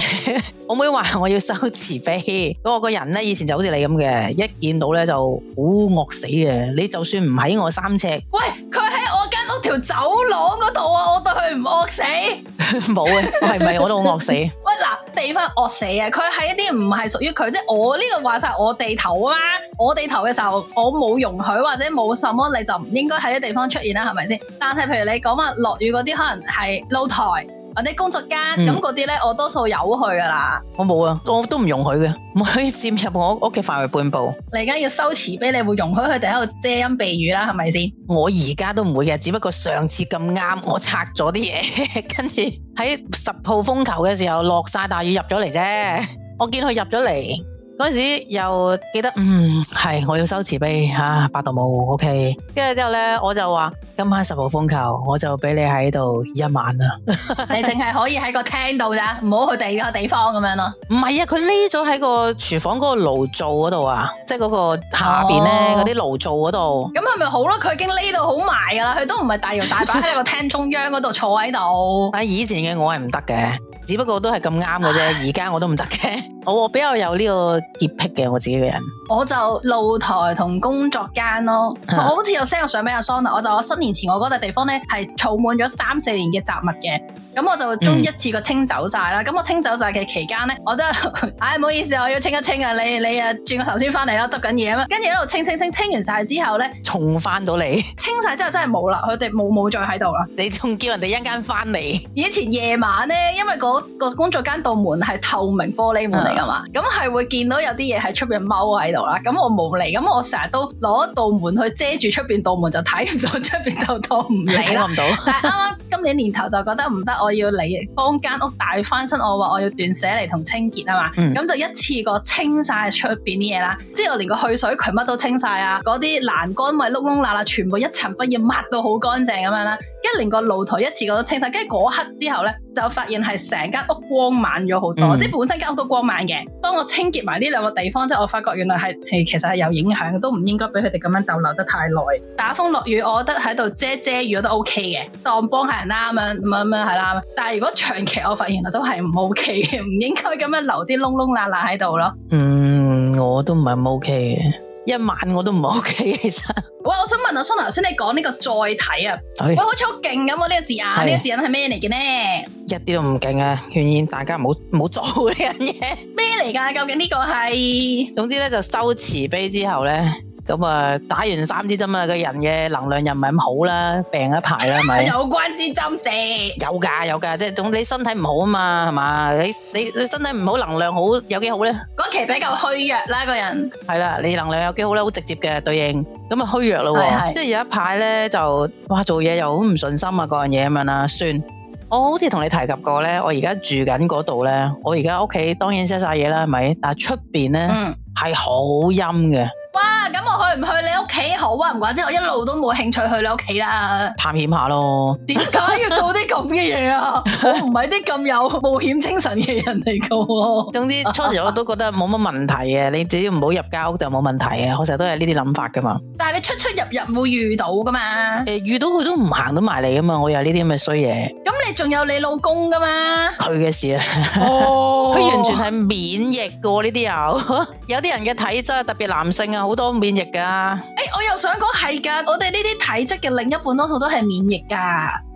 我妹話我要收慈悲。咁我個人呢，以前就好似你咁嘅，一見到呢就好惡死嘅。你就算唔喺我三尺，喂佢喺我家。條走廊嗰度啊，我對佢唔惡死，冇啊， 係咪我都惡 死？ 喂嗱，地方惡死啊，佢係一啲唔係屬於佢，即係我呢、這個話晒我地頭啊嘛，我地頭嘅時候我冇容許或者冇什麼，你就唔應該喺啲地方出現啦，係咪先？但係譬如你講話落雨嗰啲，可能係露台。我啲工作間咁嗰啲咧，嗯、那那我多數有佢噶啦。我冇啊，我都唔容許嘅，唔可以佔入我屋企範圍半步。你而家要收錢俾你，會容許佢哋喺度遮陰避雨啦，係咪先？我而家都唔會嘅，只不過上次咁啱我拆咗啲嘢，跟住喺十號風球嘅時候落晒大雨入咗嚟啫。我見佢入咗嚟。嗰陣時又記得，嗯，係我要收慈悲吓，百、啊、度冇，O K。跟、OK、住之後咧，我就話今晚十號風球，我就俾你喺度一晚啦。 你淨係可以喺個廳度咋，唔好去第二個地方咁樣咯。唔係啊，佢匿咗喺個廚房嗰個爐灶嗰度啊，即係嗰個下邊咧嗰啲爐灶嗰度。咁係咪好咯、啊？佢已經匿到好埋噶啦，佢都唔係大搖大擺喺個廳中央嗰度坐喺度。喺 以前嘅我係唔得嘅。只不過都係咁啱嘅啫，而家我都唔得嘅。我我比較有呢個潔癖嘅我自己個人。我就露台同工作間咯，啊、我好似有 send 個相俾阿 Sona 啦。我就我新年前我嗰笪地方咧係儲滿咗三四年嘅雜物嘅，咁我就中一次過清走晒啦。咁、嗯、我清走晒嘅期間咧，我真係，唉、 哎，唔好意思，我要清一清啊！你你啊，轉個頭先翻嚟啦，執緊嘢啊嘛。跟住喺度清清清，清完晒之後咧，重翻到嚟，清晒之後真係冇啦，佢哋冇冇再喺度啦。你仲叫人哋一間翻嚟？以前夜晚咧，因為嗰個工作間道門係透明玻璃門嚟噶嘛，咁係、嗯、會見到有啲嘢喺出邊踎喺度。啦，咁我冇嚟，咁我成日都攞道門去遮住出邊，道門就睇唔到出邊就到唔睇，我唔到。不到但係啱啱今年年頭就覺得唔得，我要嚟幫間屋大翻身。我話我要斷捨離同清潔啊嘛，咁、嗯、就一次過清晒出邊啲嘢啦，即係我連個去水渠乜都清晒啊，嗰啲欄杆位窿窿罅罅，全部一塵不染抹到好乾淨咁樣啦，跟住連個露台一次過都清晒，跟住嗰刻之後咧。就發現係成間屋光猛咗好多，即係本身間屋都光猛嘅。當我清潔埋呢兩個地方，即係我發覺原來係係其實係有影響，都唔應該俾佢哋咁樣逗留得太耐。打風落雨，我覺得喺度遮遮雨都 OK 嘅，當幫下人啦，咁樣咁樣係啦。但係如果長期，我發現都係唔 OK 嘅，唔應該咁樣留啲窿窿罅罅喺度咯。嗯，我都唔係咁 OK 嘅。一晚我都唔 OK，其實。哇，我想問阿春頭先你講呢、這個載體啊，喂對，好似好勁咁，呢、這個字眼，呢是個字眼係咩嚟嘅咧？一啲都唔勁啊！勸勉大家唔好唔好做呢樣嘢。咩嚟㗎？究竟呢個係？總之咧，就收慈悲之後咧。咁啊，打完三支針，個人嘅能量又唔係咁好啦，病一排啦，係咪？有關支針射，有噶有噶，即係總你身體唔好啊嘛，係嘛？你你身體唔好，能量好有幾好咧？嗰期比較虛弱啦，個人係啦，你能量有幾好咧？好直接嘅對應，咁啊虛弱咯，即係有一排咧就哇做嘢又好唔順心啊，嗰樣嘢咁樣啦，算。我好似同你提及過咧，我而家住緊嗰度咧，我而家屋企當然 set 晒嘢啦，係咪？但係出邊咧係好陰嘅。哇，咁我去唔去你屋企好啊？唔怪之我一路都冇興趣去你屋企啦。探險下咯。點解要做啲咁嘅嘢啊？ 我唔係啲咁有冒險精神嘅人嚟噶、啊。總之初時我都覺得冇乜問題嘅，你只要唔好入家屋就冇問題嘅，我成日都係呢啲諗法噶嘛。但係你出出入入，入會遇到噶嘛、欸？遇到佢都唔行到埋嚟噶嘛？我又呢啲咁嘅衰嘢。咁你仲有你老公噶嘛？佢嘅事啊，佢、 哦、完全係免疫噶呢啲啊，有啲 人嘅體質特別男性啊。好多免疫噶，誒，我又想講係噶，我哋呢啲體質嘅另一半多數都係免疫噶。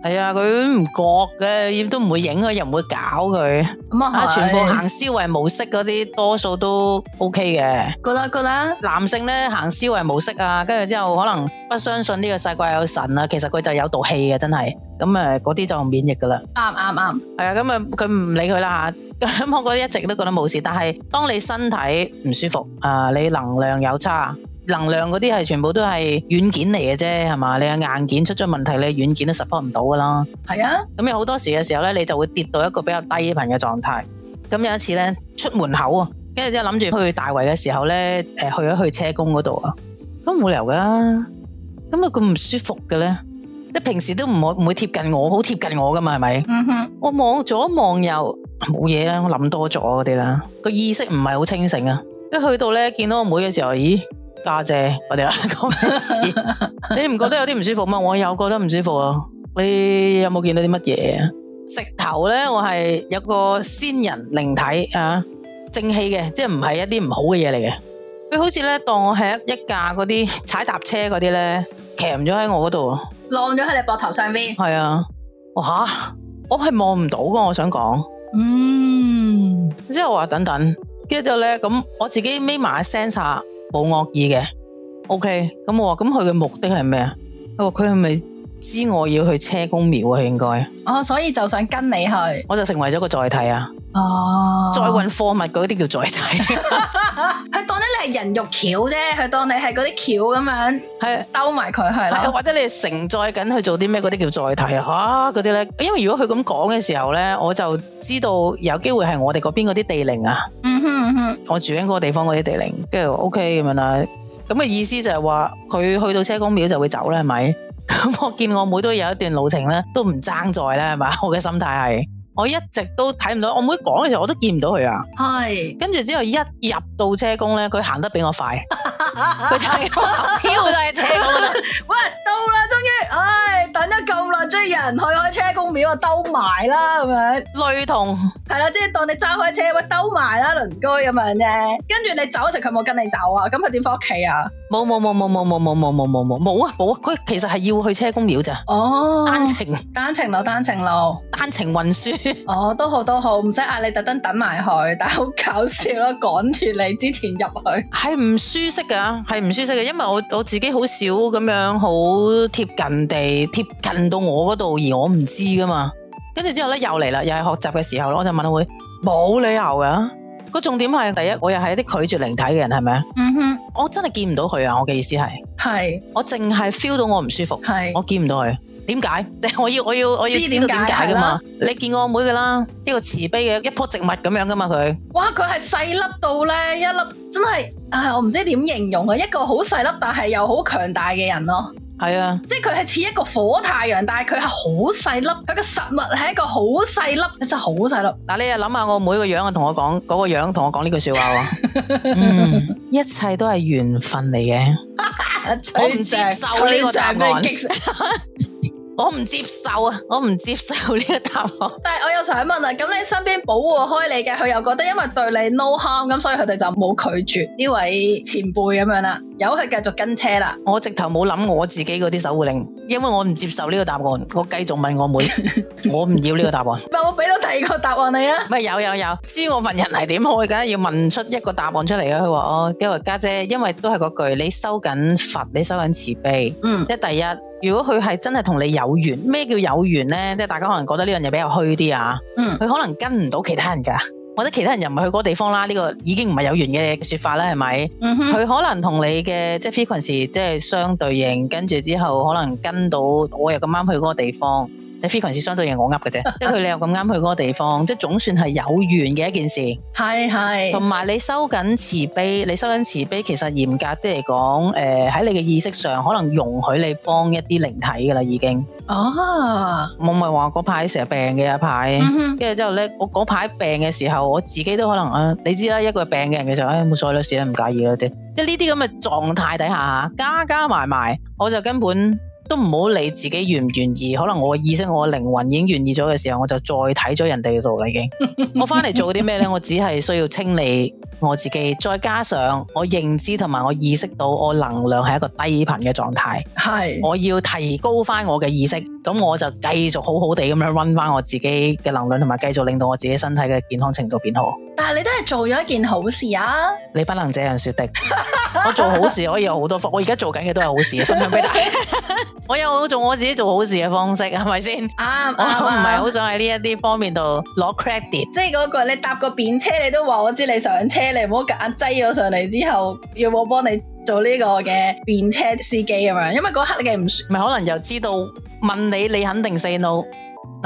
係啊，佢唔覺嘅，亦都唔會影佢，又唔會搞佢。咁啊，全部行思維模式嗰啲，多數都 OK 嘅。覺得覺得，男性咧行思維模式啊，跟住之後可能不相信呢個世界有神啊，其實佢就有道氣啊，真係。咁啊，嗰啲就免疫噶啦。啱啱啱，係啊，咁啊，佢唔理佢啦吓。咁 我覺得一直都覺得冇事，但係當你身體唔舒服啊，你能量有差，能量嗰啲係全部都係軟件嚟嘅啫，係嘛？你嘅硬件出咗問題，你軟件都 support 唔到噶啦。係啊，咁有好多時嘅時候咧，你就會跌到一個比較低頻嘅狀態。咁有一次咧，出門口啊，跟住之後諗住去大圍嘅時候咧，誒去一去車公嗰度啊，都冇理由噶。咁啊，佢唔舒服嘅咧，即係平時都唔會唔會貼近我，好貼近我噶嘛，係咪？嗯哼。我望左望右。冇嘢啦，我諗多咗嗰啲啦，個意識唔係好清醒啊！一去到咧，見到我妹嘅時候，咦，家姐，姐，我哋啦講咩事？ 你唔覺得有啲唔舒服咩？我又覺得唔舒服啊！你有冇見到啲乜嘢啊？石頭咧，我係有個仙人靈體啊，正氣嘅，即係唔係一啲唔好嘅嘢嚟嘅。佢好似咧，當我係一一架嗰啲踩踏車嗰啲咧，鉗咗喺我嗰度，晾咗喺你膊頭上面。係啊，啊，我吓，我係望唔到噶，我想講。嗯，之後話等等，跟住之後咧，咁我自己眯埋一聲察，冇惡意嘅，OK，咁我話，咁佢嘅目的係咩啊？我話佢係咪？知我要去車公廟啊，佢應該哦，oh, 所以就想跟你去，我就成為咗個載體啊！哦，oh. 載運貨物嗰啲叫載體，佢 當啲你係人肉橋啫，佢當你係嗰啲橋咁樣，係兜埋佢係，或者你係承載緊去做啲咩嗰啲叫載體啊？哇，嗰啲咧，因為如果佢咁講嘅時候咧，我就知道有機會係我哋嗰邊嗰啲地靈啊，嗯哼、mm，hmm. 我住喺嗰個地方嗰啲地靈，跟住 OK 咁樣啦，咁嘅意思就係話佢去到車公廟就會走啦，係咪？ 我見我妹都有一段路程咧，都唔爭在咧，係嘛？我嘅心態係。我一直都睇唔到，我妹講嘅時候我都見唔到佢啊。係，跟住之後一入到車公咧，佢行得比我快，佢就跳咗喺車公度。喂，到啦，終於，唉，等咗咁耐追人去開車公廟啊，兜埋啦咁樣。類同係啦，即係當你揸開車，喂，兜埋啦，鄰居咁樣啫。跟住你走嘅時佢冇跟你走啊，咁佢點翻屋企啊？冇冇冇冇冇冇冇冇冇冇冇冇冇冇啊冇啊！佢其實係要去車公廟咋。哦，單程，單程路，單程路，單程運輸。哦、 oh，都好都好，唔使嗌你特登等埋去，但係好搞笑咯，趕住你之前入去， 係唔舒適噶，係唔舒適嘅，因為我我自己好少咁樣好貼近地貼近到我嗰度，而我唔知噶嘛，跟住之後咧又嚟啦，又係學習嘅時候咯，我就問佢，冇理由噶，個重點係第一，我又係一啲拒絕靈體嘅人，係咪啊？嗯哼、mm hmm.，我真係見唔到佢啊，我嘅意思係，係是，我淨係 feel 到我唔舒服，係是，是我見唔到佢。點解 我要我要我要知道點解噶嘛？啊、你見我妹噶啦，一個慈悲嘅，一棵植物咁樣噶嘛佢。哇！佢係細粒到咧一粒，真係唉，我唔知點形容啊，一個好細粒但係又好強大嘅人咯。係啊，即係佢係似一個火太陽，但係佢係好細粒。佢個實物係一個好細粒，真係好細粒。嗱、啊，你又諗下我妹個樣我、嗰個樣啊，同我講嗰個樣，同我講呢句說話啊。嗯，一切都係緣分嚟嘅。 正我唔接受呢個 我唔接受啊！我唔接受呢個答案。但係我又想問啊，咁你身邊保護開你嘅，佢又覺得因為對你 no harm，咁所以佢哋就冇拒絕呢位前輩咁樣啦，由佢繼續跟車啦。我直頭冇諗我自己嗰啲守護令，因為我唔接受呢個答案，我繼續問我妹，我唔要呢個答案。唔係我俾到第二個答案 你啊？唔係有有有，知我問人係點去，梗係要問出一個答案出嚟啊。佢話哦，因為家姐，因為都係嗰句，你修緊佛，你修緊慈悲，嗯，一第一。如果佢係真係同你有緣，咩叫有緣呢？即係大家可能覺得呢樣嘢比較虛啲啊。嗯，佢可能跟唔到其他人噶，或者其他人又唔去嗰個地方啦。呢個已經唔係有緣嘅說法啦，係咪？佢、嗯、哼可能同你嘅即係 frequency 即係相對應，跟住之後可能跟到我又咁啱去嗰個地方。你 frequency 相對應我噏嘅啫，即係佢你又咁啱去嗰個地方，即係總算係有緣嘅一件事。係係，同埋你收緊慈悲，你收緊慈悲，其實嚴格啲嚟講，誒、呃、喺你嘅意識上，可能容許你幫一啲靈體噶啦，已經。哦，我咪係話嗰排成日病嘅一排，跟住之後咧，我嗰排病嘅時候，我自己都可能啊，你知啦，一個病嘅人嘅時候，誒、哎、冇所謂啦，事咧唔介意啦啲，即係呢啲咁嘅狀態底下，加加埋埋，我就根本。都唔好理自己願唔願意，可能我嘅意識我嘅靈魂已經願意咗嘅時候，我就再睇咗人哋度路啦。已經 我翻嚟做啲咩呢？我只係需要清理我自己，再加上我認知同埋我意識到我能量係一個低頻嘅狀態，係是我要提高翻我嘅意識，咁我就繼續好好地咁樣 run 翻我自己嘅能量，同埋繼續令到我自己身體嘅健康程度變好。但係你都係做咗一件好事啊！你不能這樣說的。 我做好事可以有好多福，我而家做緊嘅都係好事，分享俾大家。 我有好做我自己做好事嘅方式，係咪先？我唔係好想喺呢一啲方面度攞 credit，即係嗰個你搭個便車，你都話我知你上車，你唔好夾硬擠咗上嚟，之後，要我幫你做呢個嘅便車司機咁樣，因為嗰刻你唔唔係可能又知道問你，你肯定 say no。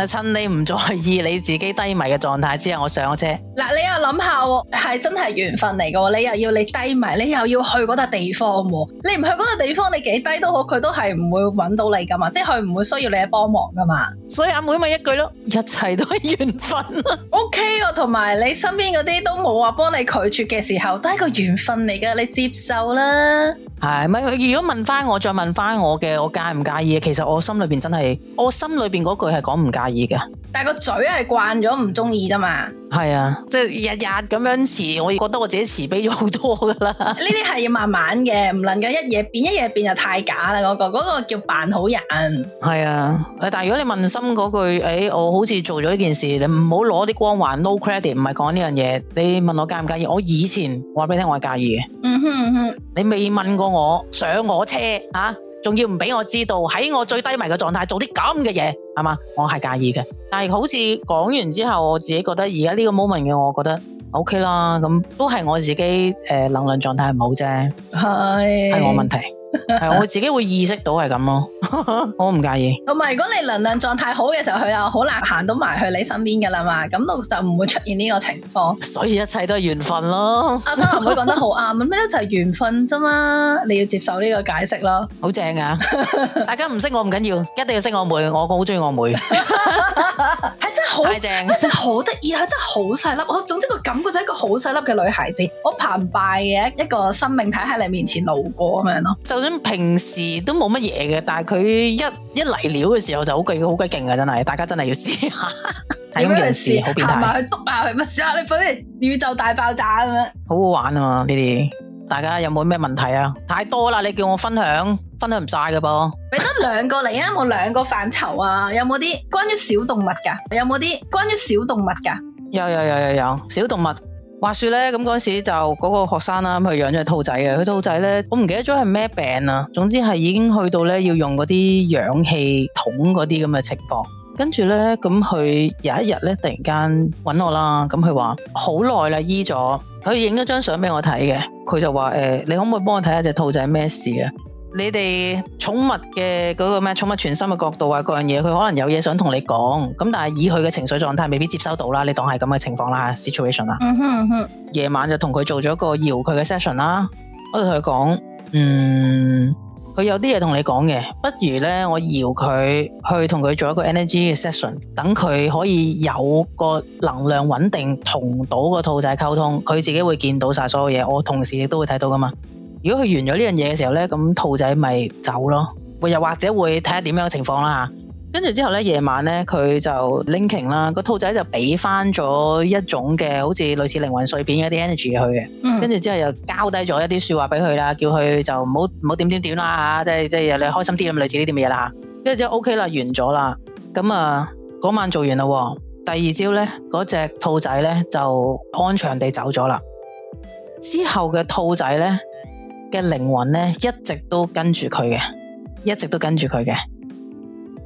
趁你唔在意你自己低迷嘅狀態之下，我上咗車。嗱，你又諗下，係真係緣分嚟嘅。你又要你低迷，你又要去嗰笪地方。你唔去嗰笪地方，你幾低都好，佢都係唔會搵到你噶嘛。即係佢唔會需要你嘅幫忙噶嘛。所以阿妹咪一句咯，一切都係緣分啊。OK，同埋你身邊嗰啲都冇話幫你拒絕嘅時候，都係個緣分嚟噶。你接受啦。係咪？如果問翻我，再問翻我嘅，我介唔介意？其實我心裏邊真係，我心裏邊嗰句係講唔介意。意嘅，但係個嘴係慣咗唔中意㗎嘛，係啊，即係日日咁樣持，我覺得我自己慈悲咗好多噶啦。呢啲係要慢慢嘅，唔能夠一夜變一夜變就太假啦。嗰、嗰個、嗰個叫扮好人。係啊，但係如果你問心嗰句，誒、哎，我好似做咗呢件事，你唔好攞啲光環，no credit，唔係講呢樣嘢。你問我介唔介意，我以前話俾你聽，我係介意嘅。嗯哼,嗯哼，你未問過我上我車啊，仲要唔俾我知道，喺我最低迷嘅狀態做啲咁嘅嘢。係嘛？我係介意嘅，但係好似講完之後，我自己覺得而家呢個 moment 嘅，我覺得 O、OK、K 啦。咁都係我自己誒、呃、能量狀態唔好啫，係我問題，係 我自己會意識到係咁咯。我唔介意，同埋如果你能量狀態好嘅時候，佢又好難行到埋去你身邊噶啦嘛，咁就就唔會出現呢個情況。所以一切都係緣分咯。 阿生唔會講得好啱，咩咧就係緣分啫嘛，你要接受呢個解釋咯。好正啊！ 大家唔識我唔緊要，要，一定要識我妹，我好中意我妹。係 真係好正，真係好得意啊！真係好細粒，我總之個感覺就係一個好細粒嘅女孩子，好澎湃嘅一一個生命體喺你面前路過咁樣咯。 就算平時都冇乜嘢嘅，但係佢。佢一一嚟料嘅時候就好勁，好鬼勁嘅。真係，大家真係要試下。咁件事，行埋 去篤下，佢咪試下。你嗰啲宇宙大爆炸咁樣，好好玩啊嘛！呢啲大家有冇咩問題啊？太多啦，你叫我分享，分享唔晒噶噃。俾得兩個嚟啊！冇兩個範疇啊，有冇啲關於小動物噶？有冇啲關於小動物噶？有有有有有，小動物。話說呢，咁嗰時就嗰個學生啦，佢養咗隻兔仔嘅，佢兔仔呢，我唔記得咗係咩病啊。總之係已經去到呢，要用嗰啲氧氣筒嗰啲咁嘅情況，跟住呢，咁佢有一日呢，突然間揾我啦，咁佢話好耐啦醫咗，佢影咗張相俾我睇嘅，佢就話誒、欸，你可唔可以幫我睇下隻兔仔咩事啊？你哋寵物嘅嗰個咩？寵物全心嘅角度啊，各樣嘢佢可能有嘢想同你講，咁但係以佢嘅情緒狀態，未必接收到啦。你當係咁嘅情況啦，situation 啦。嗯哼嗯哼，夜晚就同佢做咗個搖佢嘅 session 啦，我就同佢講，嗯，佢有啲嘢同你講嘅，不如呢，我搖佢去同佢做一個 energy 嘅 session，等佢可以有個能量穩定，同到個兔仔溝通，佢自己會見到晒所有嘢，我同時亦都會睇到噶嘛。如果佢完咗呢樣嘢嘅時候咧，咁兔仔咪走咯，或又或者會睇下點樣嘅情況啦嚇。跟住之後咧，夜晚咧佢就 linking 啦，個兔仔就俾翻咗一種嘅好似類似靈魂碎片嗰啲 energy 佢嘅，跟住之後又交低咗一啲說話俾佢啦，叫佢就唔好唔好點點點啦嚇，即係即係你開心啲咁類似呢啲嘅嘢啦嚇。跟住之後 OK 啦，完咗啦，咁啊嗰晚做完啦，第二朝咧嗰隻兔仔咧就安詳地走咗啦。之後嘅兔仔咧。嘅靈魂咧一直都跟住佢嘅，一直都跟住佢嘅。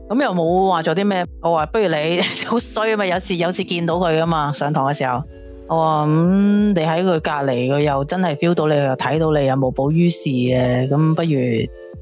咁又冇話做啲咩？我話不如你好衰啊嘛！有次有次見到佢啊嘛，上堂嘅時候，我話咁、嗯、你喺佢隔離，佢又真係 feel 到你又睇到你又無補於事嘅。咁不如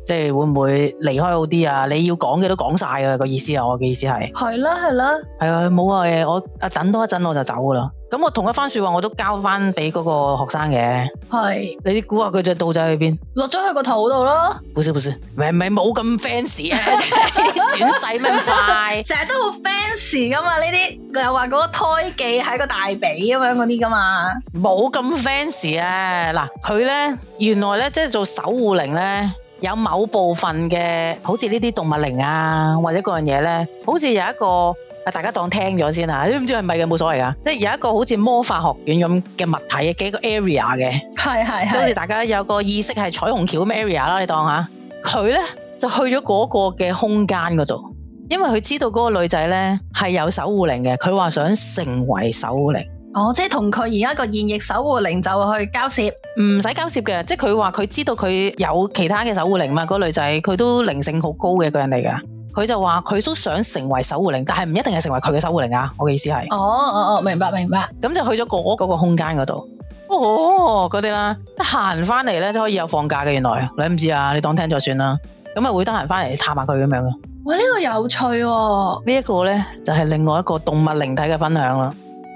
即係會唔會離開好啲啊？你要講嘅都講晒啊！個意思啊，我嘅意思係係啦係啦，係啊冇話我啊等多一陣我就走㗎喇。咁我同一番說話，我都交翻俾嗰個學生嘅。係你估下佢隻兔仔去邊？落咗喺個肚度咯。唔係唔係，咪咪冇咁 fancy 啊！轉 世咩快？成日 都好 fancy 噶嘛。呢啲又話嗰個胎記喺一個大髀，咁樣嗰啲噶嘛？冇咁 fancy 啊！嗱，佢咧原來咧即係做守護靈咧，有某部分嘅，好似呢啲動物靈啊，或者各樣嘢咧，好似有一個。啊！大家當聽咗先啊，都唔知係咪嘅冇所謂噶，即係有一個好似魔法學院咁嘅物體嘅一個 area 嘅，係係係，即係好似大家有個意識係彩虹橋 area 啦，你當下佢咧就去咗嗰個嘅空間嗰度，因為佢知道嗰個女仔咧係有守護靈嘅，佢話想成為守護靈。哦，即係同佢而家個現役守護靈就去交涉，唔使交涉嘅，即係佢話佢知道佢有其他嘅守護靈嘛，嗰個女仔佢都靈性好高嘅個人嚟噶。佢就話佢都想成為守護靈，但係唔一定係成為佢嘅守護靈啊！我嘅意思係，哦哦哦，明白明白。咁就去咗嗰嗰個空間嗰度，哦嗰啲啦，得閒翻嚟咧就可以有放假嘅。原來你唔知啊，你當聽就算啦。咁啊會得閒翻嚟探下佢咁樣嘅。喂，呢個有趣喎、哦！呢一個咧就係、是、另外一個動物靈體嘅分享啦。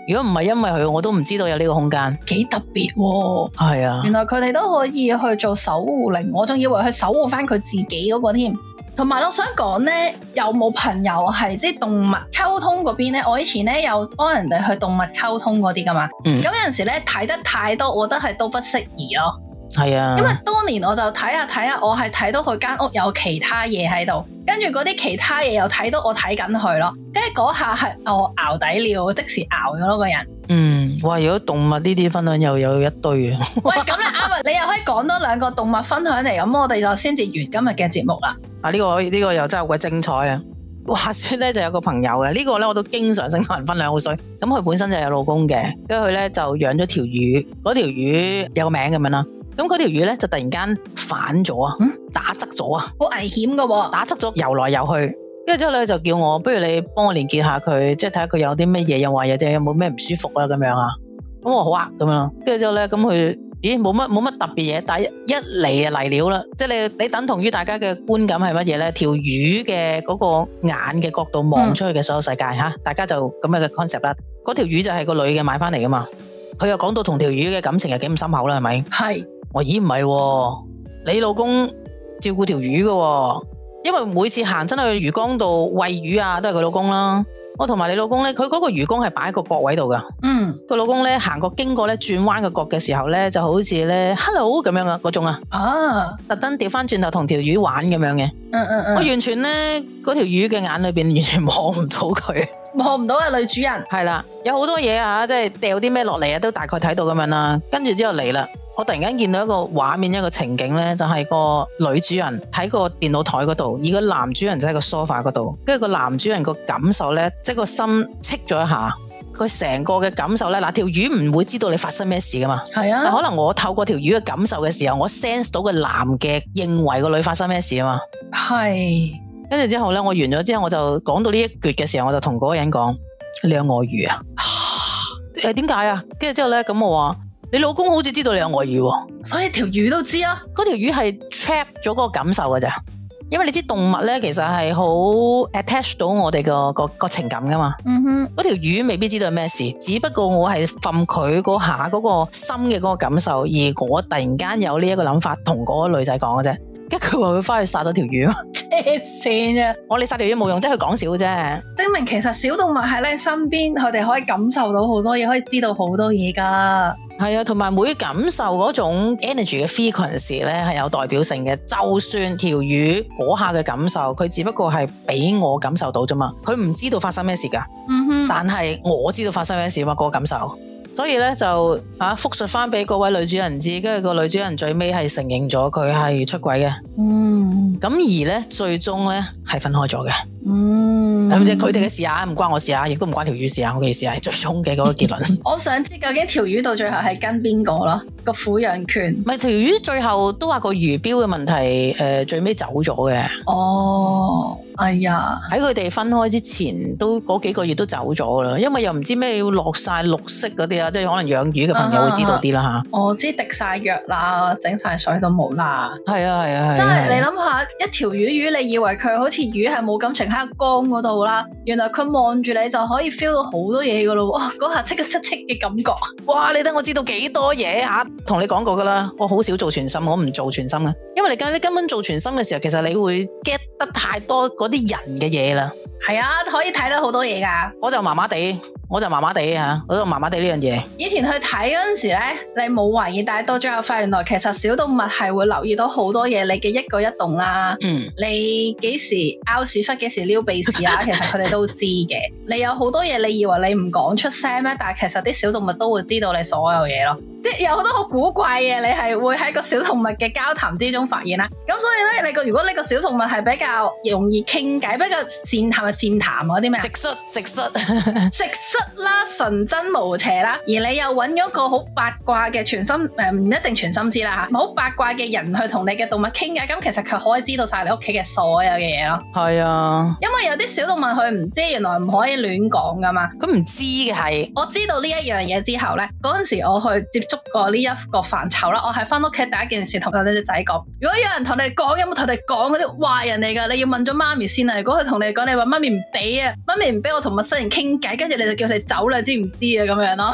如果唔係因為佢，我都唔知道有呢個空間，幾特別喎、哦。係啊，原來佢哋都可以去做守護靈，我仲以為去守護翻佢自己嗰、那個添。同埋我想講咧，有冇朋友係即係動物溝通嗰邊咧？我以前咧有幫人哋去動物溝通嗰啲噶嘛。咁、嗯、有陣時咧睇得太多，我覺得係都不適宜咯。係是啊，因為多年我就睇下睇下，我係睇到佢間屋有其他嘢喺度，跟住嗰啲其他嘢又睇到我睇緊佢咯。跟住嗰下係我熬底料，即時熬咗嗰個人。嗯，哇！如果動物呢啲分享又有一堆嘅。 喂，咁 你又可以講多兩個動物分享嚟，咁我哋就先至完今日嘅節目啦。啊，呢、這個呢、這個又真係好鬼精彩啊！話說咧，就有個朋友嘅，呢、這個咧我都經常性同人分享好水。咁、嗯、佢本身就有老公嘅，跟住佢咧就養咗條魚，嗰條魚有個名咁樣啦。咁嗰條魚咧就突然間反咗啊，打側咗啊，好、嗯、危險噶、哦，打側咗游來游去。跟住之後咧就叫我，不如你幫我連結下佢，即係睇下佢有啲乜嘢，又壞有定有冇咩唔舒服啊？咁樣啊，咁我好啊，咁、嗯、樣咯。跟住之後咧，咁佢。 咦，冇乜冇乜特別嘢，但係一嚟就嚟料啦，即係你你等同於大家嘅觀感係乜嘢咧？條魚嘅嗰個眼嘅角度望出去嘅所有世界嚇，嗯、大家就咁樣嘅 concept 啦。嗰條魚就係個女嘅買翻嚟噶嘛，佢又講到同條魚嘅感情係幾咁深厚啦，係咪？係是。我咦唔係喎，你老公照顧條魚嘅喎，啊，因為每次行親去魚缸度餵魚啊，都係佢老公啦。我同埋你老公咧，佢嗰個魚缸係擺喺個角位度噶。嗯，佢老公咧行過經過咧轉彎嘅角嘅時候咧，就好似咧 hello 咁樣啊，嗰種啊。啊，特登掉翻轉頭同條魚玩咁樣嘅。嗯嗯嗯。我完全咧嗰條魚嘅眼裏邊完全望唔到佢，望唔到啊！女主人係啦，有好多嘢啊，即係掉啲咩落嚟啊，都大概睇到咁樣啦。跟住之後嚟啦。我突然間見到一個畫面，一個情景咧，就係個女主人喺個電腦台嗰度，而個男主人就喺個 sofa 嗰度，跟住個男主人個感受咧，即係個心戚咗一下，佢成個嘅感受咧，嗱條魚唔會知道你發生咩事噶嘛，係啊，但可能我透過條魚嘅感受嘅時候，我 sense 到個男嘅認為個女發生咩事啊嘛，係，跟住之後咧，我完咗之後我就講到呢一撅嘅時候，我就同嗰個人講，你有外遇啊？誒點解啊？跟住之後咧咁我話。你老公好似知道你有外遇喎，所以條魚都知啊！嗰條魚係 trap 咗嗰個感受噶咋？因為你知動物咧，其實係好 attach 到我哋個個情感噶嘛。嗯哼，嗰條魚未必知道係咩事，只不過我係瞓佢嗰下嗰個心嘅嗰個感受，而我突然間有呢一個諗法，同嗰個女仔講嘅啫。跟住佢話會翻去殺咗條魚，黐線啊！我哋殺條魚冇用，即係佢講笑啫，證明其實小動物喺你身邊，佢哋可以感受到好多嘢，可以知道好多嘢噶。係啊，同埋每感受嗰種 energy 嘅 frequency 咧，係有代表性嘅。就算條魚嗰下嘅感受，佢只不過係俾我感受到啫嘛，佢唔知道發生咩事㗎。嗯哼，但係我知道發生咩事嘛，嗰個感受。所以咧就啊復述翻俾各位女主人知，跟住個女主人最尾係承認咗佢係出軌嘅。嗯，咁而咧最終咧係分開咗嘅。嗯，係咪？即係佢哋嘅事啊，唔關我事啊，亦都唔關條魚事啊。我嘅意思係最終嘅嗰個結論。 我想知究竟條魚到最後係跟邊個咯？個撫養權咪條魚最後都話個魚標嘅問題誒、呃，最尾走咗嘅。哦，哎呀，喺佢哋分開之前都嗰幾個月都走咗啦，因為又唔知咩要落晒綠色嗰啲啊，即係可能養魚嘅朋友會知道啲啦吓。我知滴晒藥啦，整晒水都冇啦。係啊係啊係。真係你諗下一條魚魚，你以為佢好似魚係冇感情黑光嗰度啦，原來佢望住你就可以 feel 到好多嘢噶咯。哇，嗰下戚啊戚戚嘅感覺。哇，你等我知道幾多嘢啊！同你講過㗎啦，我好少做全心，我唔做全心嘅，因為你根本做全心嘅時候，其實你會 get 得太多嗰啲人嘅嘢啦。係啊，可以睇到好多嘢噶，我就麻麻地，我就麻麻地吓，我就麻麻地呢樣嘢。以前去睇嗰陣時咧，你冇懷疑，但係多咗後發現，原來其實小動物係會留意到好多嘢，你嘅一舉一動啦、啊，嗯，你幾時拗屎忽，幾時撩鼻屎啊，其實佢哋都知嘅。 你有好多嘢，你以為你唔講出聲咩？但係其實啲小動物都會知道你所有嘢咯，即係有好多好古怪嘅，你係會喺個小動物嘅交談之中發現啦。咁所以咧，你個如果呢個小動物係比較容易傾偈，比較善談。善談啲，啊、咩？直率，直率， 直率啦，純真無邪啦。而你又揾咗一個好八卦嘅全心誒，唔、呃、一定全心思啦嚇，好八卦嘅人去同你嘅動物傾偈，咁、嗯、其實佢可以知道晒你屋企嘅所有嘅嘢咯。係啊，因為有啲小動物佢唔知，原來唔可以亂講㗎嘛。佢唔知嘅係，我知道呢一樣嘢之後呢，嗰陣時我去接觸過呢一個範疇啦。我係返屋企第一件事同佢哋仔講：如果有人同你講，有冇同你講嗰啲壞人嚟㗎？你要問咗媽咪先啊！如果佢同你講，你話媽咪唔俾啊，媽咪唔俾我同陌生人傾偈，跟住你就叫佢走啦，知唔知啊？咁樣咯，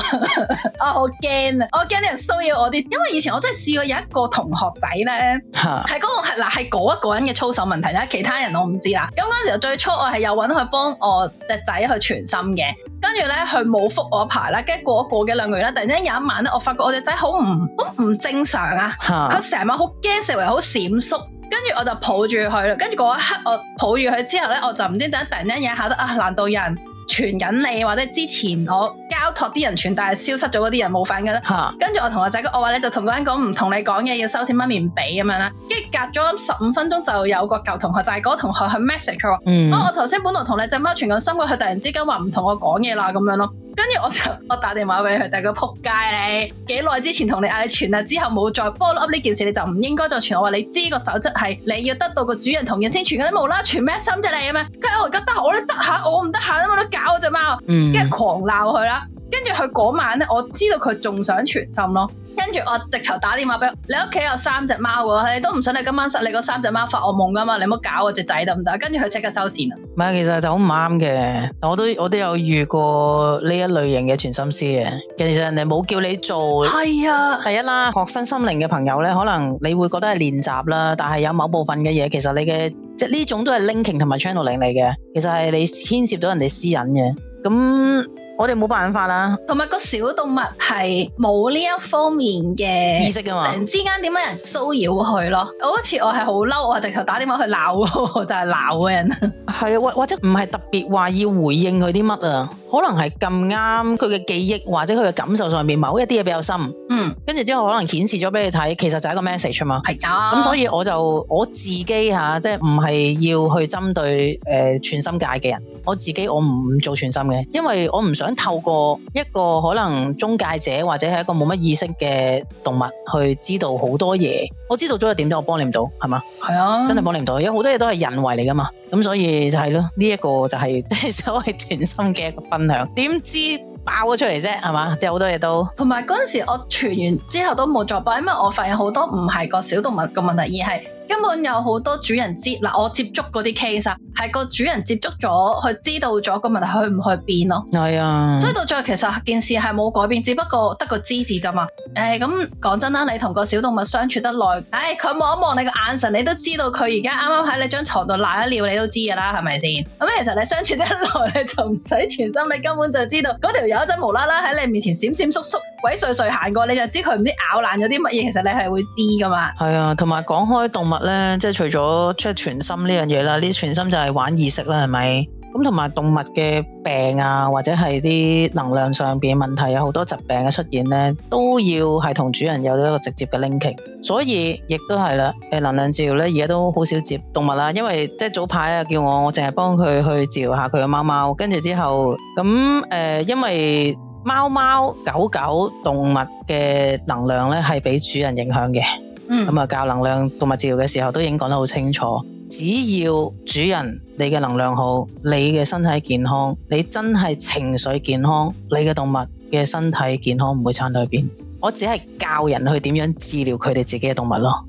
我好驚啊，我驚啲人騷擾我啲，因為以前我真係試過有一個同學仔咧，係嗰、啊那個係嗱，係一個人嘅操守問題啦，其他人我唔知啦。咁嗰陣時候最初我係有搵佢幫我隻仔去傳心嘅，跟住咧佢冇覆我一排啦，跟住過一過幾兩個月咧，突然間有一晚咧，我發覺我隻仔好唔好唔正常啊，佢成、啊、晚好驚，成日好閃縮。跟住我就抱住佢啦，跟住嗰一刻我抱住佢之後咧，我就唔知點解突然間嘢考得啊難到人。傳緊你或者之前我交託啲人傳，但係消失咗嗰啲人冇份噶啦。跟住我同我仔，我話你就同嗰人講唔同你講嘢，要收錢，媽咪唔俾咁樣啦。跟住隔咗十五分鐘就有個舊同學，就係嗰同學去 message 佢話，我頭先本來同你隻貓傳緊心，佢突然之間話唔同我講嘢啦咁樣咯。跟住我就我打電話俾佢，但係個仆街你幾耐之前同你嗌你傳啊，之後冇再 follow up 呢件事，你就唔應該再傳。我話你知個守則係你要得到個主人同意先傳噶啦，無啦啦傳咩心啫你啊嘛？佢話我而家得我咧得下，我唔得下啊搞我隻貓，跟住狂鬧佢啦。跟住佢嗰晚咧，我知道佢仲想傳心咯。跟住我直頭打電話俾你，屋企有三隻貓，你都唔想你今晚使你嗰三隻貓發惡夢噶嘛？你唔好搞我隻仔得唔得？跟住佢即刻收線啦。唔係，其實就好唔啱嘅。我都我都有遇過呢一類型嘅傳心師嘅。其實人哋冇叫你做，係啊。第一啦，學身心靈嘅朋友咧，可能你會覺得係練習啦，但係有某部分嘅嘢，其實你嘅。呢種都係 linking 同埋 channeling 嚟嘅，其實係你牽涉到人哋私隱嘅。咁我哋冇辦法啦。同埋個小動物係冇呢一方面嘅意識噶嘛？突然之間點解人騷擾佢咯？好似我係好嬲，我係直頭打電話去鬧，就係鬧嘅人。係 啊，或或者唔係特別話要回應佢啲乜啊？可能係咁啱佢嘅記憶或者佢嘅感受上面某一啲嘢比較深，嗯，跟住之後可能顯示咗俾你睇，其實就係一個 message 嘛，係咁的所以我就我自己嚇、啊，即係唔係要去針對誒傳、呃、心界嘅人，我自己我唔做傳心嘅，因為我唔想透過一個可能中介者或者係一個冇乜意識嘅動物去知道好多嘢。我知道咗係點啫，我幫你唔到係的嘛？係啊，真係幫你唔到。有好多嘢都係人為嚟㗎嘛，咁所以就係、是、咯，呢、這個就是、一個就係所謂傳心嘅笨。點知爆咗出嚟啫，係嘛？即係好多嘢都同埋嗰陣時，我傳完之後都冇作弊，因為我發現好多唔係個小動物嘅問題，而係。根本有好多主人知。嗱、啊，我接觸嗰啲 case 啊，係個主人接觸咗，佢知道咗個問題去唔去變咯。係啊、哎呀，所以到最後其實件事係冇改變，只不過得個知字咋嘛。誒、哎，咁、嗯、講真啦，你同個小動物相處得耐，誒、哎，佢望一望你個眼神，你都知道佢而家啱啱喺你張床度瀨一尿，你都知㗎啦，係咪先？咁、嗯、其實你相處得耐，你就唔使全心，你根本就知道嗰條友仔無啦啦喺你面前閃閃縮縮。鬼祟祟行過你就知佢唔知咬爛咗啲乜嘢，其實你係會知噶嘛？係啊，同埋講開動物咧，即係除咗出全心呢樣嘢啦，呢啲全心就係玩意識啦，係咪？咁同埋動物嘅病啊，或者係啲能量上邊問題有好多疾病嘅出現咧，都要係同主人有一個直接嘅 linking，所以亦都係啦。誒，能量治療咧而家都好少接動物啦，因為即係早排啊叫我，我淨係幫佢去治療下佢嘅貓貓，跟住之後咁誒、呃，因為。貓貓、狗狗、動物嘅能量咧，係俾主人影響嘅，咁啊、嗯、教能量動物治療嘅時候都已經講得好清楚，只要主人你嘅能量好，你嘅身體健康，你真係情緒健康，你嘅動物嘅身體健康唔會差到去邊。我只係教人去點樣治療佢哋自己嘅動物咯，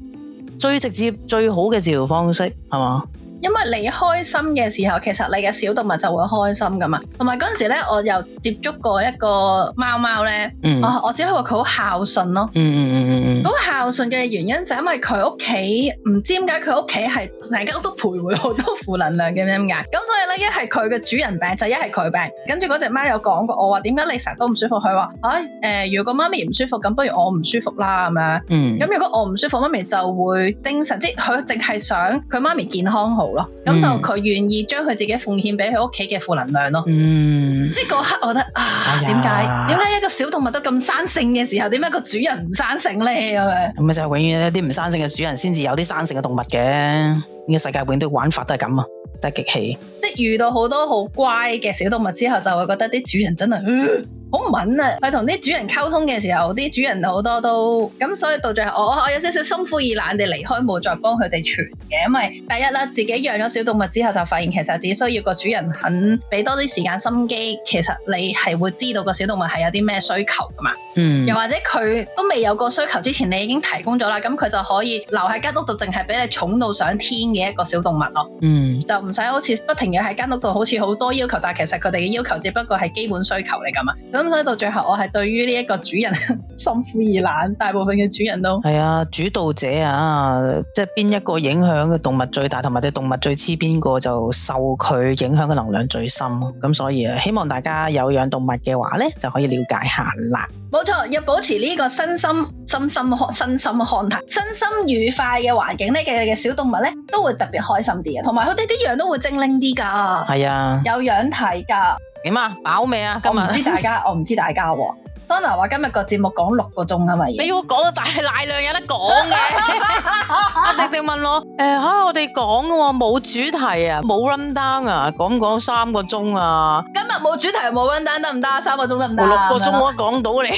最直接、最好嘅治療方式係嘛？因為你開心嘅時候，其實你嘅小動物就會開心噶嘛。同埋嗰陣時咧，我又接觸過一個貓貓咧、嗯啊，我只係話佢好孝順咯、哦。嗯，好孝順嘅原因就係因為佢屋企唔知點解，佢屋企係成間屋都徘徊好多負能量嘅咁樣噶。咁所以咧，一係佢嘅主人病，就一係佢病。跟住嗰隻貓有講過我話，點解你成日都唔舒服？佢話，唉、哎，誒、呃，如果媽咪唔舒服，咁不如我唔舒服啦咁樣。咁、嗯嗯、如果我唔舒服，媽咪就會精神，即佢淨係想佢媽咪健康好。咯，咁、嗯、就佢願意將佢自己奉獻俾佢屋企嘅負能量咯。嗯，呢個刻我覺得啊，點解點解一個小動物都咁生性嘅時候，點解個主人唔生性咧？咁啊、嗯，咁咪就永遠一啲唔生性嘅主人，先至有啲生性嘅動物嘅。呢、呢個世界永遠都玩法都係咁啊，得係極氣。即係遇到好多好乖嘅小動物之後，就會覺得啲主人真係。啊好敏啊！佢同啲主人溝通嘅時候，啲主人好多都咁，所以到最後我我有少少心灰意冷地離開，冇再幫佢哋傳嘅，因為第一啦，自己養咗小動物之後就發現，其實只需要個主人肯俾多啲時間心機，其實你係會知道個小動物係有啲咩需求噶嘛。嗯、又或者佢都未有個需求之前，你已經提供咗啦，咁佢就可以留喺間屋度，淨係俾你寵到上天嘅一個小動物咯。嗯、就唔使好似不停要喺間屋度，好似好多要求，但係其實佢哋嘅要求只不過係基本需求嚟噶嘛。咁所以到最後，我係對於呢一個主人心灰意冷。大部分嘅主人都係啊，主導者啊，即係邊一個影響嘅動物最大，同埋對動物最黐邊個就受佢影響嘅能量最深。咁所以啊，希望大家有養動物嘅話咧，就可以了解下啦。冇錯，要保持呢個身心、心、心身心嘅狀態，身心愉快嘅環境呢嘅嘅小動物咧都會特別開心啲嘅，同埋佢哋啲樣都會精靈啲噶，係啊，有樣睇噶。點啊，飽未啊今日？我唔知大家，我唔知大家喎。Sona 話今日個節目講六個鐘啊嘛，你要講大奶量有得講嘅。阿廸廸問我：誒，吓，我哋講嘅喎，冇主題啊，冇 run down 啊，講唔講三個鐘啊？今日冇主題冇 run down 得唔得？三個鐘得唔得啊？我六個鐘我都講到你，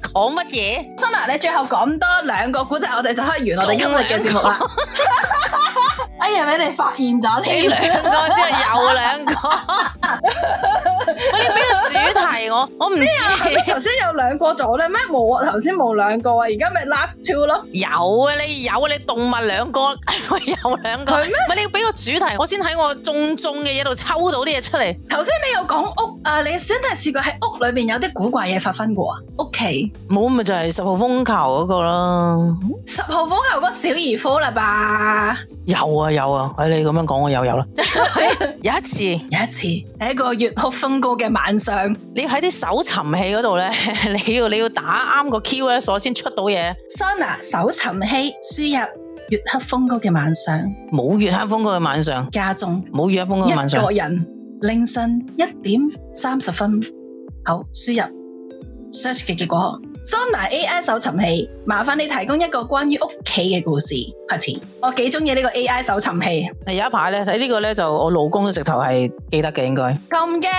講乜嘢？Sona，你最後講多兩個故仔，我哋就可以完我哋今日嘅節目啦。哎呀！俾你發現咗，呢兩個即係有兩個。我要俾個主題，我我唔知。頭先有兩個咗啦咩？冇啊？頭先冇兩個啊，而家咪 last two 咯。有啊，你有啊，你動物兩個， 有兩個。係咩嗎？唔係，你要俾個主題，我先喺我重重嘅嘢度抽到啲嘢出嚟。頭先你有講屋啊，你先係試過喺屋裏邊有啲古怪嘢發生過啊？屋企冇咪就係、是、十號風球嗰個啦。嗯、十號風球嗰小兒科啦吧？有啊。我有啊！哎，你咁樣講，我又有啦。有一次，有一次喺一個月黑風高嘅晚上，你喺啲搜尋器嗰度咧，你要你要打啱個 Q S 鎖先出到嘢。Sona 搜尋器輸入月黑風高嘅晚上，冇，月黑風高嘅晚上加重，冇，月黑風高嘅晚上。一個人凌晨一點三十分，好輸入 search 嘅結果。Sona AI 搜尋器，麻煩你提供一個關於屋企嘅故事。p a 我幾中意呢個 AI 搜尋器有、這個。有一排咧，睇呢個咧就我老公直頭係記得嘅，應該。咁驚，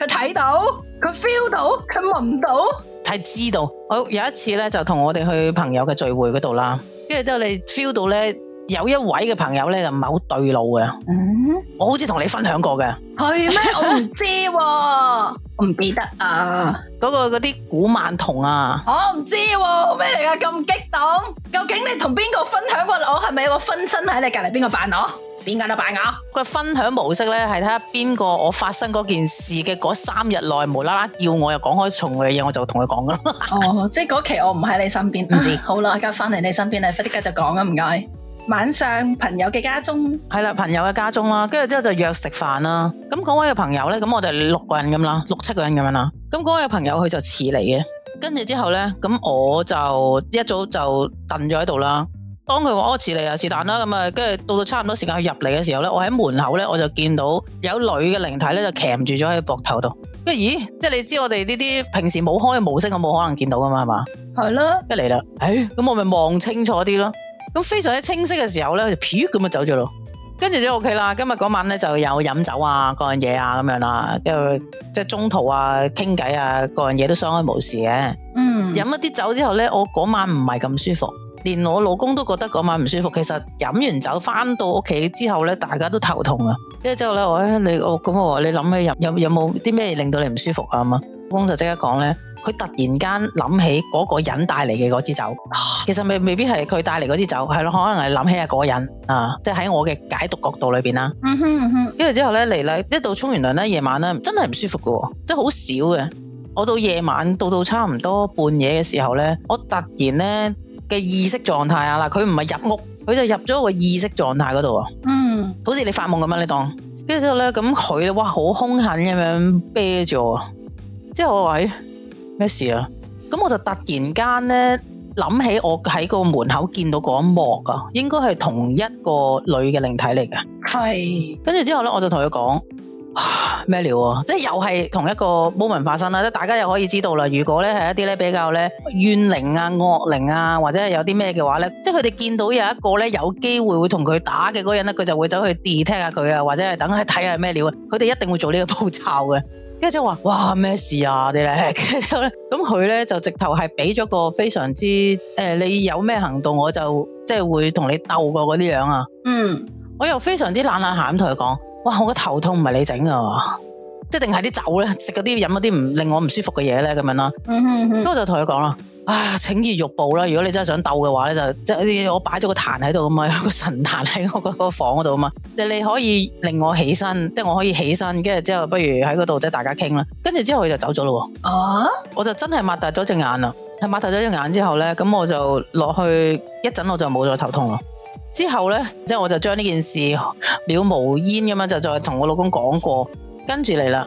佢睇到，佢 feel 到，佢聞到，佢係知道。我有一次咧就同我哋去朋友嘅聚會嗰度啦，跟住之後你 feel 到咧。有一位嘅朋友咧就唔係好對路嘅，嗯、我好似同你分享過嘅，係咩？我唔知、啊， 我唔記得啊！嗰、嗰個嗰啲古曼童啊，我唔、哦、知咩嚟噶，咁激動，究竟你同邊個分享過我？我係咪有個分身喺你隔籬邊個扮我？邊個都扮我？個分享模式咧係睇下邊個我發生嗰件事嘅嗰三日內無啦啦叫我又講開重嘅嘢，我就同佢講噶啦。哦，即係嗰期我唔喺你身邊，唔知好啦，而家翻嚟你身邊你快啲繼續講啊，唔該。晚上朋友嘅家中係 啦，朋友嘅家中啦，跟住之後就約食飯啦。咁嗰位嘅朋友呢，咁我哋六個人咁啦，六七個人咁樣啦。咁嗰位嘅朋友佢就遲嚟嘅，跟住之後呢，咁我就一早就等咗喺度啦。當佢話我遲嚟啊，是但啦，咁啊，跟住到到差唔多時間佢入嚟嘅時候呢，我喺門口呢，我就見到有女嘅靈體呢，就騎住咗喺膊頭度。跟住咦，即係你知我哋呢啲平時冇開嘅模式，我冇可能見到噶嘛，係嘛？係啦， 嗯欸、一嚟啦，唉，咁我咪望清楚啲咯。咁非常之清晰嘅時候咧，就飄咁啊走咗咯。跟住就 OK 啦。今日嗰晚咧就有飲酒啊，各樣嘢，啊咁樣啦、啊。跟住，即係中途啊，傾偈啊，各樣嘢都相安無事嘅、啊。嗯。飲咗啲酒之後咧，我嗰晚唔係咁舒服，連我老公都覺得嗰晚唔舒服。其實飲完酒翻到屋企之後咧，大家都頭痛啊。跟住之後咧，我、哎、咧你我咁我話你諗起有有有冇啲咩令到你唔舒服啊？咁啊，老公就即刻講咧。佢突然間諗起嗰個人帶嚟嘅嗰支酒、啊，其實未未必係佢帶嚟嗰支酒，係咯，可能係諗起啊嗰個人啊，即係喺我嘅解讀角度裏邊啦。跟住、嗯嗯、之後呢，嚟咧，一到沖完涼呢，夜晚呢，真係唔舒服噶，即係好少嘅。我到夜晚到到差唔多半夜嘅時候呢，我突然呢嘅意識狀態啊嗱，佢唔係入屋，佢就入咗我意識狀態嗰度啊。嗯。好似你發夢咁樣，你當。跟住之後呢，咁佢哇好凶狠咁樣啤住，之後我話。咩事啊？咁我就突然間咧諗起我喺個門口見到嗰一幕啊，應該係同一個女嘅靈體嚟嘅。係是。跟住之後咧，我就同佢講：咩料？啊？即係又係同一個 moment 發生啦，啊。即大家又可以知道啦。如果咧係一啲咧比較咧怨靈啊、惡靈啊，或者係有啲咩嘅話咧，即係佢哋見到有一個咧有機會會同佢打嘅嗰人咧，佢就會走去 detect 下佢啊，或者係等下睇下咩料。啊。」佢哋一定會做呢個步驟嘅。跟住就話，哇，咩事啊啲咧，跟住之後咧，咁佢咧就直頭係俾咗個非常之，誒、呃、你有咩行動我就即係會同你鬥過嗰啲樣啊，嗯，我又非常之懶懶下咁同佢講，哇，我嘅頭痛唔係你整噶，即係定係啲酒咧，食嗰啲飲嗰啲唔令我唔舒服嘅嘢咧，咁樣啦，嗯哼哼，咁我就同佢講啦。啊！請移玉步啦，如果你真係想鬥嘅話咧，就即係我擺咗個壇喺度啊嘛，有個神壇喺我個房嗰度啊嘛，即係你可以令我起身，即係我可以起身，跟住之後不如喺嗰度即係大家傾啦，跟住之後佢就走咗咯喎。啊！我就真係擘大咗隻眼啦，係擘大咗隻眼之後咧，咁我就落去一陣，我就冇再頭痛咯。之後咧，即係我就將呢件事了無煙咁樣就再同我老公講過，跟住嚟啦。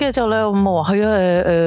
跟住之後咧，我咪話係啊，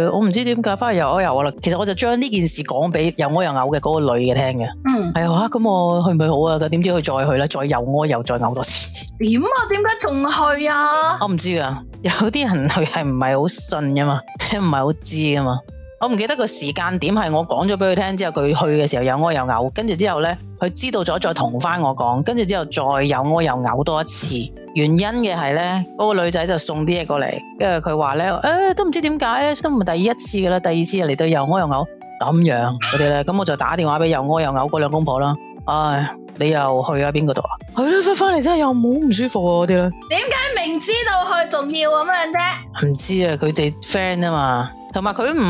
誒我唔知點解，翻去又屙又嘔啦。其實我就將呢件事講俾又屙又嘔嘅嗰個女嘅聽嘅。嗯。係啊，咁我去唔去好啊？佢點知佢再去啦，再又屙又再嘔多次。點啊？點解仲去啊？我唔知啊。有啲人佢係唔係好信噶嘛？聽唔係好知噶嘛？我唔記得個時間點係我講咗俾佢聽之後，佢去嘅時候又屙又嘔，跟住之後咧，佢知道咗再同翻我講，跟住之後再歐又屙又嘔多一次。原因嘅係、那個、呢，嗰個女仔就送啲嘢過嚟，因為佢話呢，誒都唔知點解，都唔係第一次噶啦，第二次又嚟到又屙又嘔咁樣嗰啲呢。咁 我就打電話俾又屙又嘔嗰兩公婆啦。唉，你又去咗邊度啊？去啦，翻翻嚟真係又冇唔舒服啊，嗰啲呢。點解明知道去仲要咁樣啫？唔知啊，佢哋 friend 啊嘛，同埋佢唔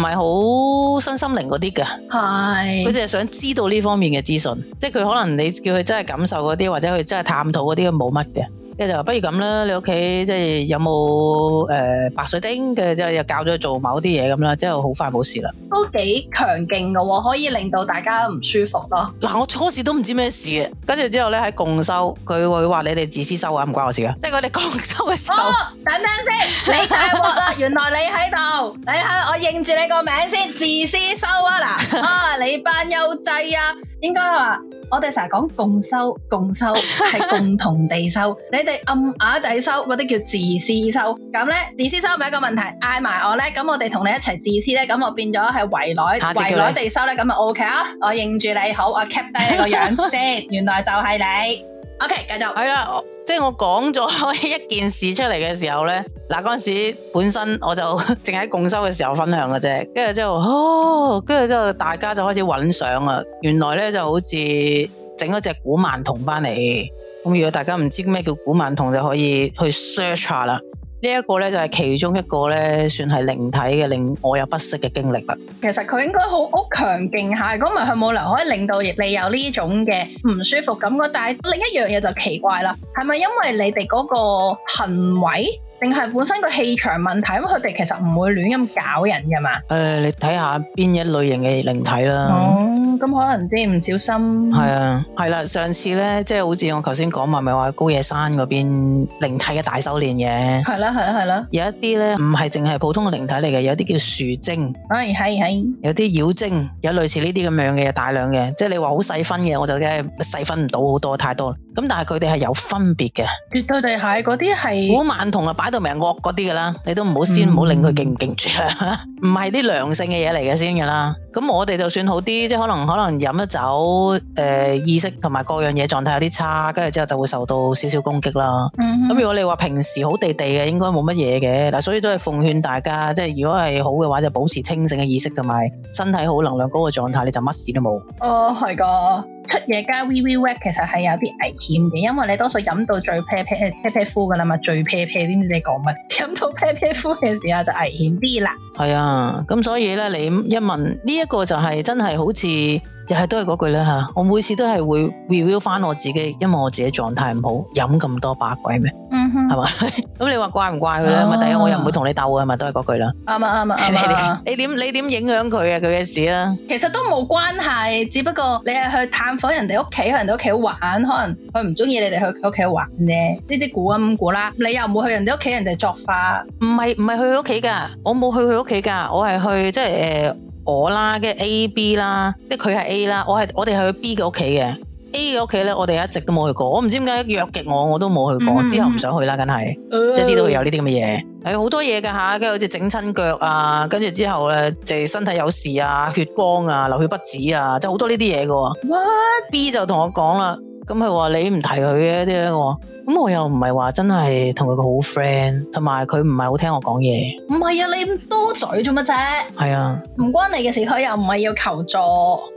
係好身心靈嗰啲噶，係佢淨係想知道呢方面嘅資訊，即係佢可能你叫佢真係感受嗰啲，或者佢真係探討嗰啲，冇乜嘅。跟住就話不如咁啦，你屋企即係有冇誒、呃、白水丁？嘅？之後又教咗做某啲嘢咁啦，之後好快冇事啦。都幾強勁嘅喎、哦，可以令到大家唔舒服咯、哦。嗱，我初時都唔知咩事嘅，跟住之後咧喺共修，佢會話你哋自私修啊，唔關我事嘅。即係我哋共修嘅時候。哦，等陣先，你大鑊啦！ 原來你喺度，你喺我認住你個名先，自私修啊！嗱，啊，你班友仔啊，應該話。我哋成日講共修共修，係共同地修， 你哋暗啞底修嗰啲叫自私修。咁咧自私修咪一個問題，嗌埋我咧，咁我哋同你一齊自私咧，咁我變咗係圍內圍內地修咧，咁啊 O K 啊，我認住你，好，我 keep 低你個樣先。 原來就係你，O K，繼續。係啦。即係我講咗一件事出嚟嘅時候咧，嗱，嗰陣時本身我就淨 喺共修嘅時候分享嘅啫，跟住之後，哦，跟住之後大家就開始揾相喇，原來咧就好似整咗隻古曼童翻嚟，咁如果大家唔知咩叫古曼童就可以去 search 下啦。呢一個呢，就係其中一個呢，算係靈體嘅令我有不適嘅經歷啦。其實佢應該好好強勁下，如果唔係佢冇理由，令到亦你有呢種嘅唔舒服感覺咯。但係另一樣嘢就奇怪啦，係咪因為你哋嗰個行為？定係本身個氣場問題，因為佢哋其實唔會亂咁搞人噶嘛。誒、哎，你睇下邊一類型嘅靈體啦。哦、嗯，咁、嗯、可能啲唔小心。係啊、嗯，係、嗯、啦，上次咧即係好似我頭先講話咪話高野山嗰邊靈體嘅大修煉嘅。係啦、嗯，係、嗯、啦，係啦。有一啲咧唔係淨係普通嘅靈體嚟嘅，有啲叫樹精。誒、嗯，係、嗯、係。嗯、有啲妖精，有類似呢啲咁樣嘅大量嘅，即係你話好細分嘅，我就梗係細分唔到好多，太多啦。咁、嗯、但係佢哋係有分別嘅。絕對地係嗰啲係古曼童啊，擺。都明惡嗰啲噶啦，你都唔好先唔好令佢勁唔勁住啦，唔係啲良性嘅嘢，嚟嘅先噶啦。咁我哋就算好啲，即係可能可能飲得酒，誒、呃、意識同埋各樣嘢狀態有啲差，跟住之後就會受到少少攻擊啦。咁、嗯、哼如果你話平時好地地嘅，應該冇乜嘢嘅嗱，所以都係奉勸大家，即係如果係好嘅話，就保持清醒嘅意識同埋身體好、能量高嘅狀態，你就乜事都冇。哦，係噶。出夜加 wee wee wet，其實係有啲危險嘅，因為你多數飲到最 pat pat pat pat full 噶啦嘛，最 pat pat，知唔知你講乜？飲到 pat pat full 嘅時候就危險啲啦。係啊，咁所以咧，你一問呢一個就係真係好似。又係都係嗰句啦。吓，我每次都係會 review 翻我自己，因為我自己狀態唔好，飲咁多百鬼咩？係嘛、嗯哼？咁是吧 你話怪唔怪佢咧？咪、啊、第一我又唔會同你鬥嘅，咪都係嗰句啦。啱啊，啱啱啊！你點你點影響佢啊佢嘅事啊？啊啊事其實都冇關係，只不過你係去探訪人哋屋企，去人哋屋企玩，可能佢唔中意你哋去佢屋企玩啫。呢啲估啊五估啦，你又冇去人哋屋企，人哋作法，唔係唔係去佢屋企噶，我冇去佢屋企噶，我係去即係誒。呃我啦，跟 A、B 啦，即係佢係 A 啦，我係我哋係去 B 嘅屋企嘅，A 嘅屋企咧，我哋一直都冇去過，我唔知點解約極我，我都冇去過，嗯、之後唔想去啦，梗係、嗯、即係知道佢有呢啲咁嘅嘢，係、哎、好多嘢噶吓，跟住好似整親腳啊，跟住之後咧就身體有事啊，血光啊，流血不止啊，即係好多呢啲嘢噶。What? B 就同我講啦，咁佢話你唔提佢嘅啲咁我又唔係話真係同佢個好 friend，同埋佢唔係好聽我講嘢。唔係啊，你咁多嘴做乜啫？係啊，唔關你嘅事。佢又唔係要求助。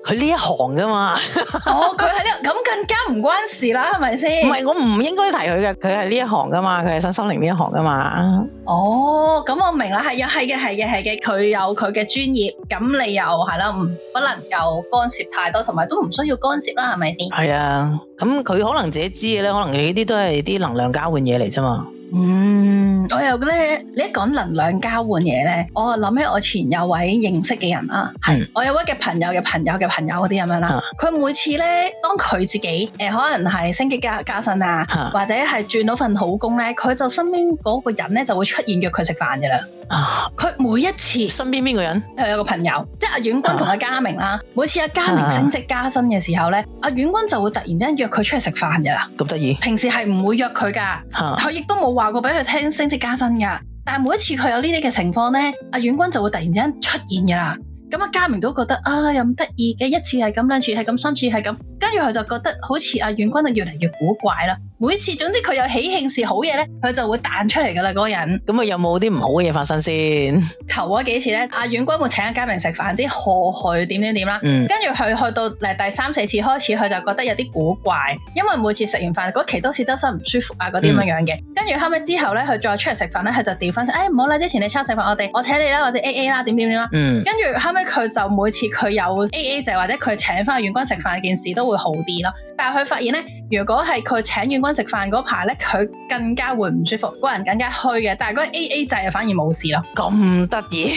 佢呢一行噶嘛？ 哦，佢係呢，咁更加唔關事啦，係咪先？唔係，我唔應該提佢嘅。佢係呢一行噶嘛？佢係身心靈呢一行噶嘛？哦，咁我明啦，係又係嘅，係嘅，係嘅。佢有佢嘅專業，咁你又係啦，唔不能夠干涉太多，同埋都唔需要干涉啦，係咪先？係啊，咁佢可能自己知嘅咧，可能呢啲都係。啲能量交換嘢嚟啫嘛，嗯，我又覺咧，你一講能量交換嘢咧，我就諗起我前有位認識嘅人啊、嗯，我有位嘅朋友嘅朋友嘅朋友嗰啲咁樣啦，佢、啊、每次咧，當佢自己誒、呃，可能係升級加加薪啊，啊或者係轉到份好工咧，佢就身邊嗰個人咧就會出現約佢食飯噶啦。啊！佢每一次身邊邊個人，佢有個朋友，即係阿阮君同阿嘉明啦。啊、每次阿、啊、嘉明升職加薪嘅時候咧，阿、啊啊、阮君就會突然之間約佢出去食飯噶啦。咁得意，平時係唔會約佢噶。佢、啊、亦都冇話過俾佢聽升職加薪噶。但係每一次佢有呢啲嘅情況咧，阿阮君就會突然之間出現噶啦。咁阿嘉明都覺得啊，又唔得意嘅，一次係咁，兩次係咁，三次係咁，跟住佢就覺得好似阿阮君就越嚟越古怪啦。每次，總之佢有喜慶事好嘢咧，佢就會彈出嚟噶啦，嗰、那個人。咁啊，有冇啲唔好嘅嘢發生先？頭嗰幾次咧，阿遠君會請阿家明食飯，之賀佢點點點啦。嗯。跟住佢去到誒第三四次開始，佢就覺得有啲古怪，因為每次食完飯嗰期都似周身唔舒服啊，嗰啲咁樣樣嘅。跟住後尾之後咧，佢再出嚟食飯咧，佢就調翻出，誒唔好啦，之前你請食飯我哋，我請你啦，或者 A A 啦，點點點啦。嗯。跟住後尾，佢就每次佢有 A A 就或者佢請翻阿遠君食飯件事都會好啲咯，但係佢發現咧。如果係佢請遠君食飯嗰排咧，佢更加會唔舒服，個人更加虛嘅。但係嗰 A A 制啊，反而冇事咯。咁得意，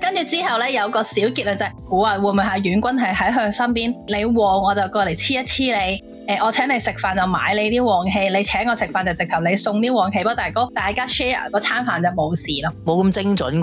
跟 住之後咧，有個小結咧就係，估啊會唔會係遠君係喺佢身邊？你旺我就過嚟黐一黐你，誒、呃、我請你食飯就買你啲旺氣，你請我食飯就直頭你送啲旺氣。不過大哥大家 share 個餐飯就冇事咯，冇咁精準啩，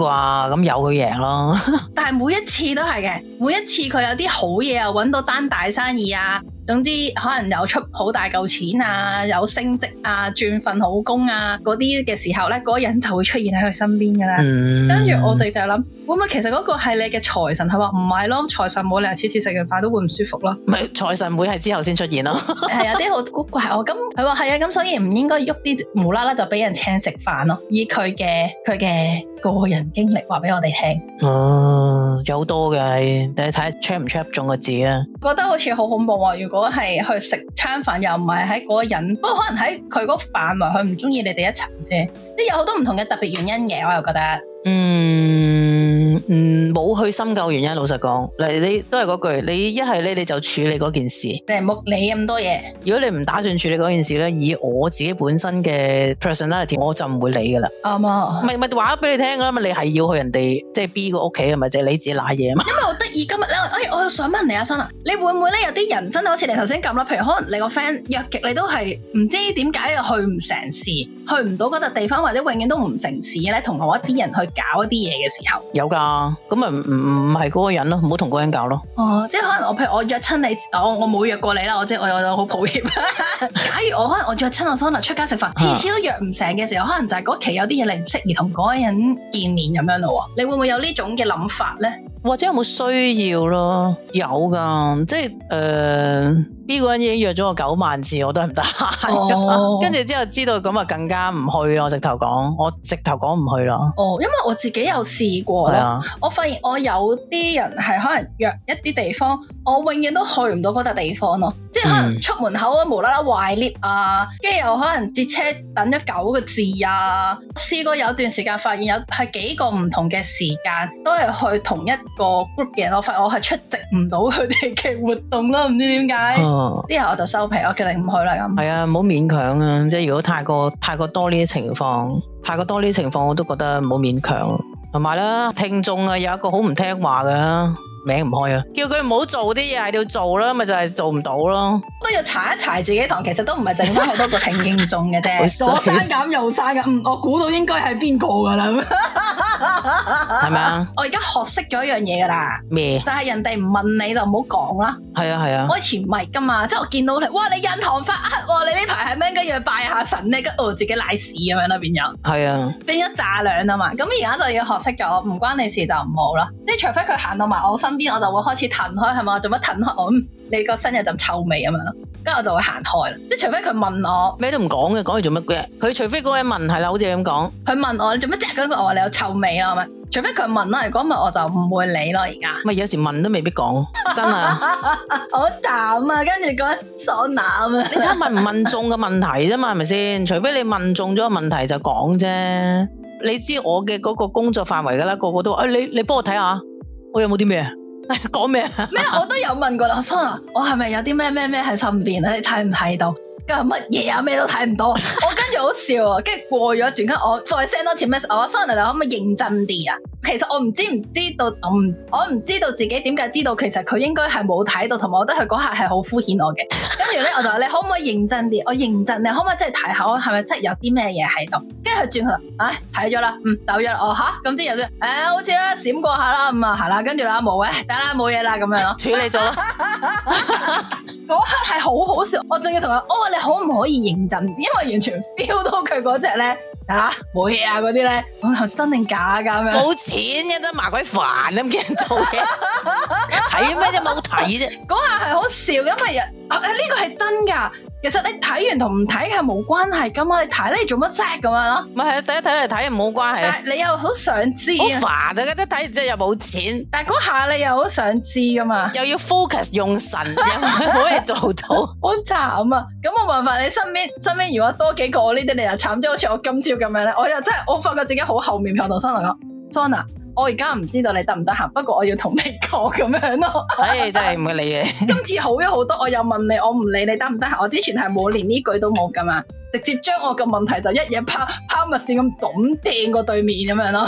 咁由佢贏咯 。但係每一次都係嘅，每一次佢有啲好嘢啊，揾到單大生意啊！總之可能有出好大嚿錢啊，有升職啊，轉份好工啊，嗰啲嘅時候咧，嗰、嗰個人就會出現喺佢身邊噶啦。跟住、嗯、我哋就諗，會唔會其實嗰個係你嘅財神？係嘛、嗯？唔係咯，財神冇理由次次食完飯都會唔舒服咯。唔係財神會係之後先出現咯、啊。係 有啲好古怪哦。咁佢話，係啊，咁所以唔應該喐啲無啦啦就俾人請食飯咯，以佢嘅佢嘅。個人經歷話俾我哋聽，哦、啊，有好多嘅，你睇 check 唔 check 中個字啊？覺得好似好恐怖啊！如果係去食餐飯，又唔係喺嗰個人，不過可能喺佢嗰範圍，佢唔中意你哋一層啫。啲有好多唔同嘅特別原因嘅，我又覺得，嗯。唔冇、嗯、去深究原因。老實講，嗱，你都係嗰句，你一係咧，你就處理嗰件事，你係冇理咁多嘢。如果你唔打算處理嗰件事咧，以我自己本身嘅 personality，我就唔會理噶啦。啱啊，咪咪話咗俾你聽啦，你係要去人哋即係 B 個屋企，咪就係你自己瀨嘢嘛。因為我得意今日咧，我又想問你啊 Sona、啊、你會唔會咧有啲人真係好似你頭先咁啦？譬如可能你個 friend 約極你，你都係唔知點解又去唔成事，去唔到嗰笪地方，或者永遠都唔成事咧，同某一啲人去搞一啲嘢嘅時候，有噶。啊，咁咪唔唔係嗰個人咯，唔好同嗰個人搞咯。哦、啊，即係可能我譬如我約親你，我我冇約過你啦，我即係我又好抱歉。 假如我可能我約親阿 Sona，可能出街食飯，次次都約唔成嘅時候，可能就係嗰期有啲嘢，你唔適宜同嗰個人見面咁樣咯。你會唔會有種呢種嘅諗法咧？或者有冇需要咯？有噶，即係誒。呃 B 嗰人已經約咗我九萬字，我都係唔得閒。跟住之後知道咁啊，更加唔去咯。直頭講，我直頭講唔去咯。哦，oh, 因為我自己有試過咯，Yeah. 我發現我有啲人係可能約一啲地方，我永遠都去唔到嗰笪地方咯。即係可能出門口啊，mm. 無啦啦壞 lift 啊，跟住又可能截車等咗九個字啊。我試過有段時間發現有係幾個唔同嘅時間，都係去同一個 group 嘅，我發現我係出席唔到佢哋嘅活動咯，唔知點解。Oh. 之後我就收皮，我決定唔去啦咁。係 啊，唔好勉強啊！即係如果太過太過多呢啲情況，太過多呢啲情況，情況，我都覺得唔好勉強啊。同埋啦，聽眾啊，有一個好唔聽話噶啦。名唔開啊！叫佢唔好做啲嘢，要做啦，咪就係、是、做唔到咯。都要查一查自己堂，其實都唔係淨翻好多個聽眾嘅啫。左刪減右刪噶，我估到應該係邊個噶啦。係咪啊？我而麼家學識咗一樣嘢噶啦。咩？就係人哋唔問你就唔好講啦。係啊係啊。啊我以前唔係噶嘛，即、就、係、是、我見到你，哇你印堂發黑，哇你呢排係咩？跟住去拜下神，你跟住自己瀨屎咁樣啦，變咗。係啊。變一炸兩啊嘛，咁而家就要學識咗，唔關你事就唔好啦。即係除非佢行到埋我身。邊我就會開始褪開係嘛，做乜褪開我，我？你個身有陣臭味咁樣咯，跟住我就會行開啦。即係除非佢問我咩都唔講嘅，講你做乜嘅？佢除非嗰個問題啦，好似你咁講，佢問我你做乜即係嗰個？我話你有臭味咯。係咪？除非佢問咯，如果唔係我就唔會理咯。而家咪有時問都未必講，真啊，好淡啊，跟住講所男啊。 你睇問唔問中嘅問題啫嘛，係咪先？除非你問中咗個問題就講啫。你知我嘅嗰個工作範圍噶啦，個個都誒、哎，你你幫我睇下，我有冇啲咩講咩啊？咩 什麼？ 我都有問過啦，Sona, 我話，我係咪有啲咩咩咩喺身邊啊？你睇唔睇到？今日乜嘢啊？咩都睇唔到。 好笑啊！跟住過咗，轉間我再 send 多次 message 我話 Sona，你可唔可以認真啲啊？其實我唔知唔知道，我唔知道自己點解知道，其實佢應該係冇睇到，同埋我覺得佢嗰下係好敷衍我嘅。跟住咧，我就話：你可唔可以認真啲？我認真，你可唔可以即係睇下，我係咪真係有啲咩嘢喺度？跟住佢轉去話：唉、欸，睇咗啦，嗯，走咗啦。哦，吓，咁即係，誒，好似啦，閃過下啦，咁啊，係啦，跟住啦，冇嘅，得啦，冇嘢啦，咁樣咯，處理咗啦。嗰刻係好好笑，我仲要同佢，哦、oh，你可唔可以認真啲？因為完全。挑到佢嗰隻咧，啊，冇嘢啊嗰啲咧，我 真定假咁樣？冇錢嘅真麻鬼煩，咁驚人做嘢，睇咩啫？冇睇啫。嗰下係好笑，因為啊，呢、啊這個係真㗎。其實你睇完同唔睇係冇關係噶嘛，你睇咧做乜啫咁樣咯？咪係睇一睇嚟，睇又冇關係。但係你又好想知，好煩啊！即睇完之後又冇錢。但嗰下你又好想知噶嘛？又要 focus 用神，又唔 可以做到。 好慘啊！咁我問返，你身邊身邊如果多幾個呢啲，你又慘咗，好似我今朝咁樣咧。我又真係，我發覺自己好後面派同心嚟講，Sona。我而家唔知道你得唔得行，不過我要同你講咁樣咯，唉，真係唔會理你。 今次好咗好多，我又問你，我唔理你得唔得行，我之前係冇，連呢句都冇噶嘛。直接將我嘅問題就一嘢拋拋物線咁抌掟過對面咁樣咯，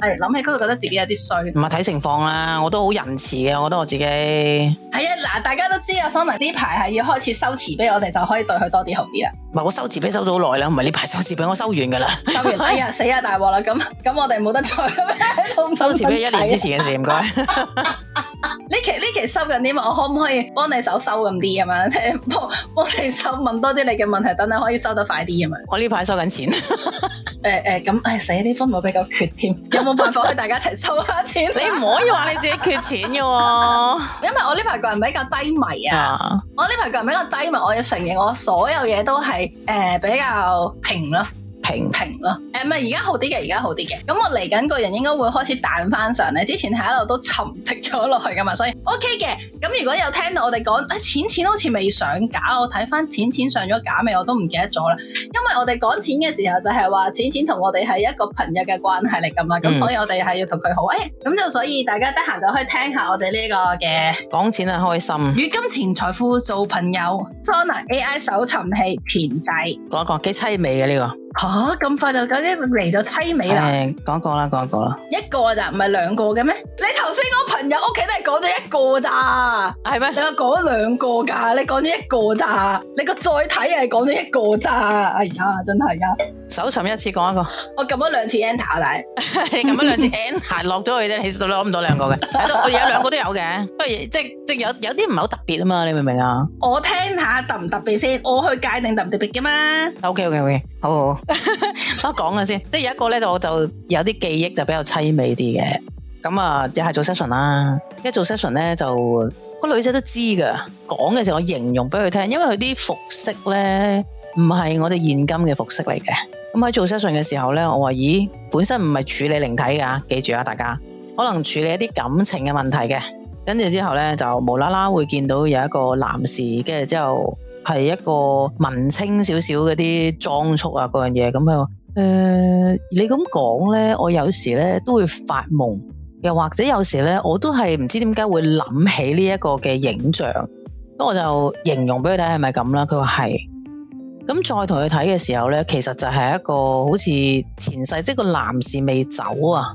係 諗起嗰度覺得自己有啲衰。唔係睇情況啦，我都好仁慈嘅，我覺得我自己係啊，嗱大家都知啊 Sona 呢排係要開始收慈悲我哋，就可以對佢多啲好啲啦。唔係我收慈悲收咗好耐啦，唔係呢排收慈悲我收完噶啦， 收完哎呀死啊大鑊啦！咁咁我哋冇得再問問題。收慈悲一年之前嘅事，唔該。呢 期呢期收緊啲嘛？我可唔可以幫你手收咁啲咁樣？即係幫幫你手問多啲你嘅問題，等等可以。收得快啲啊嘛！我呢排收緊錢，誒 誒、呃，咁、呃、誒、哎，死啊！呢方面我比較缺添，有冇辦法去大家一齊收下錢？ 你唔可以話你自己缺錢嘅喎，因為我呢排個人比較低迷啊！啊我呢排個人比較低迷，我要承認我所有嘢都係誒、呃、比較平咯、啊。平平咯，誒唔係而家好啲嘅，而家好啲嘅。咁我嚟緊個人應該會開始彈翻上嚟，之前係一路都沉寂咗落去噶嘛，所以 OK 嘅。咁如果有聽到我哋講錢錢好似未上架」，我睇翻錢錢上咗架」未，我都唔記得咗啦。因為我哋講錢嘅時候就係話，錢錢同我哋係一個朋友嘅關係嚟噶嘛，咁所以我哋係要同佢好誒。咁、嗯哎、就所以大家得閒就可以聽下我哋呢個嘅講錢係開心，與金錢財富做朋友。Sona AI 搜尋器田仔，講一講幾淒美嘅呢、這個。吓，咁快就咁一嚟就淒美啦！講一個啦，講一個啦，一個咋唔係兩個嘅咩？你頭先我朋友屋企都係講咗一個咋，係咩？你話講咗兩個噶，你講咗一個咋？你個再睇係講咗一個咋？哎呀，真係啊！搜尋一次講一個，我撳咗兩次 Enter 啊，大佬，你撳咗兩次 Enter 落咗去啫，其實攞唔到兩個嘅，我而家兩個都有嘅，不過即即有有啲唔係好特別啊嘛，你明唔明啊？我聽下特唔特別先，我去界定特唔特別嘅嘛。OK，OK，OK。好好，我講 下先。即係有一個咧，我就有啲記憶就比較凄美啲嘅。咁啊，又係做 session 啦。一做 session 咧，就個女仔都知噶。講嘅時候，我形容俾佢聽，因為佢啲服飾咧唔係我哋現今嘅服飾嚟嘅。咁喺做 session 嘅時候咧，我話：咦，本身唔係處理靈體噶，記住啊，大家可能處理一啲感情嘅問題嘅。跟住之後咧，就無啦啦會見到有一個男士，跟住之後。係一個文青少少嗰啲裝束啊，嗰樣嘢。咁佢話，誒、呃，你咁講咧，我有時咧都會發夢，又或者有時咧，我都係唔知點解會諗起呢一個嘅影像，咁我就形容俾佢睇係咪咁啦，佢話係。咁再同佢睇嘅時候咧，其實就係一個好似前世，即個男士未走啊，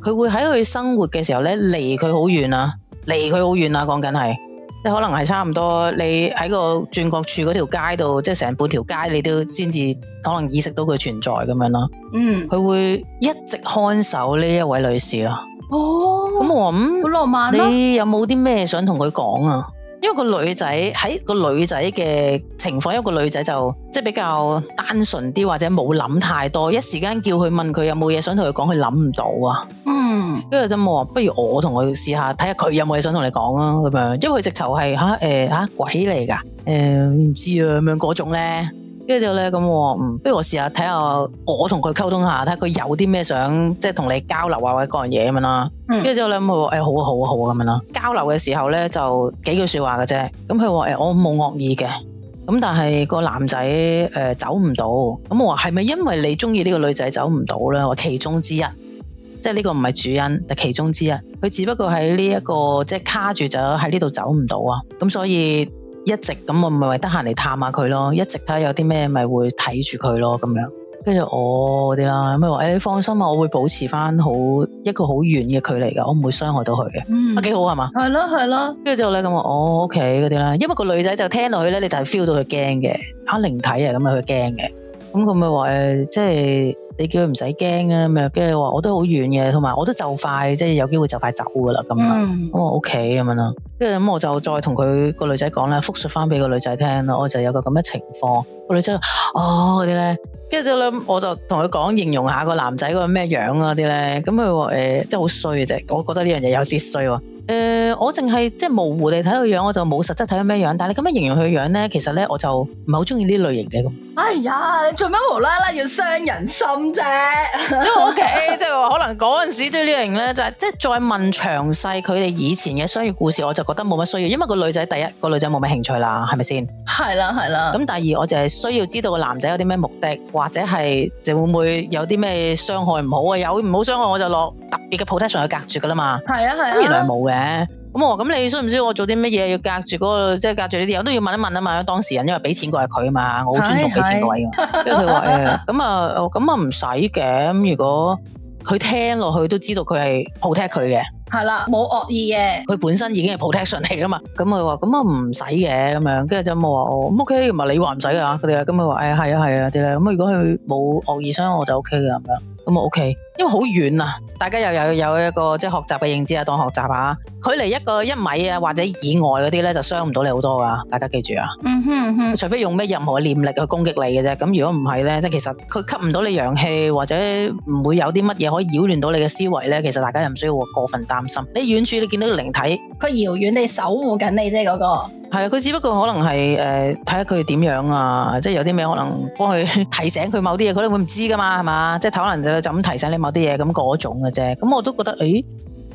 佢會喺佢生活嘅時候咧，離佢好遠啊，離佢好遠啊，講緊係。你可能係差唔多，你喺個轉角處嗰條街度，即係成半條街，你都先至可能意識到佢存在咁樣咯。佢、嗯、會一直看守呢一位女士咯。哦、嗯，咁我諗，好浪漫呀，你有冇啲咩想同佢講啊？因為個女仔喺個女仔嘅情況，一個女仔就即係比較單純啲，或者冇諗太多，一時間叫佢問佢有冇嘢想同佢講，佢諗唔到啊。嗯，跟住就我話不如我同佢試下，睇下佢有冇嘢想同你講啊咁樣。因為佢直頭係吓誒吓鬼嚟噶，誒、欸、唔知啊咁樣嗰種咧。跟住之後咧，咁、嗯、不如我試下睇下我同佢溝通下，睇下佢有啲咩想即係同你交流或者各樣嘢咁樣啦。跟住之後咧，咁佢話誒，好好好咁樣啦。交流嘅時候咧就幾句話說話嘅啫。咁佢話誒，我冇惡意嘅。咁但係個男仔誒、呃、走唔到。咁我話係咪因為你中意呢個女仔走唔到咧？我其中之一，即係呢個唔係主因，其中之一。佢只不過喺呢一個即係卡住咗喺呢度走唔到啊。咁所以。一直咁我咪得閒嚟探下佢咯，一直睇下有啲咩咪會睇住佢咯，咁樣跟住我嗰啲啦，咁佢話誒，你放心啊，我會保持翻好一個好遠嘅距離噶，我唔會傷害到佢嘅。嗯，啊幾好係嘛？係咯係咯，跟住之後咧咁我，我屋企嗰啲啦，因為個女仔就聽落去咧，你就係 feel 到佢驚嘅，啊靈體啊咁樣佢驚嘅，咁佢咪話誒即係。你叫佢唔使驚啊咁樣，跟住話我都好遠嘅，同埋我都就快即係有機會就快走噶啦咁樣。我屋企，咁樣啦，跟住咁我就再同佢個女仔講啦，複述翻俾個女仔聽啦。我就有個咁嘅情況，個女仔哦嗰啲咧，跟住之後咧我就同佢講形容下個男仔個咩樣啊啲咧。咁佢話誒，即係好衰嘅啫。我覺得呢樣嘢有啲衰喎。誒、呃，我淨係即係模糊地睇佢樣，我就冇實質睇佢咩樣。但係你咁樣形容佢樣咧，其實咧我就唔係好中意呢類型嘅咁。哎呀，你做咩無啦啦要傷人心啫？O K，即係話可能嗰陣時中意呢類型咧，就係、是、即係再問詳細佢哋以前嘅商業故事，我就覺得冇乜需要，因為個女仔第一個女仔冇乜興趣啦，係咪先？係啦係啦。咁第二我就係需要知道個男仔有啲咩目的，或者係就會唔會有啲咩傷害唔好啊？有唔好傷害我就落特別嘅 protection 上去隔住噶啦嘛。係啊係啊。原來冇嘅。咁我咁你需唔需要我做啲乜嘢？要隔住嗰、那個，即係隔住呢啲，我都要問一問啊嘛，問下當事人，因為俾錢個係佢啊嘛，我好尊重俾錢個位，呢條位。跟住佢話，咁啊，咁啊唔使嘅。咁如果佢聽落去，都知道佢係 protect 佢嘅，係啦，冇惡意嘅。佢本身已經係 protect 上嚟啊嘛。咁佢話咁啊唔使嘅，咁樣。跟住就冇話我，咁 OK。唔係你話唔使啊，佢哋啊，咁佢話，誒係啊係啊啲咧。咁啊如果佢冇惡意，傷我就 OK 嘅咁樣。咁啊 OK。因為好遠啊大家又有有一個即係學習嘅認知啊，當學習啊，距離一個一米啊，或者以外嗰啲咧，就傷唔到你好多噶，大家記住啊。嗯哼嗯哼，除非用咩任何念力去攻擊你嘅啫。咁如果唔係咧，即係其實佢吸唔到你陽氣，或者唔會有啲乜嘢可以擾亂到你嘅思維咧。其實大家又唔需要過分擔心。你遠處你見到個靈體，佢遙遠地守護緊你啫，嗰個係啊，佢只不過可能係誒睇下佢點樣啊，即係有啲咩可能幫佢 提醒佢某啲嘢，佢都會唔知噶嘛，係嘛？即係可能就咁提醒你。某啲嘢咁嗰種嘅啫，咁我都覺得，誒、欸、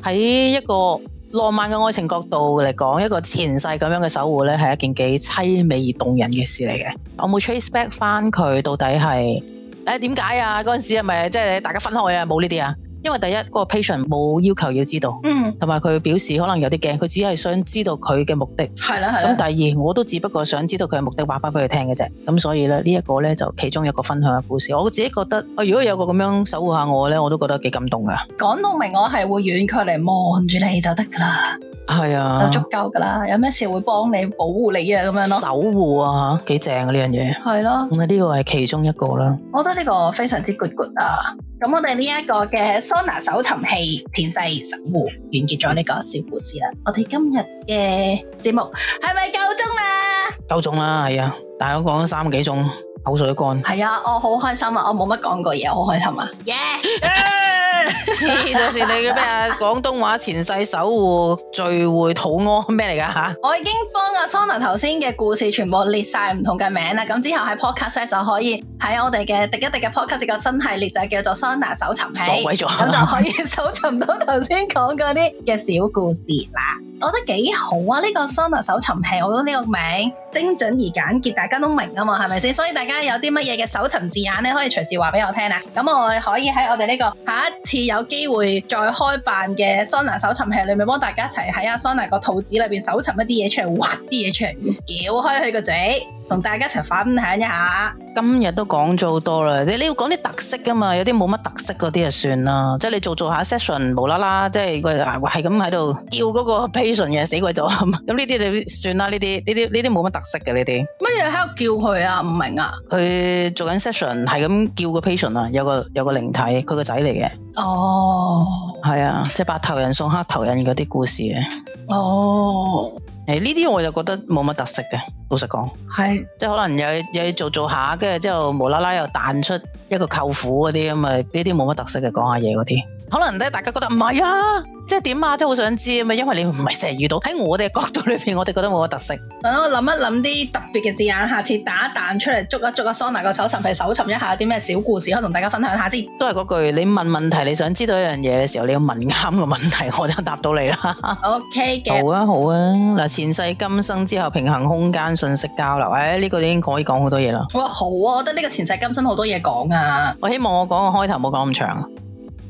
喺一個浪漫嘅愛情角度嚟講，一個前世咁樣嘅守護呢，係一件幾淒美而動人嘅事嚟嘅。我冇 trace back 翻佢到底係誒點解啊？嗰陣時係咪即係大家分開啊？冇呢啲啊？因為第一個 patient 冇要求要知道，嗯，同埋佢表示可能有啲驚，佢只係想知道佢嘅目的，係啦係啦。咁第二我都只不過想知道佢嘅目的，話翻俾佢聽嘅啫。咁所以咧呢一個咧就其中一個分享嘅故事。我自己覺得啊，如果有個咁樣守護下我咧，我都覺得幾感動噶。講到明我係會遠距離望住你就得㗎啦，係啊的，就足夠㗎啦。有咩事會幫你保護你啊咁樣咯，守護啊幾正啊呢樣嘢，係咯。咁呢個係其中一個啦。我覺得呢個非常之 good good 啊。咁我哋呢一個嘅。Sona 搜尋器，天細守護，完結咗呢個小故事啦。我哋今日嘅節目係咪夠鐘啦？夠鐘啦，係啊。但係我講咗三個幾鐘，口水乾。係啊，我好開心啊，我冇乜講過嘢，好開心啊。耶、yeah!！ 黐到線你嘅咩啊？廣東話前世守護聚會土屙」咩嚟噶嚇？啊、我已經幫阿 Sona 頭先嘅故事全部列晒唔同嘅名啦。咁之後喺 Podcast 就可以喺我哋嘅廸一廸」嘅 Podcast 嘅新系列就叫做 Sona 搜尋器，咁就可以搜尋到頭先講嗰啲嘅小故事啦。 我覺得幾好啊！呢、呢個 Sona 搜尋器，我覺得呢個名精準而簡潔，大家都明啊嘛，係咪先？所以大家有啲乜嘢嘅搜尋字眼咧，可以隨時話俾我聽啦。咁我可以喺我哋呢、呢個下次有機會再開辦嘅 Sona 搜尋器，你咪幫大家一齊喺阿 Sona 個肚子裏邊搜尋一啲嘢出嚟，挖啲嘢出嚟，撬開佢個嘴。同大家一齊分享一下。今日都講咗好多啦，你你要講啲特色噶嘛，有啲冇乜特色嗰啲啊算啦，即係你做做下 session，無啦啦，即係佢係咁喺度叫嗰個 patient 嘅，死鬼咗，咁呢啲你算啦，呢啲呢啲呢啲冇乜特色嘅呢啲。乜嘢喺度叫佢啊？唔明啊？佢做緊 session，係咁叫個 patient 啊，有個有個靈體，佢個仔嚟嘅。哦，係啊，即係白頭人送黑頭人嗰啲故事嘅。哦。Oh. 誒呢啲我就覺得冇乜特色嘅，老實講，是即可能又又要做做下，跟住之後無啦啦又彈出一個舅父嗰啲咁啊，呢啲冇乜特色嘅講下嘢嗰啲，可能呢大家覺得唔係啊。即係點啊！即係好想知啊！咪因為你唔係成日遇到喺我哋嘅角度裏邊，我哋覺得冇乜特色。等我諗一諗啲特別嘅字眼，下次打一彈出嚟，捉一捉個 Sona 個搜尋，嚟搜尋一下啲咩小故事，可以同大家分享下先。都係嗰句，你問問題，你想知道一樣嘢嘅時候，你要問啱個問題，我就答到你啦。OK 嘅的。好啊，好啊。嗱，前世今生之後，平衡空間信息交流，誒、哎，呢、這個已經可以講好多嘢啦。哇，好啊！我覺得呢個前世今生好多嘢講啊。我希望我講個開頭冇講咁長。